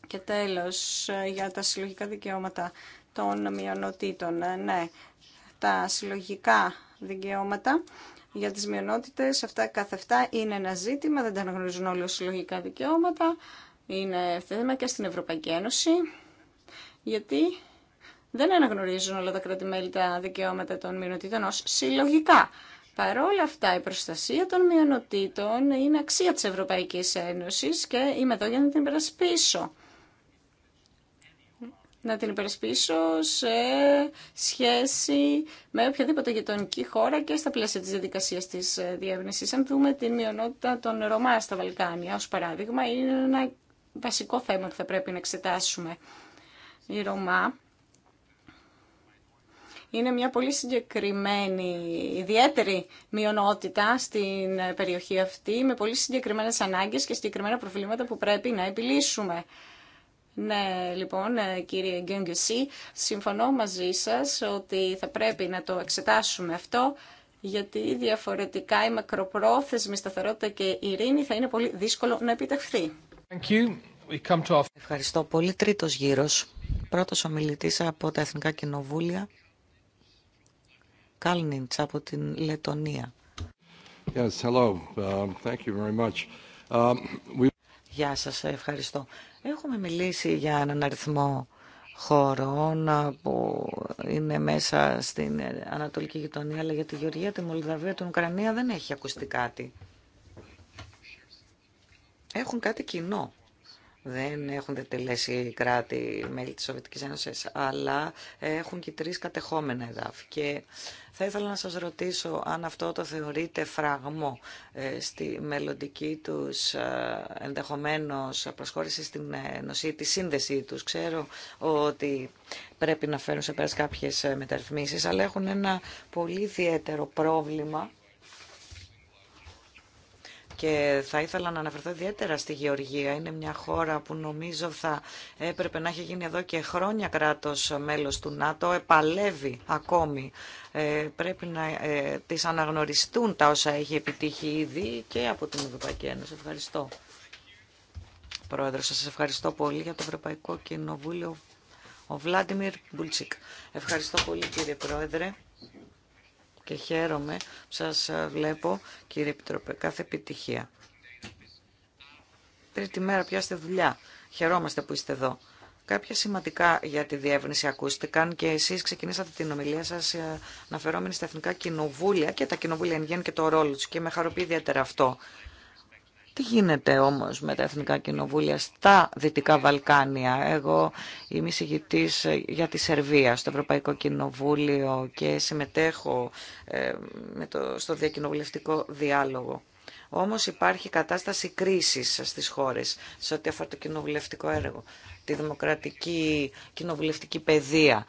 Και τέλος, για τα συλλογικά δικαιώματα των μειονοτήτων. Ε, ναι, τα συλλογικά δικαιώματα για τις μειονότητες. Αυτά κάθε αυτά είναι ένα ζήτημα, δεν τα αναγνωρίζουν όλοι ως συλλογικά δικαιώματα. Είναι θέμα και στην Ευρωπαϊκή Ένωση, γιατί δεν αναγνωρίζουν όλα τα κράτη-μέλη τα δικαιώματα των μειονοτήτων ως συλλογικά. Παρόλα αυτά, η προστασία των μειονοτήτων είναι αξία της Ευρωπαϊκής Ένωσης και είμαι εδώ για να την πίσω να την υπερασπίσω σε σχέση με οποιαδήποτε γειτονική χώρα και στα πλαίσια της διαδικασία της ε, διεύνησης. Αν δούμε την μειονότητα των Ρωμά στα Βαλκάνια, ως παράδειγμα, είναι ένα βασικό θέμα που θα πρέπει να εξετάσουμε. Η Ρωμά είναι μια πολύ συγκεκριμένη, ιδιαίτερη μειονότητα στην περιοχή αυτή, με πολύ συγκεκριμένες ανάγκες και συγκεκριμένα προβλήματα που πρέπει να επιλύσουμε. Ναι, λοιπόν, ε, κύριε Γκέγκεσί, συμφωνώ μαζί σας ότι θα πρέπει να το εξετάσουμε αυτό, γιατί διαφορετικά η μακροπρόθεσμη σταθερότητα και η ειρήνη θα είναι πολύ δύσκολο να επιτευχθεί. Ευχαριστώ πολύ. Τρίτος γύρος. Πρώτος ομιλητής από τα Εθνικά Κοινοβούλια, Κάλνιντς από την Λετωνία. Yes, hello. Um, thank you very much. Um, Γεια σας, ευχαριστώ. Έχουμε μιλήσει για έναν αριθμό χωρών που είναι μέσα στην Ανατολική Γειτονία, αλλά για τη Γεωργία, τη Μολδαβία, την Ουκρανία δεν έχει ακουστεί κάτι. Έχουν κάτι κοινό δεν έχουν τελέσει κράτη μέλη της Σοβιετικής Ένωσης, αλλά έχουν και τρεις κατεχόμενα εδάφη. Και θα ήθελα να σας ρωτήσω αν αυτό το θεωρείτε φραγμό ε, στη μελλοντική τους ε, ενδεχομένως προσχώρηση στην ενωσή, τη σύνδεσή τους. Ξέρω ότι πρέπει να φέρουν σε πέρας κάποιες μεταρρυθμίσεις, αλλά έχουν ένα πολύ ιδιαίτερο πρόβλημα και θα ήθελα να αναφερθώ ιδιαίτερα στη Γεωργία. Είναι μια χώρα που νομίζω θα έπρεπε να έχει γίνει εδώ και χρόνια κράτος μέλος του ΝΑΤΟ. Επαλεύει ακόμη. Ε, πρέπει να ε, τις αναγνωριστούν τα όσα έχει επιτύχει ήδη και από την Ευρωπαϊκή Ένωση. Ευχαριστώ. Πρόεδρο, σας ευχαριστώ πολύ για το Ευρωπαϊκό Κοινοβούλιο. Ο Βλάντιμιρ Μπουλτσικ. Ευχαριστώ πολύ κύριε Πρόεδρε και χαίρομαι που σας ε, βλέπω, κύριε Επιτροπέ, κάθε επιτυχία. Τρίτη μέρα πιάστε δουλειά. Χαιρόμαστε που είστε εδώ. Κάποια σημαντικά για τη διεύρυνση ακούστηκαν και εσείς ξεκινήσατε την ομιλία σας ε, αναφερόμενη στα εθνικά κοινοβούλια και τα κοινοβούλια εν και το ρόλο τους και με χαροποιεί ιδιαίτερα αυτό. Τι γίνεται όμως με τα Εθνικά Κοινοβούλια στα Δυτικά Βαλκάνια. Εγώ είμαι εισηγητής ε, για τη Σερβία στο Ευρωπαϊκό Κοινοβούλιο και συμμετέχω ε, με το, στο διακοινοβουλευτικό διάλογο. Όμως υπάρχει κατάσταση κρίσης στις χώρες σε ό,τι αφορά το κοινοβουλευτικό έργο, τη δημοκρατική κοινοβουλευτική παιδεία.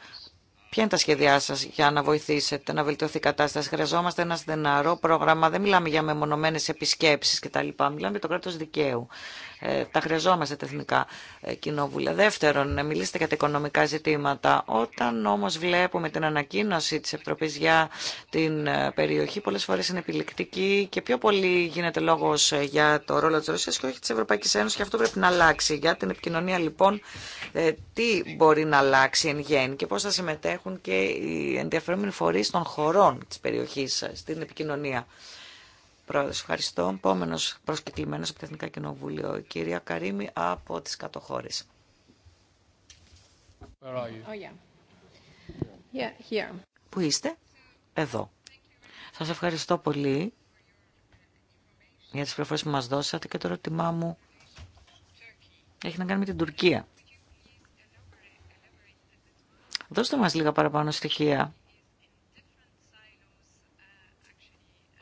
Ποια είναι τα σχέδιά σα για να βοηθήσετε να βελτιωθεί η κατάσταση. Χρειαζόμαστε ένα στεναρό πρόγραμμα. Δεν μιλάμε για μεμονωμένε επισκέψει κτλ. Μιλάμε για το κράτο δικαίου. Ε, τα χρειαζόμαστε τα εθνικά ε, κοινόβουλια. Δεύτερον, να ε, μιλήσετε για τα οικονομικά ζητήματα. Όταν όμως βλέπουμε την ανακοίνωση της Επιτροπής για την περιοχή, πολλές φορές είναι επιλεκτική και πιο πολύ γίνεται λόγος για το ρόλο της Ρωσίας και όχι της Ευρωπαϊκής Ένωσης και αυτό πρέπει να αλλάξει. Για την επικοινωνία λοιπόν, τι μπορεί να αλλάξει εν γέννη και πώς θα συμμετέχουν και οι ενδιαφερόμενοι φορείς των χωρών της περιοχής στην επικοινωνία. Πρόεδρος, ευχαριστώ. Επόμενος προσκεκλημένο από το Εθνικό Κοινοβούλιο, η κυρία Καρίμη από τις κατοχώρες. Oh, Πού είστε? Εδώ. Σας ευχαριστώ πολύ για τι πληροφορίε που μα δώσατε και το ερώτημά μου έχει να κάνει με την Τουρκία. Δώστε μας λίγα παραπάνω στοιχεία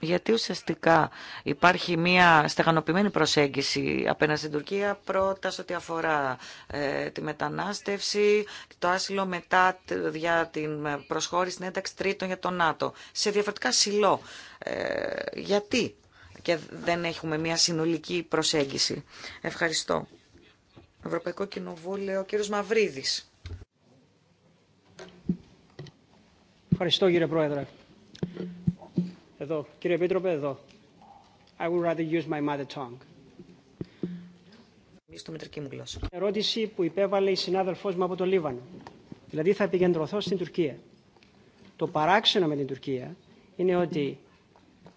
γιατί ουσιαστικά υπάρχει μια στεγανοποιημένη προσέγγιση απέναντι στην Τουρκία πρώτα σε ό,τι αφορά ε, τη μετανάστευση, το άσυλο μετά για την προσχώρηση στην ένταξη τρίτων για το ΝΑΤΟ. Σε διαφορετικά σιλό. Ε, γιατί και δεν έχουμε μια συνολική προσέγγιση. Ευχαριστώ. Ευρωπαϊκό Κοινοβούλιο, ο κύριος Μαυρίδης. Ευχαριστώ κύριε Πρόεδρε. Εδώ. Κύριε Επίτροπε, εδώ. I would rather use my mother tongue. μου Ερώτηση που υπέβαλε η συνάδελφός μου από το Λίβανο. Δηλαδή θα επικεντρωθώ στην Τουρκία. Το παράξενο με την Τουρκία είναι ότι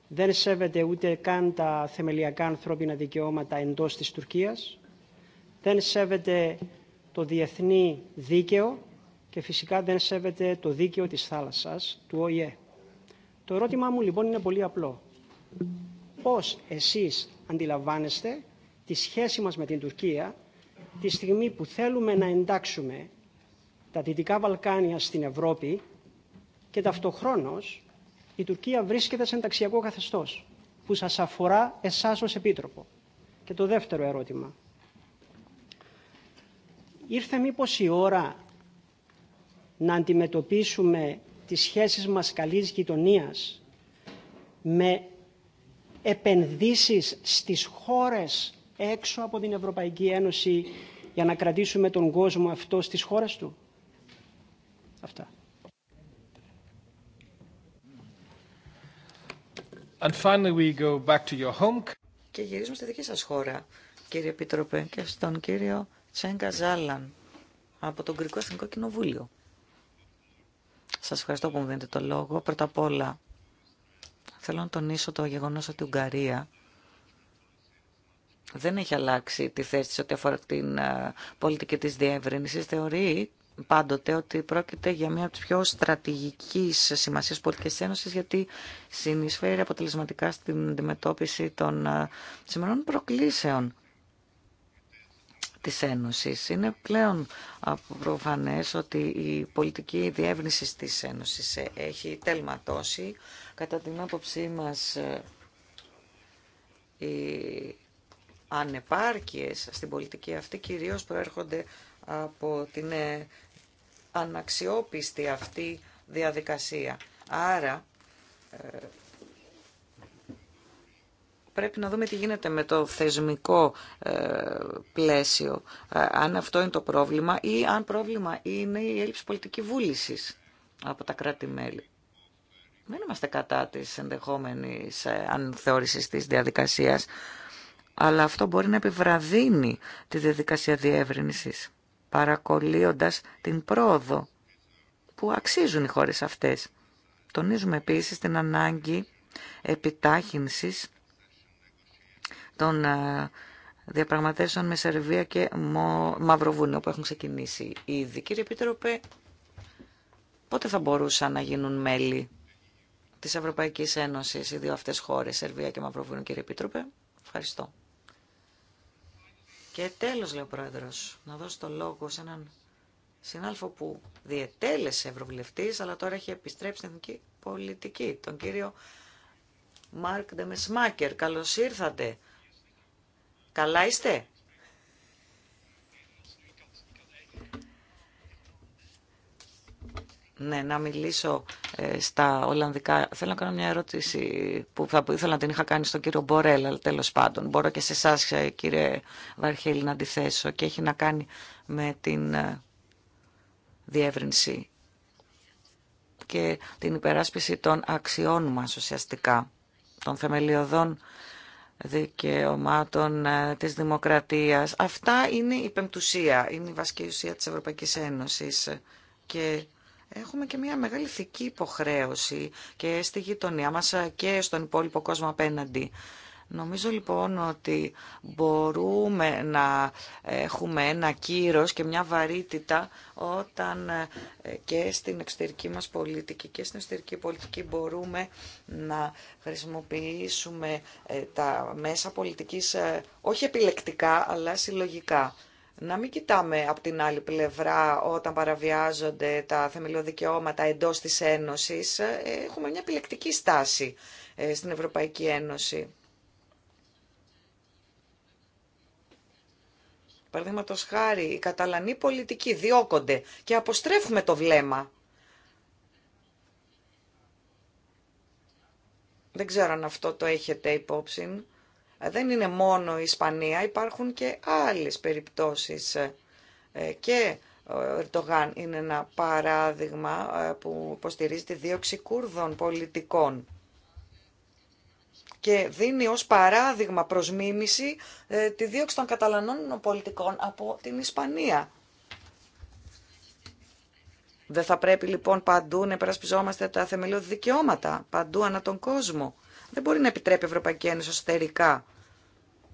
δεν σέβεται ούτε καν τα θεμελιακά ανθρώπινα δικαιώματα εντός της Τουρκίας, δεν σέβεται το διεθνή δίκαιο και φυσικά δεν σέβεται το δίκαιο της θάλασσας, του ΟΗΕ. Το ερώτημά μου λοιπόν είναι πολύ απλό. Πώς εσείς αντιλαμβάνεστε τη σχέση μας με την Τουρκία τη στιγμή που θέλουμε να εντάξουμε τα Δυτικά Βαλκάνια στην Ευρώπη και ταυτοχρόνως η Τουρκία βρίσκεται σε ενταξιακό καθεστώς που σας αφορά εσάς ως Επίτροπο. Και το δεύτερο ερώτημα. Ήρθε μήπως η ώρα να αντιμετωπίσουμε τις σχέσεις μας καλής γειτονίας με επενδύσεις στις χώρες έξω από την Ευρωπαϊκή Ένωση για να κρατήσουμε τον κόσμο αυτό στις χώρες του. Αυτά. And finally we go back to your home. Και γυρίζουμε στη δική σας χώρα, κύριε Επίτροπε, και στον κύριο Τσέγκα Ζάλαν από τον Κρυκό Εθνικό Κοινοβούλιο. Σας ευχαριστώ που μου δίνετε το λόγο. Πρώτα απ' όλα, θέλω να τονίσω το γεγονός ότι η Ουγγαρία δεν έχει αλλάξει τη θέση σε ό,τι αφορά την ε, πολιτική της διεύρυνσης. Θεωρεί πάντοτε ότι πρόκειται για μία από τις πιο στρατηγικής σημασίας πολιτικής ένωσης γιατί συνεισφέρει αποτελεσματικά στην αντιμετώπιση των ε, σημερών προκλήσεων της Ένωσης. Είναι πλέον προφανές ότι η πολιτική διεύνηση της Ένωσης έχει τελματώσει. Κατά την άποψή μας οι ανεπάρκειες στην πολιτική αυτή κυρίως προέρχονται από την αναξιόπιστη αυτή διαδικασία. Άρα ε, πρέπει να δούμε τι γίνεται με το θεσμικό ε, πλαίσιο. Ε, αν αυτό είναι το πρόβλημα ή αν πρόβλημα είναι η έλλειψη πολιτική βούλησης από τα κράτη-μέλη. Δεν είμαστε κατά της ενδεχόμενης ε, ανθεώρησης της διαδικασίας, αλλά αυτό μπορεί να επιβραδύνει τη διαδικασία διεύρυνσης, παρακολύοντας την πρόοδο που αξίζουν οι χώρες αυτές. Τονίζουμε επίσης την ανάγκη επιτάχυνσης των ε, διαπραγματεύσεων με Σερβία και Μαυροβούνιο που έχουν ξεκινήσει ήδη. Κύριε Επίτροπε, πότε θα μπορούσαν να γίνουν μέλη της Ευρωπαϊκής Ένωσης οι δύο αυτές χώρες, Σερβία και Μαυροβούνιο, κύριε Επίτροπε. Ευχαριστώ. Και τέλος, λέει ο Πρόεδρος, να δώσω το λόγο σε έναν συνάλφο που διετέλεσε ευρωβουλευτής, αλλά τώρα έχει επιστρέψει στην εθνική πολιτική, τον κύριο Μάρκ Ντεμεσμάκερ. Καλώς ήρθατε Καλά είστε. Ναι, να μιλήσω ε, στα Ολλανδικά. Θέλω να κάνω μια ερώτηση που θα ήθελα να την είχα κάνει στον κύριο Μπορέλ, αλλά τέλος πάντων. Μπορώ και σε εσά, ε, κύριε Βαρχέλη, να αντιθέσω και έχει να κάνει με την ε, διεύρυνση και την υπεράσπιση των αξιών μας ουσιαστικά, των θεμελιωδών δικαιωμάτων ε, της δημοκρατίας. Αυτά είναι η πεμπτουσία, είναι η βασική ουσία της Ευρωπαϊκής Ένωσης. Και έχουμε και μια μεγάλη θική υποχρέωση και στη γειτονιά μας και στον υπόλοιπο κόσμο απέναντι Νομίζω λοιπόν ότι μπορούμε να έχουμε ένα κύρος και μια βαρύτητα όταν ε, και στην εξωτερική μας πολιτική και στην εσωτερική πολιτική μπορούμε να χρησιμοποιήσουμε ε, τα μέσα πολιτικής ε, όχι επιλεκτικά αλλά συλλογικά. Να μην κοιτάμε από την άλλη πλευρά όταν παραβιάζονται τα θεμελιώδη δικαιώματα εντός της Ένωσης. Έχουμε μια επιλεκτική στάση στην Ευρωπαϊκή Ένωση. Παραδείγματο χάρη, οι καταλανοί πολιτικοί διώκονται και αποστρέφουμε το βλέμμα. Δεν ξέρω αν αυτό το έχετε υπόψη. Δεν είναι μόνο η Ισπανία, υπάρχουν και άλλες περιπτώσεις. Ε, και ο Ερτογάν είναι ένα παράδειγμα ε, που υποστηρίζει τη δίωξη Κούρδων πολιτικών και δίνει ως παράδειγμα προς μίμηση ε, τη δίωξη των καταλανών πολιτικών από την Ισπανία. Δεν θα πρέπει λοιπόν παντού να υπερασπιζόμαστε τα θεμελιώδη δικαιώματα, παντού ανά τον κόσμο. Δεν μπορεί να επιτρέπει η Ευρωπαϊκή Ένωση εσωτερικά,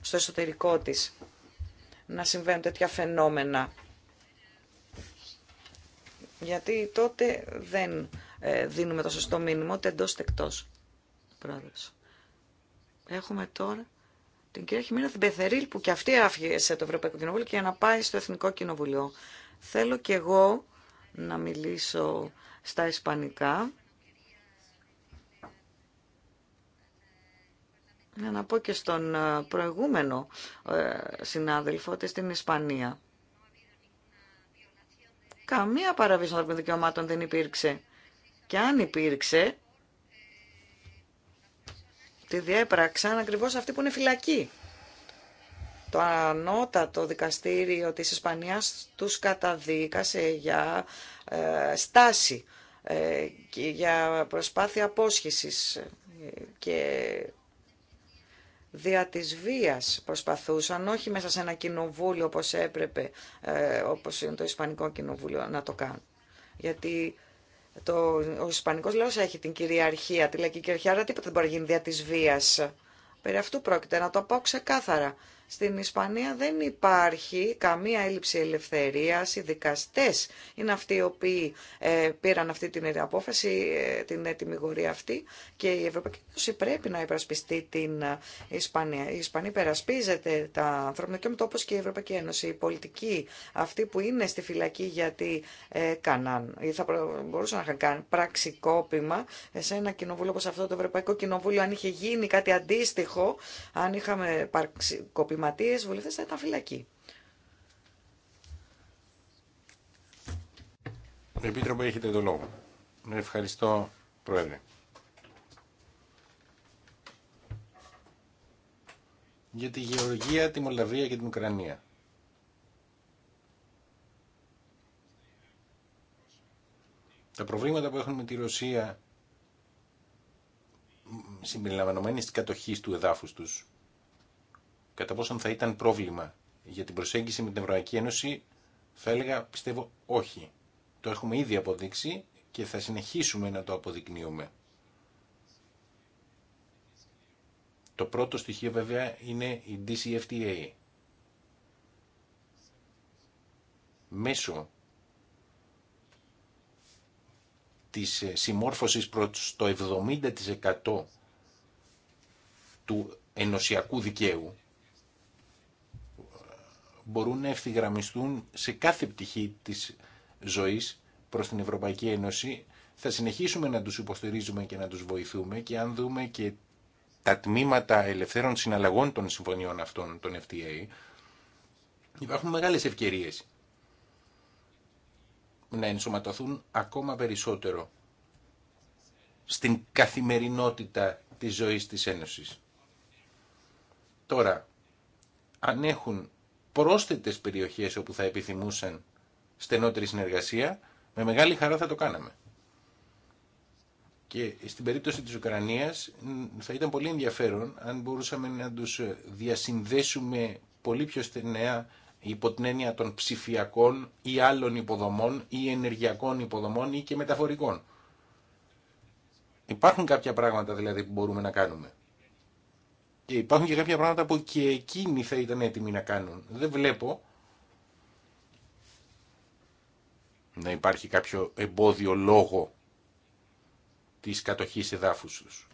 στο εσωτερικό της, να συμβαίνουν τέτοια φαινόμενα. Γιατί τότε δεν ε, δίνουμε το σωστό μήνυμα, ούτε εντός ούτε εκτός. Πρόεδρος. Έχουμε τώρα την κυρία Χιμίνα την που και αυτή άφησε το Ευρωπαϊκό Κοινοβούλιο και για να πάει στο Εθνικό Κοινοβουλίο. Θέλω και εγώ να μιλήσω στα Ισπανικά. Για να πω και στον ε, προηγούμενο ε, συνάδελφο ότι στην Ισπανία καμία παραβίαση των δικαιωμάτων δεν υπήρξε. Και αν υπήρξε, τη διέπραξαν ακριβώς αυτοί που είναι φυλακοί. Το ανώτατο δικαστήριο της Ισπανίας τους καταδίκασε για ε, στάση, ε, και για προσπάθεια απόσχησης ε, και δια της βίας προσπαθούσαν, όχι μέσα σε ένα κοινοβούλιο όπως έπρεπε, όπως είναι το Ισπανικό Κοινοβούλιο, να το κάνουν. Γιατί το, ο Ισπανικό λαό έχει την κυριαρχία, τη λαϊκή κυριαρχία, αλλά τίποτα δεν μπορεί να γίνει δια τη βία. Περί αυτού πρόκειται να το πω ξεκάθαρα. Στην Ισπανία δεν υπάρχει καμία έλλειψη ελευθερίας. Οι δικαστές είναι αυτοί οι οποίοι ε, πήραν αυτή την απόφαση, ε, την έτοιμη γορία αυτή και η Ευρωπαϊκή Ένωση πρέπει να υπερασπιστεί την ε, Ισπανία. Η Ισπανία υπερασπίζεται τα ανθρώπινα δικαιώματα όπως και η Ευρωπαϊκή Ένωση. Οι πολιτικοί αυτοί που είναι στη φυλακή γιατί έκαναν ή θα μπορούσαν να είχαν κάνει πραξικόπημα σε ένα κοινοβούλιο όπως αυτό το Ευρωπαϊκό Κοινοβούλιο αν είχε γίνει κάτι αντίστοιχο, αν είχαμε εγκληματίες, βουλευτές θα ήταν φυλακή. Επίτροπο, έχετε το λόγο. Ευχαριστώ, Πρόεδρε. Για τη Γεωργία, τη Μολδαβία και την Ουκρανία. Τα προβλήματα που έχουν με τη Ρωσία συμπεριλαμβανομένη της κατοχής του εδάφους τους κατά πόσον θα ήταν πρόβλημα για την προσέγγιση με την Ευρωπαϊκή Ένωση, θα έλεγα πιστεύω όχι. Το έχουμε ήδη αποδείξει και θα συνεχίσουμε να το αποδεικνύουμε. Το πρώτο στοιχείο βέβαια είναι η DCFTA. Μέσω της ε, συμμόρφωσης προς το 70% του ενωσιακού δικαίου μπορούν να ευθυγραμμιστούν σε κάθε πτυχή της ζωής προς την Ευρωπαϊκή Ένωση. Θα συνεχίσουμε να τους υποστηρίζουμε και να τους βοηθούμε και αν δούμε και τα τμήματα ελευθέρων συναλλαγών των συμφωνιών αυτών, των FTA, υπάρχουν μεγάλες ευκαιρίες να ενσωματωθούν ακόμα περισσότερο στην καθημερινότητα της ζωής της Ένωσης. Τώρα, αν έχουν πρόσθετες περιοχές όπου θα επιθυμούσαν στενότερη συνεργασία, με μεγάλη χαρά θα το κάναμε. Και στην περίπτωση της Ουκρανίας θα ήταν πολύ ενδιαφέρον αν μπορούσαμε να τους διασυνδέσουμε πολύ πιο στενά υπό την έννοια των ψηφιακών ή άλλων υποδομών ή ενεργειακών υποδομών ή και μεταφορικών. Υπάρχουν κάποια πράγματα δηλαδή που μπορούμε να κάνουμε. Και υπάρχουν και κάποια πράγματα που και εκείνοι θα ήταν έτοιμοι να κάνουν. Δεν βλέπω να υπάρχει κάποιο εμπόδιο λόγο της κατοχής εδάφους τους.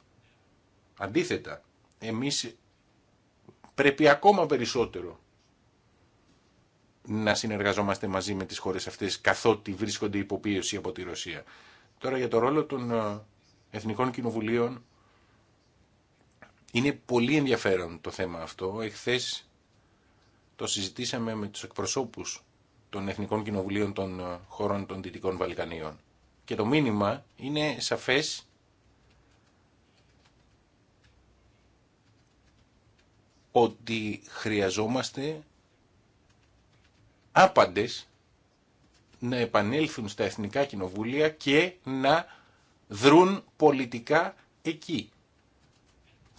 Αντίθετα, εμείς πρέπει ακόμα περισσότερο να συνεργαζόμαστε μαζί με τις χώρες αυτές καθότι βρίσκονται υποπίεση από τη Ρωσία. Τώρα για το ρόλο των ε, Εθνικών Κοινοβουλίων είναι πολύ ενδιαφέρον το θέμα αυτό. Εχθές το συζητήσαμε με τους εκπροσώπους των Εθνικών Κοινοβουλίων των ε, χωρών των Δυτικών Βαλκανίων. Και το μήνυμα είναι σαφές ότι χρειαζόμαστε άπαντες να επανέλθουν στα Εθνικά Κοινοβούλια και να δρουν πολιτικά εκεί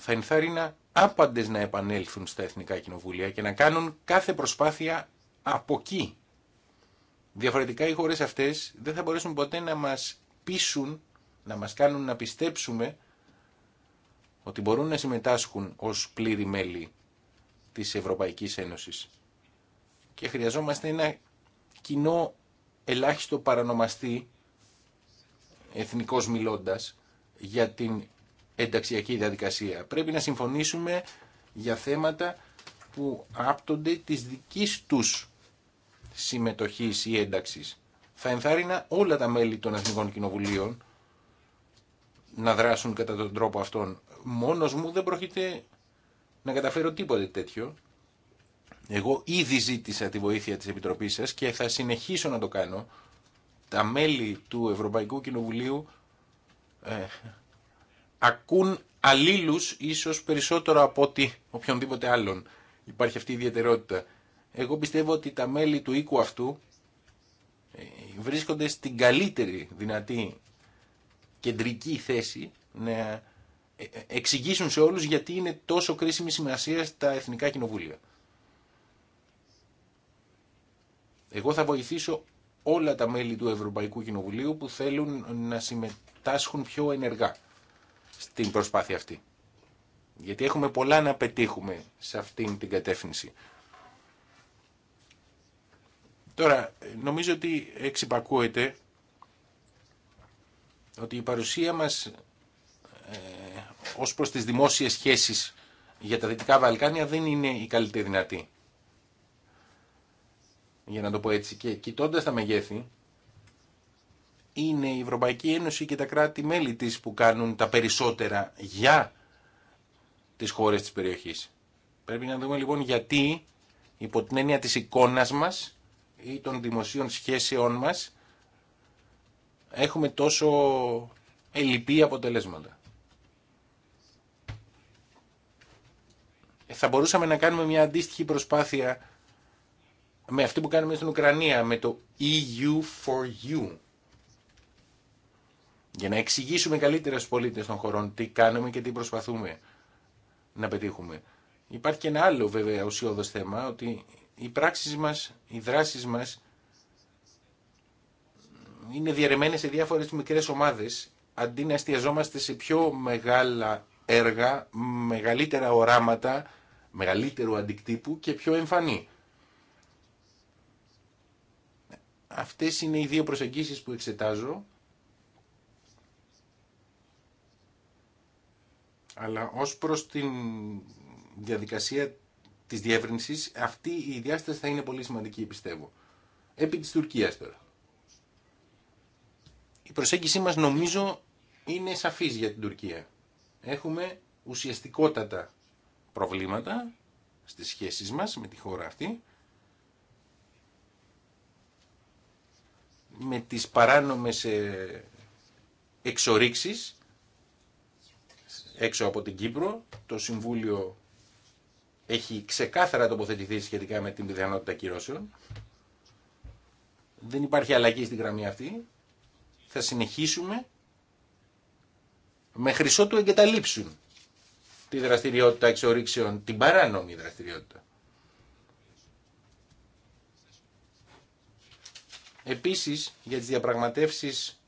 θα ενθάρρυνα άπαντες να επανέλθουν στα Εθνικά Κοινοβούλια και να κάνουν κάθε προσπάθεια από εκεί. Διαφορετικά οι χώρες αυτές δεν θα μπορέσουν ποτέ να μας πείσουν, να μας κάνουν να πιστέψουμε ότι μπορούν να συμμετάσχουν ως πλήρη μέλη της Ευρωπαϊκής Ένωσης. Και χρειαζόμαστε ένα κοινό ελάχιστο παρανομαστή, εθνικός μιλώντας, για την ενταξιακή διαδικασία. Πρέπει να συμφωνήσουμε για θέματα που άπτονται της δικής τους συμμετοχής ή ένταξης. Θα ενθάρρυνα όλα τα μέλη των Εθνικών Κοινοβουλίων να δράσουν κατά τον τρόπο αυτόν. Μόνος μου δεν πρόκειται να καταφέρω τίποτε τέτοιο. Εγώ ήδη ζήτησα τη βοήθεια της Επιτροπής σας και θα συνεχίσω να το κάνω. Τα μέλη του Ευρωπαϊκού Κοινοβουλίου ε, ακούν αλλήλους ίσως περισσότερο από ότι οποιονδήποτε άλλον. Υπάρχει αυτή η ιδιαιτερότητα. Εγώ πιστεύω ότι τα μέλη του οίκου αυτού ε, βρίσκονται στην καλύτερη δυνατή κεντρική θέση να ε, ε, εξηγήσουν σε όλους γιατί είναι τόσο κρίσιμη σημασία στα εθνικά κοινοβούλια. Εγώ θα βοηθήσω όλα τα μέλη του Ευρωπαϊκού Κοινοβουλίου που θέλουν να συμμετάσχουν πιο ενεργά στην προσπάθεια αυτή. Γιατί έχουμε πολλά να πετύχουμε σε αυτήν την κατεύθυνση. Τώρα, νομίζω ότι εξυπακούεται ότι η παρουσία μας ε, ως προς τις δημόσιες σχέσεις για τα Δυτικά Βαλκάνια δεν είναι η καλύτερη δυνατή. Για να το πω έτσι. Και κοιτώντας τα μεγέθη, είναι η Ευρωπαϊκή Ένωση και τα κράτη-μέλη της που κάνουν τα περισσότερα για τις χώρες της περιοχής. Πρέπει να δούμε λοιπόν γιατί υπό την έννοια της εικόνας μας ή των δημοσίων σχέσεών μας έχουμε τόσο ελλειπή αποτελέσματα. Θα μπορούσαμε να κάνουμε μια αντίστοιχη προσπάθεια με αυτή που κάνουμε στην Ουκρανία, με το EU for You, για να εξηγήσουμε καλύτερα στους πολίτες των χωρών τι κάνουμε και τι προσπαθούμε να πετύχουμε. Υπάρχει και ένα άλλο βέβαια ουσιώδος θέμα, ότι οι πράξεις μας, οι δράσεις μας είναι διαρρεμένες σε διάφορες μικρές ομάδες, αντί να εστιαζόμαστε σε πιο μεγάλα έργα, μεγαλύτερα οράματα, μεγαλύτερου αντικτύπου και πιο εμφανή. Αυτές είναι οι δύο προσεγγίσεις που εξετάζω Αλλά ως προς την διαδικασία της διεύρυνσης, αυτή η διάσταση θα είναι πολύ σημαντική, πιστεύω. Επί της Τουρκίας τώρα. Η προσέγγιση μας νομίζω είναι σαφής για την Τουρκία. Έχουμε ουσιαστικότατα προβλήματα στις σχέσεις μας με τη χώρα αυτή. Με τις παράνομες ε, εξορίξεις έξω από την Κύπρο. Το Συμβούλιο έχει ξεκάθαρα τοποθετηθεί σχετικά με την πιθανότητα κυρώσεων. Δεν υπάρχει αλλαγή στην γραμμή αυτή. Θα συνεχίσουμε με χρυσό του εγκαταλείψουν τη δραστηριότητα εξορίξεων, την παράνομη δραστηριότητα. Επίσης, για τις διαπραγματεύσεις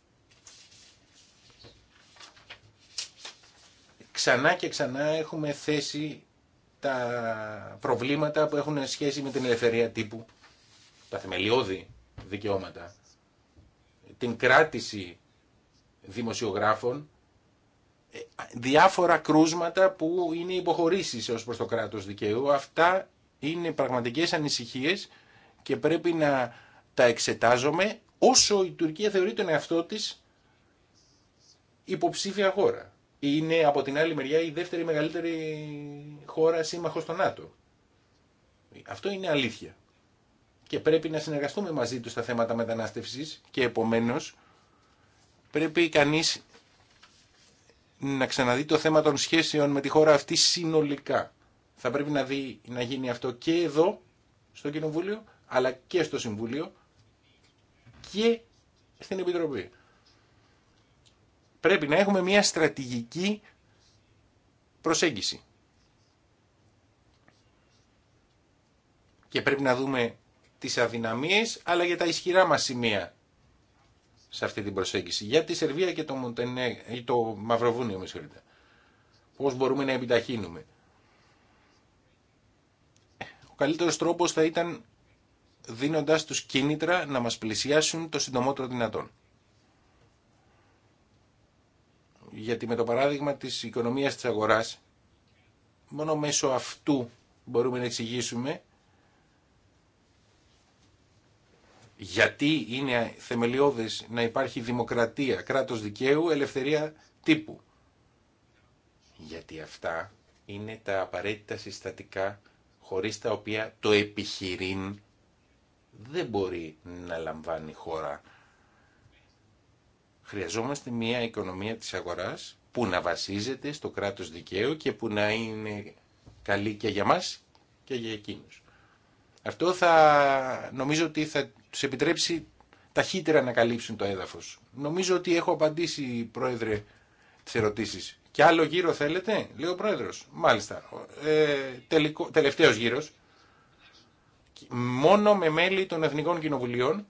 ξανά και ξανά έχουμε θέσει τα προβλήματα που έχουν σχέση με την ελευθερία τύπου, τα θεμελιώδη δικαιώματα, την κράτηση δημοσιογράφων, ε, διάφορα κρούσματα που είναι υποχωρήσεις ως προς το κράτος δικαίου. Αυτά είναι πραγματικές ανησυχίες και πρέπει να τα εξετάζομαι όσο η Τουρκία θεωρεί τον εαυτό της υποψήφια χώρα είναι από την άλλη μεριά η δεύτερη μεγαλύτερη χώρα σύμμαχο στο ΝΑΤΟ. Αυτό είναι αλήθεια. Και πρέπει να συνεργαστούμε μαζί του στα θέματα μετανάστευση και επομένω πρέπει κανεί να ξαναδεί το θέμα των σχέσεων με τη χώρα αυτή συνολικά. Θα πρέπει να, δει, να γίνει αυτό και εδώ, στο Κοινοβούλιο, αλλά και στο Συμβούλιο και στην Επιτροπή. Πρέπει να έχουμε μια στρατηγική προσέγγιση. Και πρέπει να δούμε τις αδυναμίες, αλλά για τα ισχυρά μας σημεία σε αυτή την προσέγγιση. Για τη Σερβία και το, Μοντενέ, ή το Μαυροβούνιο, με Πώς μπορούμε να επιταχύνουμε. Ο καλύτερος τρόπος θα ήταν δίνοντας τους κίνητρα να μας πλησιάσουν το συντομότερο δυνατόν. γιατί με το παράδειγμα της οικονομίας της αγοράς μόνο μέσω αυτού μπορούμε να εξηγήσουμε γιατί είναι θεμελιώδες να υπάρχει δημοκρατία, κράτος δικαίου, ελευθερία τύπου. Γιατί αυτά είναι τα απαραίτητα συστατικά χωρίς τα οποία το επιχειρήν δεν μπορεί να λαμβάνει χώρα. Χρειαζόμαστε μια οικονομία της αγοράς που να βασίζεται στο κράτος δικαίου και που να είναι καλή και για μας και για εκείνους. Αυτό θα νομίζω ότι θα τους επιτρέψει ταχύτερα να καλύψουν το έδαφος. Νομίζω ότι έχω απαντήσει, Πρόεδρε, τις ερωτήσεις. Και άλλο γύρο θέλετε, λέει ο Πρόεδρος. Μάλιστα. Ε, τελικό, τελευταίος γύρος. Μόνο με μέλη των Εθνικών Κοινοβουλίων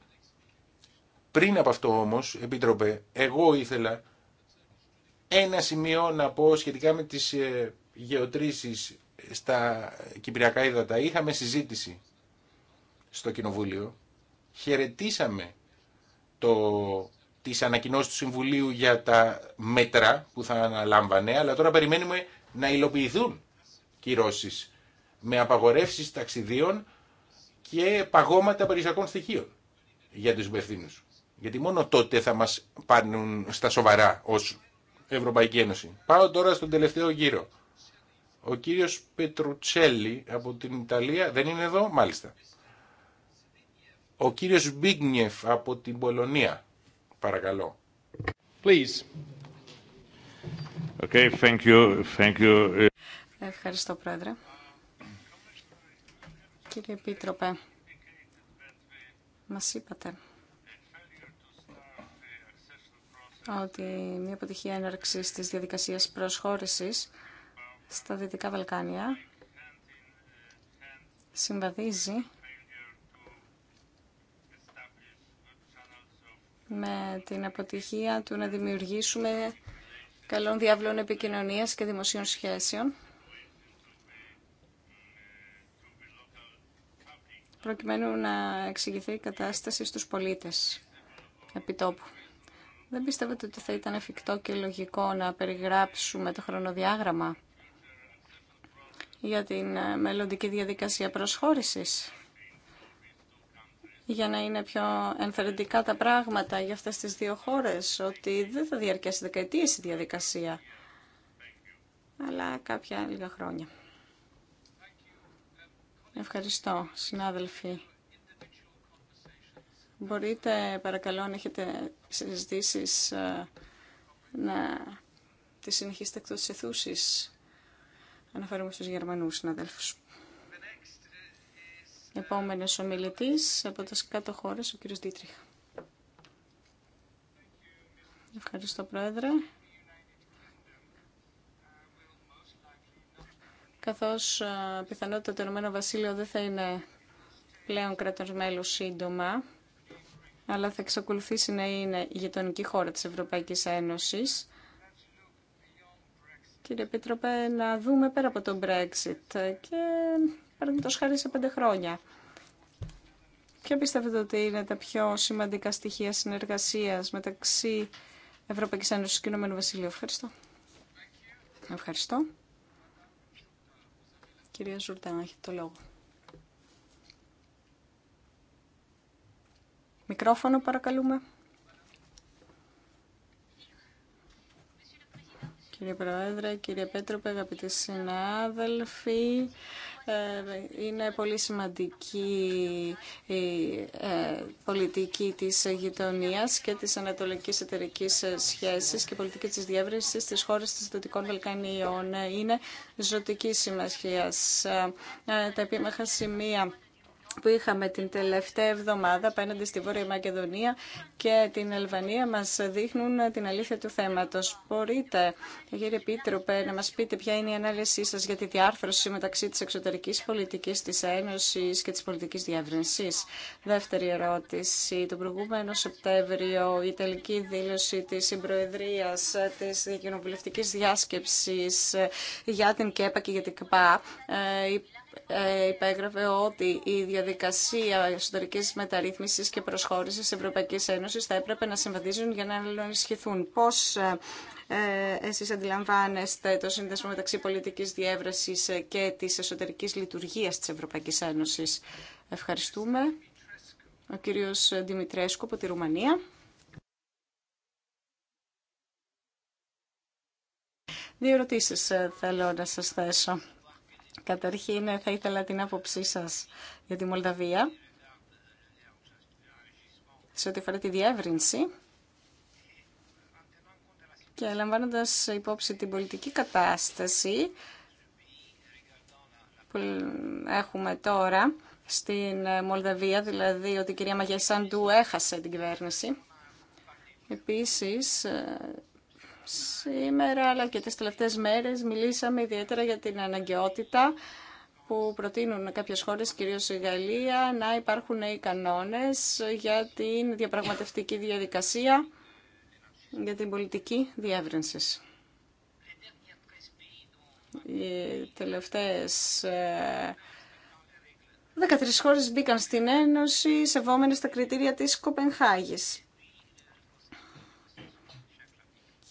πριν από αυτό όμως, Επίτροπε, εγώ ήθελα ένα σημείο να πω σχετικά με τις ε, γεωτρήσεις στα Κυπριακά Ήδατα. Είχαμε συζήτηση στο Κοινοβούλιο. Χαιρετήσαμε το, τις ανακοινώσεις του Συμβουλίου για τα μέτρα που θα αναλάμβανε, αλλά τώρα περιμένουμε να υλοποιηθούν κυρώσεις με απαγορεύσεις ταξιδίων και παγώματα περιουσιακών στοιχείων για τους υπευθύνους. Γιατί μόνο τότε θα μας πάνουν στα σοβαρά ως Ευρωπαϊκή Ένωση. Πάω τώρα στον τελευταίο γύρο. Ο κύριος Πετρουτσέλη από την Ιταλία δεν είναι εδώ, μάλιστα. Ο κύριος Μπίγνιεφ από την Πολωνία, παρακαλώ. Please. Okay, thank you, thank you. Ευχαριστώ, Πρόεδρε. Κύριε Επίτροπε, μας είπατε ότι μια αποτυχία έναρξη τη διαδικασίας προσχώρησης στα Δυτικά Βαλκάνια συμβαδίζει με την αποτυχία του να δημιουργήσουμε καλών διάβλων επικοινωνίας και δημοσίων σχέσεων προκειμένου να εξηγηθεί η κατάσταση στους πολίτες επιτόπου. Δεν πιστεύετε ότι θα ήταν εφικτό και λογικό να περιγράψουμε το χρονοδιάγραμμα για την ε, μελλοντική διαδικασία προσχώρησης για να είναι πιο ενθαρρυντικά τα πράγματα για αυτές τις δύο χώρες, ότι δεν θα διαρκέσει δεκαετίες η διαδικασία, αλλά κάποια λίγα χρόνια. Ευχαριστώ, συνάδελφοι. Μπορείτε παρακαλώ αν έχετε συζητήσεις ε, να τη συνεχίσετε εκτός της αιθούσης. Αναφέρομαι στους Γερμανούς συναδέλφους. Επόμενος ομιλητής από τα κάτω χώρες, ο κύριος Δίτριχ. Ευχαριστώ Πρόεδρε. Καθώς ε, πιθανότητα το Ηνωμένο Βασίλειο δεν θα είναι πλέον κράτος μέλος σύντομα, αλλά θα εξακολουθήσει να είναι η γειτονική χώρα της Ευρωπαϊκής Ένωσης. Κύριε Επίτροπε, να δούμε πέρα από το Brexit και παραδείγματο χάρη σε πέντε χρόνια. Ποια πιστεύετε ότι είναι τα πιο σημαντικά στοιχεία συνεργασίας μεταξύ Ευρωπαϊκής Ένωσης και Ηνωμένου Βασιλείου. Ευχαριστώ. Ευχαριστώ. Κυρία Ζουρτάν, έχετε το λόγο. Μικρόφωνο παρακαλούμε. Κύριε Πρόεδρε, κύριε Πέτροπε, αγαπητοί συνάδελφοι, ε, είναι πολύ σημαντική η ε, πολιτική της γειτονία και της ανατολικής εταιρική σχέσης και η πολιτική της διεύρυνσης στις χώρες της Δυτικών Βαλκανίων. Είναι ζωτική σημασία. Ε, τα επίμαχα σημεία που είχαμε την τελευταία εβδομάδα απέναντι στη Βόρεια Μακεδονία και την Αλβανία μας δείχνουν την αλήθεια του θέματος. Μπορείτε, κύριε Επίτροπε, να μας πείτε ποια είναι η ανάλυση σας για τη διάρθρωση μεταξύ της εξωτερικής πολιτικής της Ένωσης και της πολιτικής διεύρυνσης. Δεύτερη ερώτηση. Το προηγούμενο Σεπτέμβριο η τελική δήλωση της Συμπροεδρίας της Κοινοβουλευτικής Διάσκεψης για την ΚΕΠΑ και για την ΚΠΑ ε, ε, υπέγραφε ότι η διαδικασία εσωτερική μεταρρύθμιση και προσχώρηση τη Ευρωπαϊκή Ένωση θα έπρεπε να συμβαδίζουν για να ενισχυθούν. Πώ ε, ε, εσείς αντιλαμβάνεστε το σύνδεσμο μεταξύ πολιτικής διεύρεσης και της εσωτερικής λειτουργίας της Ευρωπαϊκής Ένωσης. Ευχαριστούμε. Ο κύριος Δημητρέσκου από τη Ρουμανία. Δύο ερωτήσεις ε, θέλω να σας θέσω. Καταρχήν θα ήθελα την άποψή σας για τη Μολδαβία σε ό,τι αφορά τη διεύρυνση και λαμβάνοντας υπόψη την πολιτική κατάσταση που έχουμε τώρα στην Μολδαβία, δηλαδή ότι η κυρία Μαγιασάντου έχασε την κυβέρνηση. Επίσης, Σήμερα αλλά και τις τελευταίες μέρες μιλήσαμε ιδιαίτερα για την αναγκαιότητα που προτείνουν κάποιες χώρες, κυρίως η Γαλλία, να υπάρχουν οι κανόνες για την διαπραγματευτική διαδικασία, για την πολιτική διεύρυνση. Οι τελευταίες 13 ε, χώρες μπήκαν στην Ένωση σεβόμενες τα κριτήρια της Κοπενχάγης.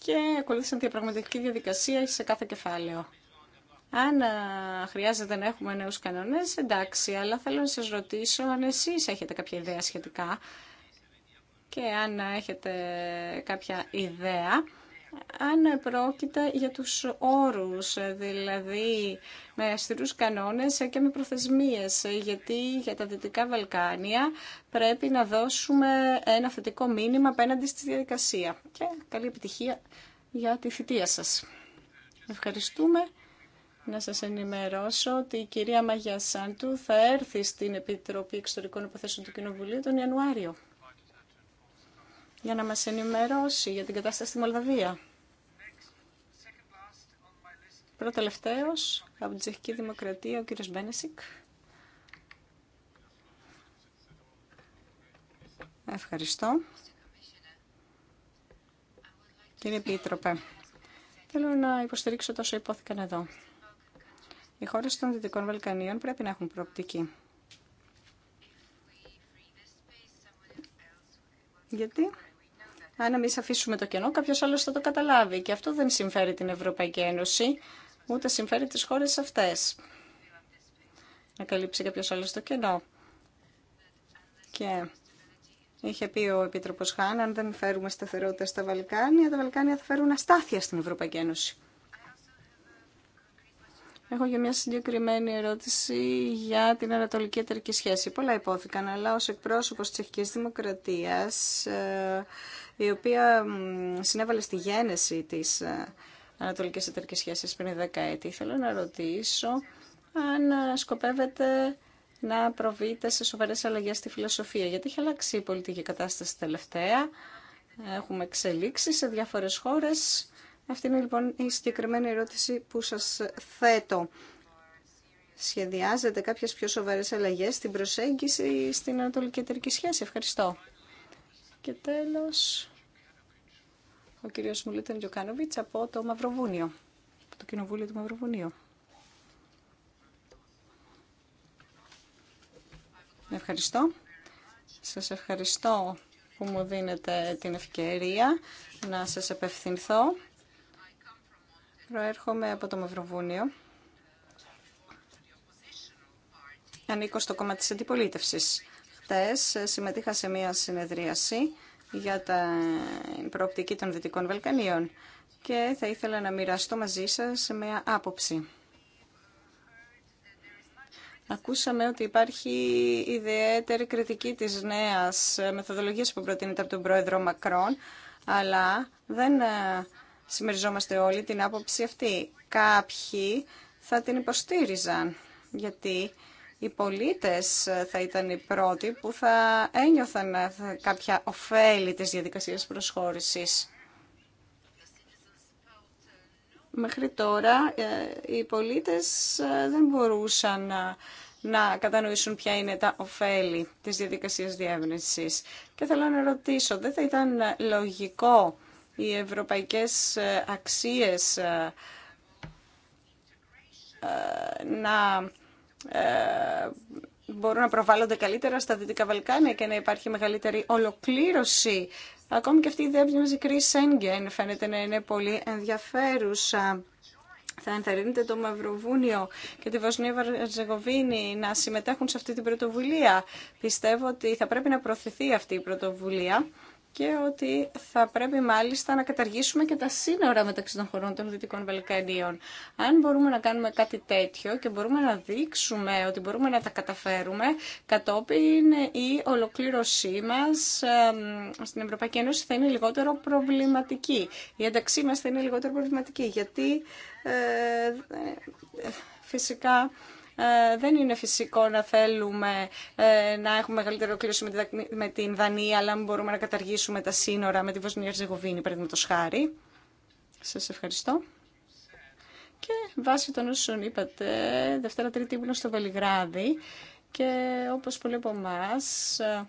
και ακολούθησαν διαπραγματευτική διαδικασία σε κάθε κεφάλαιο. Αν χρειάζεται να έχουμε νέους κανόνες, εντάξει, αλλά θέλω να σας ρωτήσω αν εσείς έχετε κάποια ιδέα σχετικά και αν έχετε κάποια ιδέα αν πρόκειται για τους όρους, δηλαδή με αυστηρούς κανόνες και με προθεσμίες, γιατί για τα Δυτικά Βαλκάνια πρέπει να δώσουμε ένα θετικό μήνυμα απέναντι στη διαδικασία. Και καλή επιτυχία για τη θητεία σας. Ευχαριστούμε. Να σας ενημερώσω ότι η κυρία Μαγιά Σάντου θα έρθει στην Επιτροπή Εξωτερικών Υποθέσεων του Κοινοβουλίου τον Ιανουάριο για να μας ενημερώσει για την κατάσταση στη Μολδαβία. τελευταίος, από την Τσεχική Δημοκρατία, ο κύριος Μπένεσικ. Ευχαριστώ. Κύριε Επίτροπε, θέλω να υποστηρίξω τόσο υπόθηκαν εδώ. Οι χώρε των Δυτικών Βαλκανίων πρέπει να έχουν προοπτική. Γιατί αν εμεί αφήσουμε το κενό, κάποιο άλλο θα το καταλάβει. Και αυτό δεν συμφέρει την Ευρωπαϊκή Ένωση, ούτε συμφέρει τι χώρε αυτέ. Να καλύψει κάποιο άλλο το κενό. Και είχε πει ο Επίτροπος Χάν, αν δεν φέρουμε σταθερότητα στα Βαλκάνια, τα Βαλκάνια θα φέρουν αστάθεια στην Ευρωπαϊκή Ένωση. Έχω και μια συγκεκριμένη ερώτηση για την ανατολική εταιρική σχέση. Πολλά υπόθηκαν, αλλά ως εκπρόσωπος της Τσεχικής Δημοκρατίας ε, η οποία συνέβαλε στη γένεση της ε, Ανατολικής Εταιρικής Σχέσης πριν 10 έτη. Θέλω να ρωτήσω αν ε, σκοπεύετε να προβείτε σε σοβαρές αλλαγές στη φιλοσοφία, γιατί έχει αλλάξει η πολιτική κατάσταση τελευταία. Έχουμε εξελίξει σε διάφορες χώρες. Αυτή είναι λοιπόν η συγκεκριμένη ερώτηση που σας θέτω. Σχεδιάζετε κάποιες πιο σοβαρές αλλαγές στην προσέγγιση στην ανατολική εταιρική σχέση. Ευχαριστώ. Και τέλος, ο κύριος Μουλίτεν Γιωκάνοβιτς από το Μαυροβούνιο, από το Κοινοβούλιο του Μαυροβουνίου. Ευχαριστώ. Σας ευχαριστώ που μου δίνετε την ευκαιρία να σας απευθυνθώ. Προέρχομαι από το Μαυροβούνιο. Ανήκω στο κόμμα της αντιπολίτευσης. Χτες συμμετείχα σε μια συνεδρίαση για την προοπτική των Δυτικών Βαλκανίων και θα ήθελα να μοιραστώ μαζί σας μια άποψη. Ακούσαμε ότι υπάρχει ιδιαίτερη κριτική της νέας μεθοδολογίας που προτείνεται από τον πρόεδρο Μακρόν, αλλά δεν ε, συμμεριζόμαστε όλοι την άποψη αυτή. Κάποιοι θα την υποστήριζαν, γιατί οι πολίτες ε, θα ήταν οι πρώτοι που θα ένιωθαν ε, κάποια ωφέλη της διαδικασίας προσχώρησης. Μέχρι τώρα ε, οι πολίτες δεν μπορούσαν να κατανοήσουν ποια είναι τα ωφέλη της διαδικασίας διεύνησης. Και θέλω να ρωτήσω, δεν θα ήταν λογικό οι ευρωπαϊκές αξίες να ε, μπορούν να προβάλλονται καλύτερα στα Δυτικά Βαλκάνια και να υπάρχει μεγαλύτερη ολοκλήρωση. Ακόμη και αυτή η ιδέα κρίση μικρής Σέγγεν φαίνεται να είναι πολύ ενδιαφέρουσα. Θα ενθαρρύνετε το Μαυροβούνιο και τη Βοσνία Βαρζεγοβίνη να συμμετέχουν σε αυτή την πρωτοβουλία. Πιστεύω ότι θα πρέπει να προωθηθεί αυτή η πρωτοβουλία και ότι θα πρέπει μάλιστα να καταργήσουμε και τα σύνορα μεταξύ των χωρών των Δυτικών Βαλκανίων. Αν μπορούμε να κάνουμε κάτι τέτοιο και μπορούμε να δείξουμε ότι μπορούμε να τα καταφέρουμε, κατόπιν η ολοκλήρωσή μας στην Ευρωπαϊκή Ένωση θα είναι λιγότερο προβληματική. Η ένταξή μας θα είναι λιγότερο προβληματική, γιατί ε, ε φυσικά ε, δεν είναι φυσικό να θέλουμε ε, να έχουμε μεγαλύτερο κλείσιμο με την Δανία, αλλά μπορούμε να καταργήσουμε τα σύνορα με τη Βοσνία Ριζεγοβίνη, παραδείγματο χάρη. Σα ευχαριστώ. Και βάσει των όσων είπατε, Δευτέρα Τρίτη ήμουν στο Βελιγράδι και όπως πολλοί από εμά ε,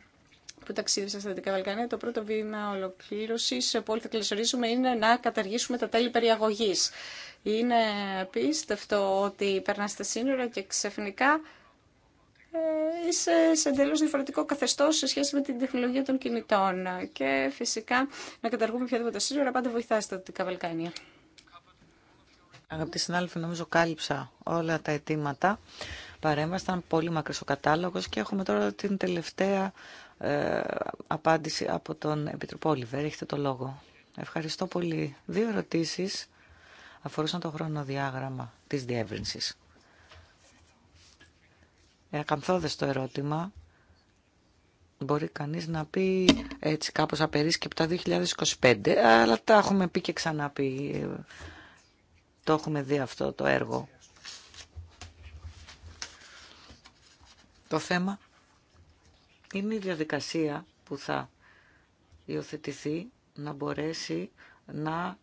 που ταξίδευσαν στα Δυτικά Βαλκάνια, το πρώτο βήμα ολοκλήρωση που όλοι θα κλεισορίσουμε είναι να καταργήσουμε τα τέλη περιαγωγή. Είναι απίστευτο ότι περνά τα σύνορα και ξαφνικά ε, είσαι σε εντελώ διαφορετικό καθεστώ σε σχέση με την τεχνολογία των κινητών. Και φυσικά να καταργούμε οποιαδήποτε σύνορα πάντα βοηθά στα Δυτικά Βαλκάνια. Αγαπητοί συνάδελφοι, νομίζω κάλυψα όλα τα αιτήματα ήταν πολύ μακρύς ο κατάλογο και έχουμε τώρα την τελευταία ε, απάντηση από τον Επιτροπό Λιβέρ. Έχετε το λόγο. Ευχαριστώ πολύ. Δύο ερωτήσεις αφορούσαν το χρονοδιάγραμμα της διεύρυνσης. Ε, Ακαμφθόδες το ερώτημα. Μπορεί κανείς να πει έτσι κάπως απερίσκεπτα 2025, αλλά τα έχουμε πει και ξαναπεί. Το έχουμε δει αυτό το έργο. Το θέμα είναι η διαδικασία που θα υιοθετηθεί να μπορέσει να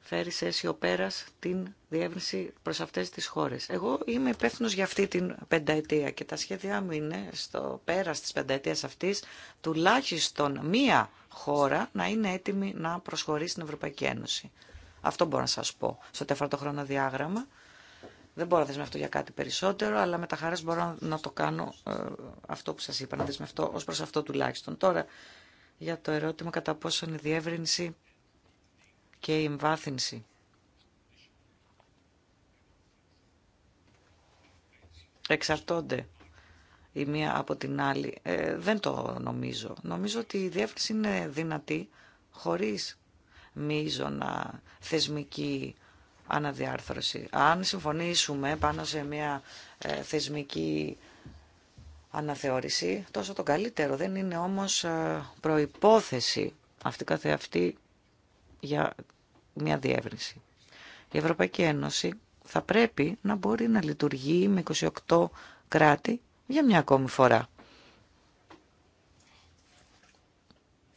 φέρει σε αίσιο πέρας την διεύρυνση προς αυτές τις χώρες. Εγώ είμαι υπεύθυνο για αυτή την πενταετία και τα σχέδιά μου είναι στο πέρας της πενταετίας αυτής τουλάχιστον μία χώρα να είναι έτοιμη να προσχωρήσει στην Ευρωπαϊκή Ένωση. Αυτό μπορώ να σας πω. Στο τεφαρτό χρονοδιάγραμμα δεν μπορώ να δεσμευτώ για κάτι περισσότερο, αλλά με τα χαρά μπορώ να το κάνω ε, αυτό που σας είπα, να δεσμευτώ ως προς αυτό τουλάχιστον. Τώρα, για το ερώτημα κατά πόσον η διεύρυνση και η εμβάθυνση εξαρτώνται η μία από την άλλη. Ε, δεν το νομίζω. Νομίζω ότι η διεύθυνση είναι δυνατή χωρίς μίζωνα θεσμική αναδιάρθρωση. Αν συμφωνήσουμε πάνω σε μια ε, θεσμική αναθεώρηση, τόσο το καλύτερο. Δεν είναι όμως ε, προϋπόθεση αυτή καθεαυτή για μια διεύρυνση. Η Ευρωπαϊκή Ένωση θα πρέπει να μπορεί να λειτουργεί με 28 κράτη για μια ακόμη φορά.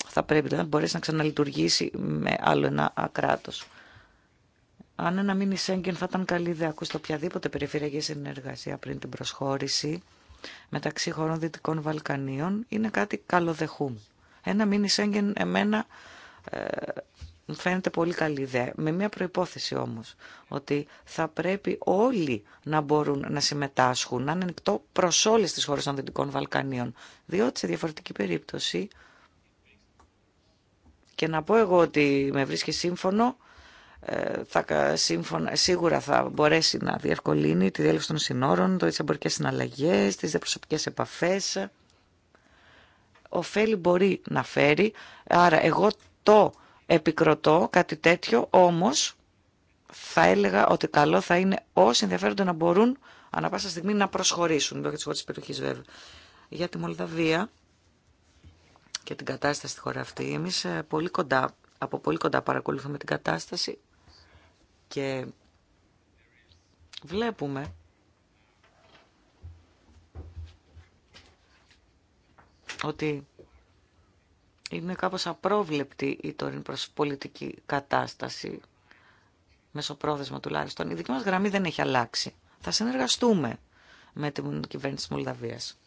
Θα πρέπει να μπορέσει να ξαναλειτουργήσει με άλλο ένα κράτος. Αν ένα μήνυ Σέγγεν θα ήταν καλή ιδέα, ακούστε οποιαδήποτε περιφερειακή συνεργασία πριν την προσχώρηση μεταξύ χωρών Δυτικών Βαλκανίων, είναι κάτι καλοδεχούμε. Ένα μήνυ Σέγγεν εμένα ε, φαίνεται πολύ καλή ιδέα. Με μια προϋπόθεση όμως, ότι θα πρέπει όλοι να μπορούν να συμμετάσχουν, να είναι ανοιχτό προς όλες τις χώρες των Δυτικών Βαλκανίων. Διότι σε διαφορετική περίπτωση, και να πω εγώ ότι με βρίσκει σύμφωνο, ε, σίγουρα θα μπορέσει να διευκολύνει τη διέλευση των συνόρων, τι εμπορικέ συναλλαγέ, τι διαπροσωπικέ επαφέ. Οφέλη μπορεί να φέρει, άρα εγώ το επικροτώ κάτι τέτοιο, όμω, θα έλεγα ότι καλό θα είναι όσοι ενδιαφέρονται να μπορούν ανά πάσα στιγμή να προσχωρήσουν, τη βέβαια. Για τη Μολδαβία και την κατάσταση στη χώρα αυτή, εμεί ε, πολύ κοντά, από πολύ κοντά παρακολουθούμε την κατάσταση και βλέπουμε ότι είναι κάπως απρόβλεπτη η τωρινή πολιτική κατάσταση, μεσοπρόθεσμα τουλάχιστον. Η δική μας γραμμή δεν έχει αλλάξει. Θα συνεργαστούμε με την κυβέρνηση της Μολδαβίας.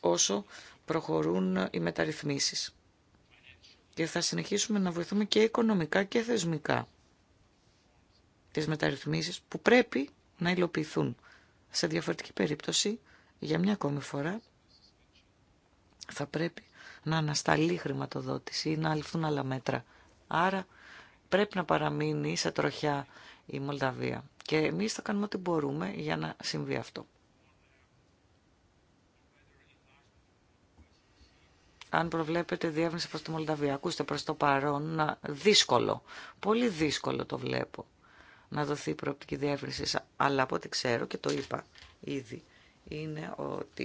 Όσο προχωρούν οι μεταρρυθμίσεις και θα συνεχίσουμε να βοηθούμε και οικονομικά και θεσμικά τις μεταρρυθμίσεις που πρέπει να υλοποιηθούν. Σε διαφορετική περίπτωση, για μια ακόμη φορά, θα πρέπει να ανασταλεί χρηματοδότηση ή να αληφθούν άλλα μέτρα. Άρα πρέπει να παραμείνει σε τροχιά η Μολδαβία. Και εμείς θα κάνουμε ό,τι μπορούμε για να συμβεί αυτό. αν προβλέπετε διεύρυνση προς τη Μολδαβία. Ακούστε προς το παρόν, δύσκολο, πολύ δύσκολο το βλέπω να δοθεί η προοπτική διεύρυνση. Αλλά από ό,τι ξέρω και το είπα ήδη, είναι ότι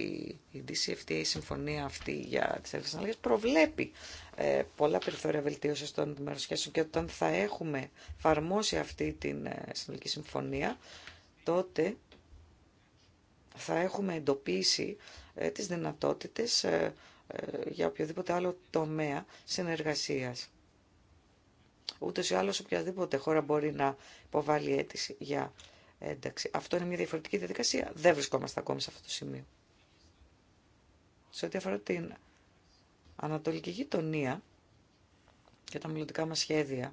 η DCFTA, η συμφωνία αυτή για τις ελεύθερες προβλέπει ε, πολλά περιθώρια βελτίωση των αντιμετωπιστικών σχέσεων και όταν θα έχουμε εφαρμόσει αυτή την ε, συνολική συμφωνία, τότε θα έχουμε εντοπίσει ε, τις δυνατότητες ε, ε, για οποιοδήποτε άλλο τομέα συνεργασίας. Ούτως ή άλλως οποιαδήποτε χώρα μπορεί να υποβάλει αίτηση για ένταξη. Αυτό είναι μια διαφορετική διαδικασία. Δεν βρισκόμαστε ακόμη σε αυτό το σημείο. Σε ό,τι αφορά την ανατολική γειτονία και τα μελλοντικά μας σχέδια,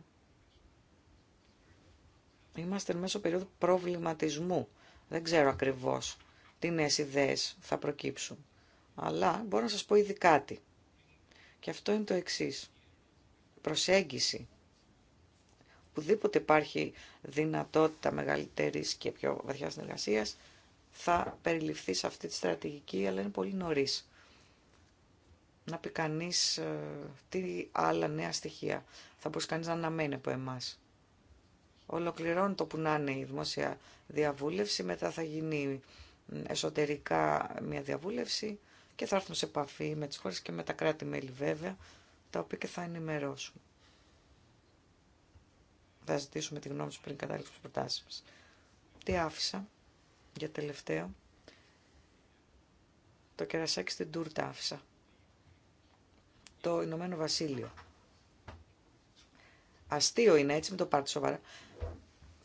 είμαστε μέσω περίοδου προβληματισμού. Δεν ξέρω ακριβώς τι νέες ιδέες θα προκύψουν. Αλλά μπορώ να σας πω ήδη κάτι. Και αυτό είναι το εξής. Προσέγγιση. Οπουδήποτε υπάρχει δυνατότητα μεγαλύτερης και πιο βαθιάς συνεργασίας, θα περιληφθεί σε αυτή τη στρατηγική, αλλά είναι πολύ νωρίς. Να πει κανεί ε, τι άλλα νέα στοιχεία θα μπορούσε κανεί να αναμένει από εμά. Ολοκληρώνει το που να είναι η δημόσια διαβούλευση, μετά θα γίνει εσωτερικά μια διαβούλευση και θα έρθουν σε επαφή με τις χώρες και με τα κράτη-μέλη βέβαια, τα οποία και θα ενημερώσουν. Θα ζητήσουμε τη γνώμη σου πριν κατάληξουμε τις προτάσεις μας. Τι άφησα για τελευταίο. Το κερασάκι στην τούρτα άφησα. Το Ηνωμένο Βασίλειο. Αστείο είναι έτσι, με το πάρτε σοβαρά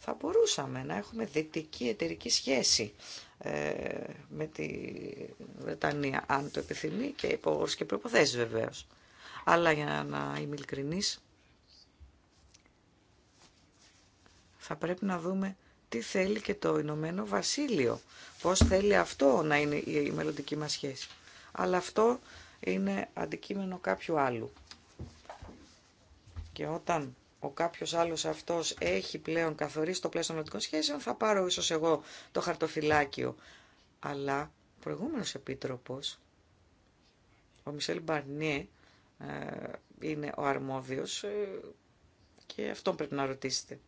θα μπορούσαμε να έχουμε δυτική εταιρική σχέση ε, με τη Βρετανία, αν το επιθυμεί και υπό και προϋποθέσεις βεβαίως. Αλλά για να είμαι ειλικρινής, θα πρέπει να δούμε τι θέλει και το Ηνωμένο Βασίλειο. Πώς θέλει αυτό να είναι η μελλοντική μας σχέση. Αλλά αυτό είναι αντικείμενο κάποιου άλλου. Και όταν ο κάποιο άλλο αυτό έχει πλέον καθορίσει το πλαίσιο των ερωτικών σχέσεων, θα πάρω ίσω εγώ το χαρτοφυλάκιο. Αλλά ο προηγούμενο επίτροπο, ο Μισελ Μπαρνιέ, ε, είναι ο αρμόδιο ε, και αυτόν πρέπει να ρωτήσετε.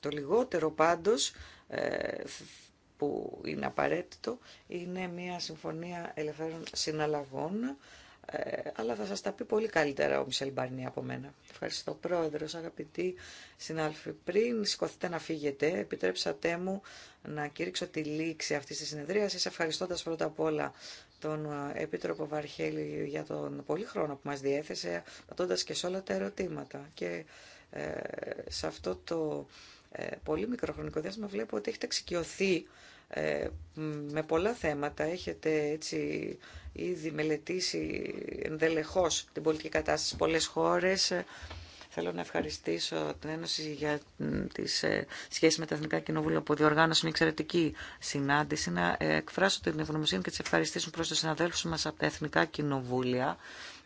Το λιγότερο πάντως ε, που είναι απαραίτητο είναι μια συμφωνία ελευθέρων συναλλαγών ε, αλλά θα σας τα πει πολύ καλύτερα ο Μισελ Μπαρνί από μένα. Ευχαριστώ πρόεδρος, αγαπητοί συνάλφοι. Πριν σηκωθείτε να φύγετε, επιτρέψατε μου να κήρυξω τη λήξη αυτής της συνεδρίασης, ευχαριστώντα πρώτα απ' όλα τον ε, Επίτροπο Βαρχέλη για τον πολύ χρόνο που μας διέθεσε, πατώντας και σε όλα τα ερωτήματα. Και ε, σε αυτό το ε, πολύ μικρό χρονικό διάστημα βλέπω ότι έχετε εξοικειωθεί ε, με πολλά θέματα. Έχετε έτσι ήδη μελετήσει ενδελεχώς την πολιτική κατάσταση σε πολλές χώρες. Ε, θέλω να ευχαριστήσω την Ένωση για τις σχέσεις με τα Εθνικά Κοινοβούλια που διοργάνωσε μια εξαιρετική συνάντηση. Να εκφράσω την ευγνωμοσύνη και τις ευχαριστήσω προ του συναδέλφου μα από τα Εθνικά Κοινοβούλια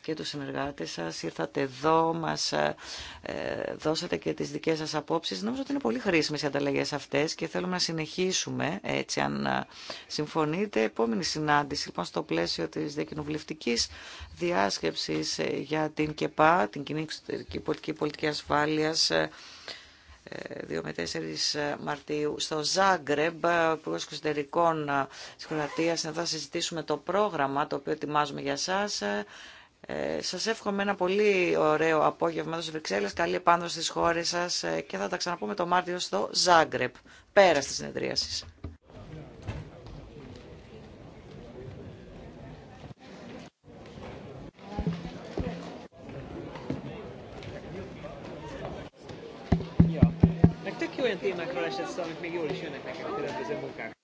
και τους συνεργάτες σας. Ήρθατε εδώ, μας ε, ε, δώσατε και τις δικές σας απόψεις. Νομίζω ότι είναι πολύ χρήσιμες οι ανταλλαγές αυτές και θέλουμε να συνεχίσουμε έτσι αν ε, συμφωνείτε. Επόμενη συνάντηση λοιπόν στο πλαίσιο της διακοινοβουλευτικής διάσκεψης για την ΚΕΠΑ, την Κοινή Εξωτερική Πολιτική Πολιτική Ασφάλειας, 2 με 4 Μαρτίου στο Ζάγκρεμπ, Υπουργό Εξωτερικών τη Κροατία. θα συζητήσουμε το πρόγραμμα το οποίο ετοιμάζουμε για εσά ε, σας εύχομαι ένα πολύ ωραίο απόγευμα εδώ στις Βρυξέλλες. Καλή επάνδρωση στις χώρες σας ε, και θα τα ξαναπούμε το Μάρτιο στο Ζάγκρεπ. Πέρα στη συνεδρίαση. Tök jó olyan témákról esett szó, amit még jól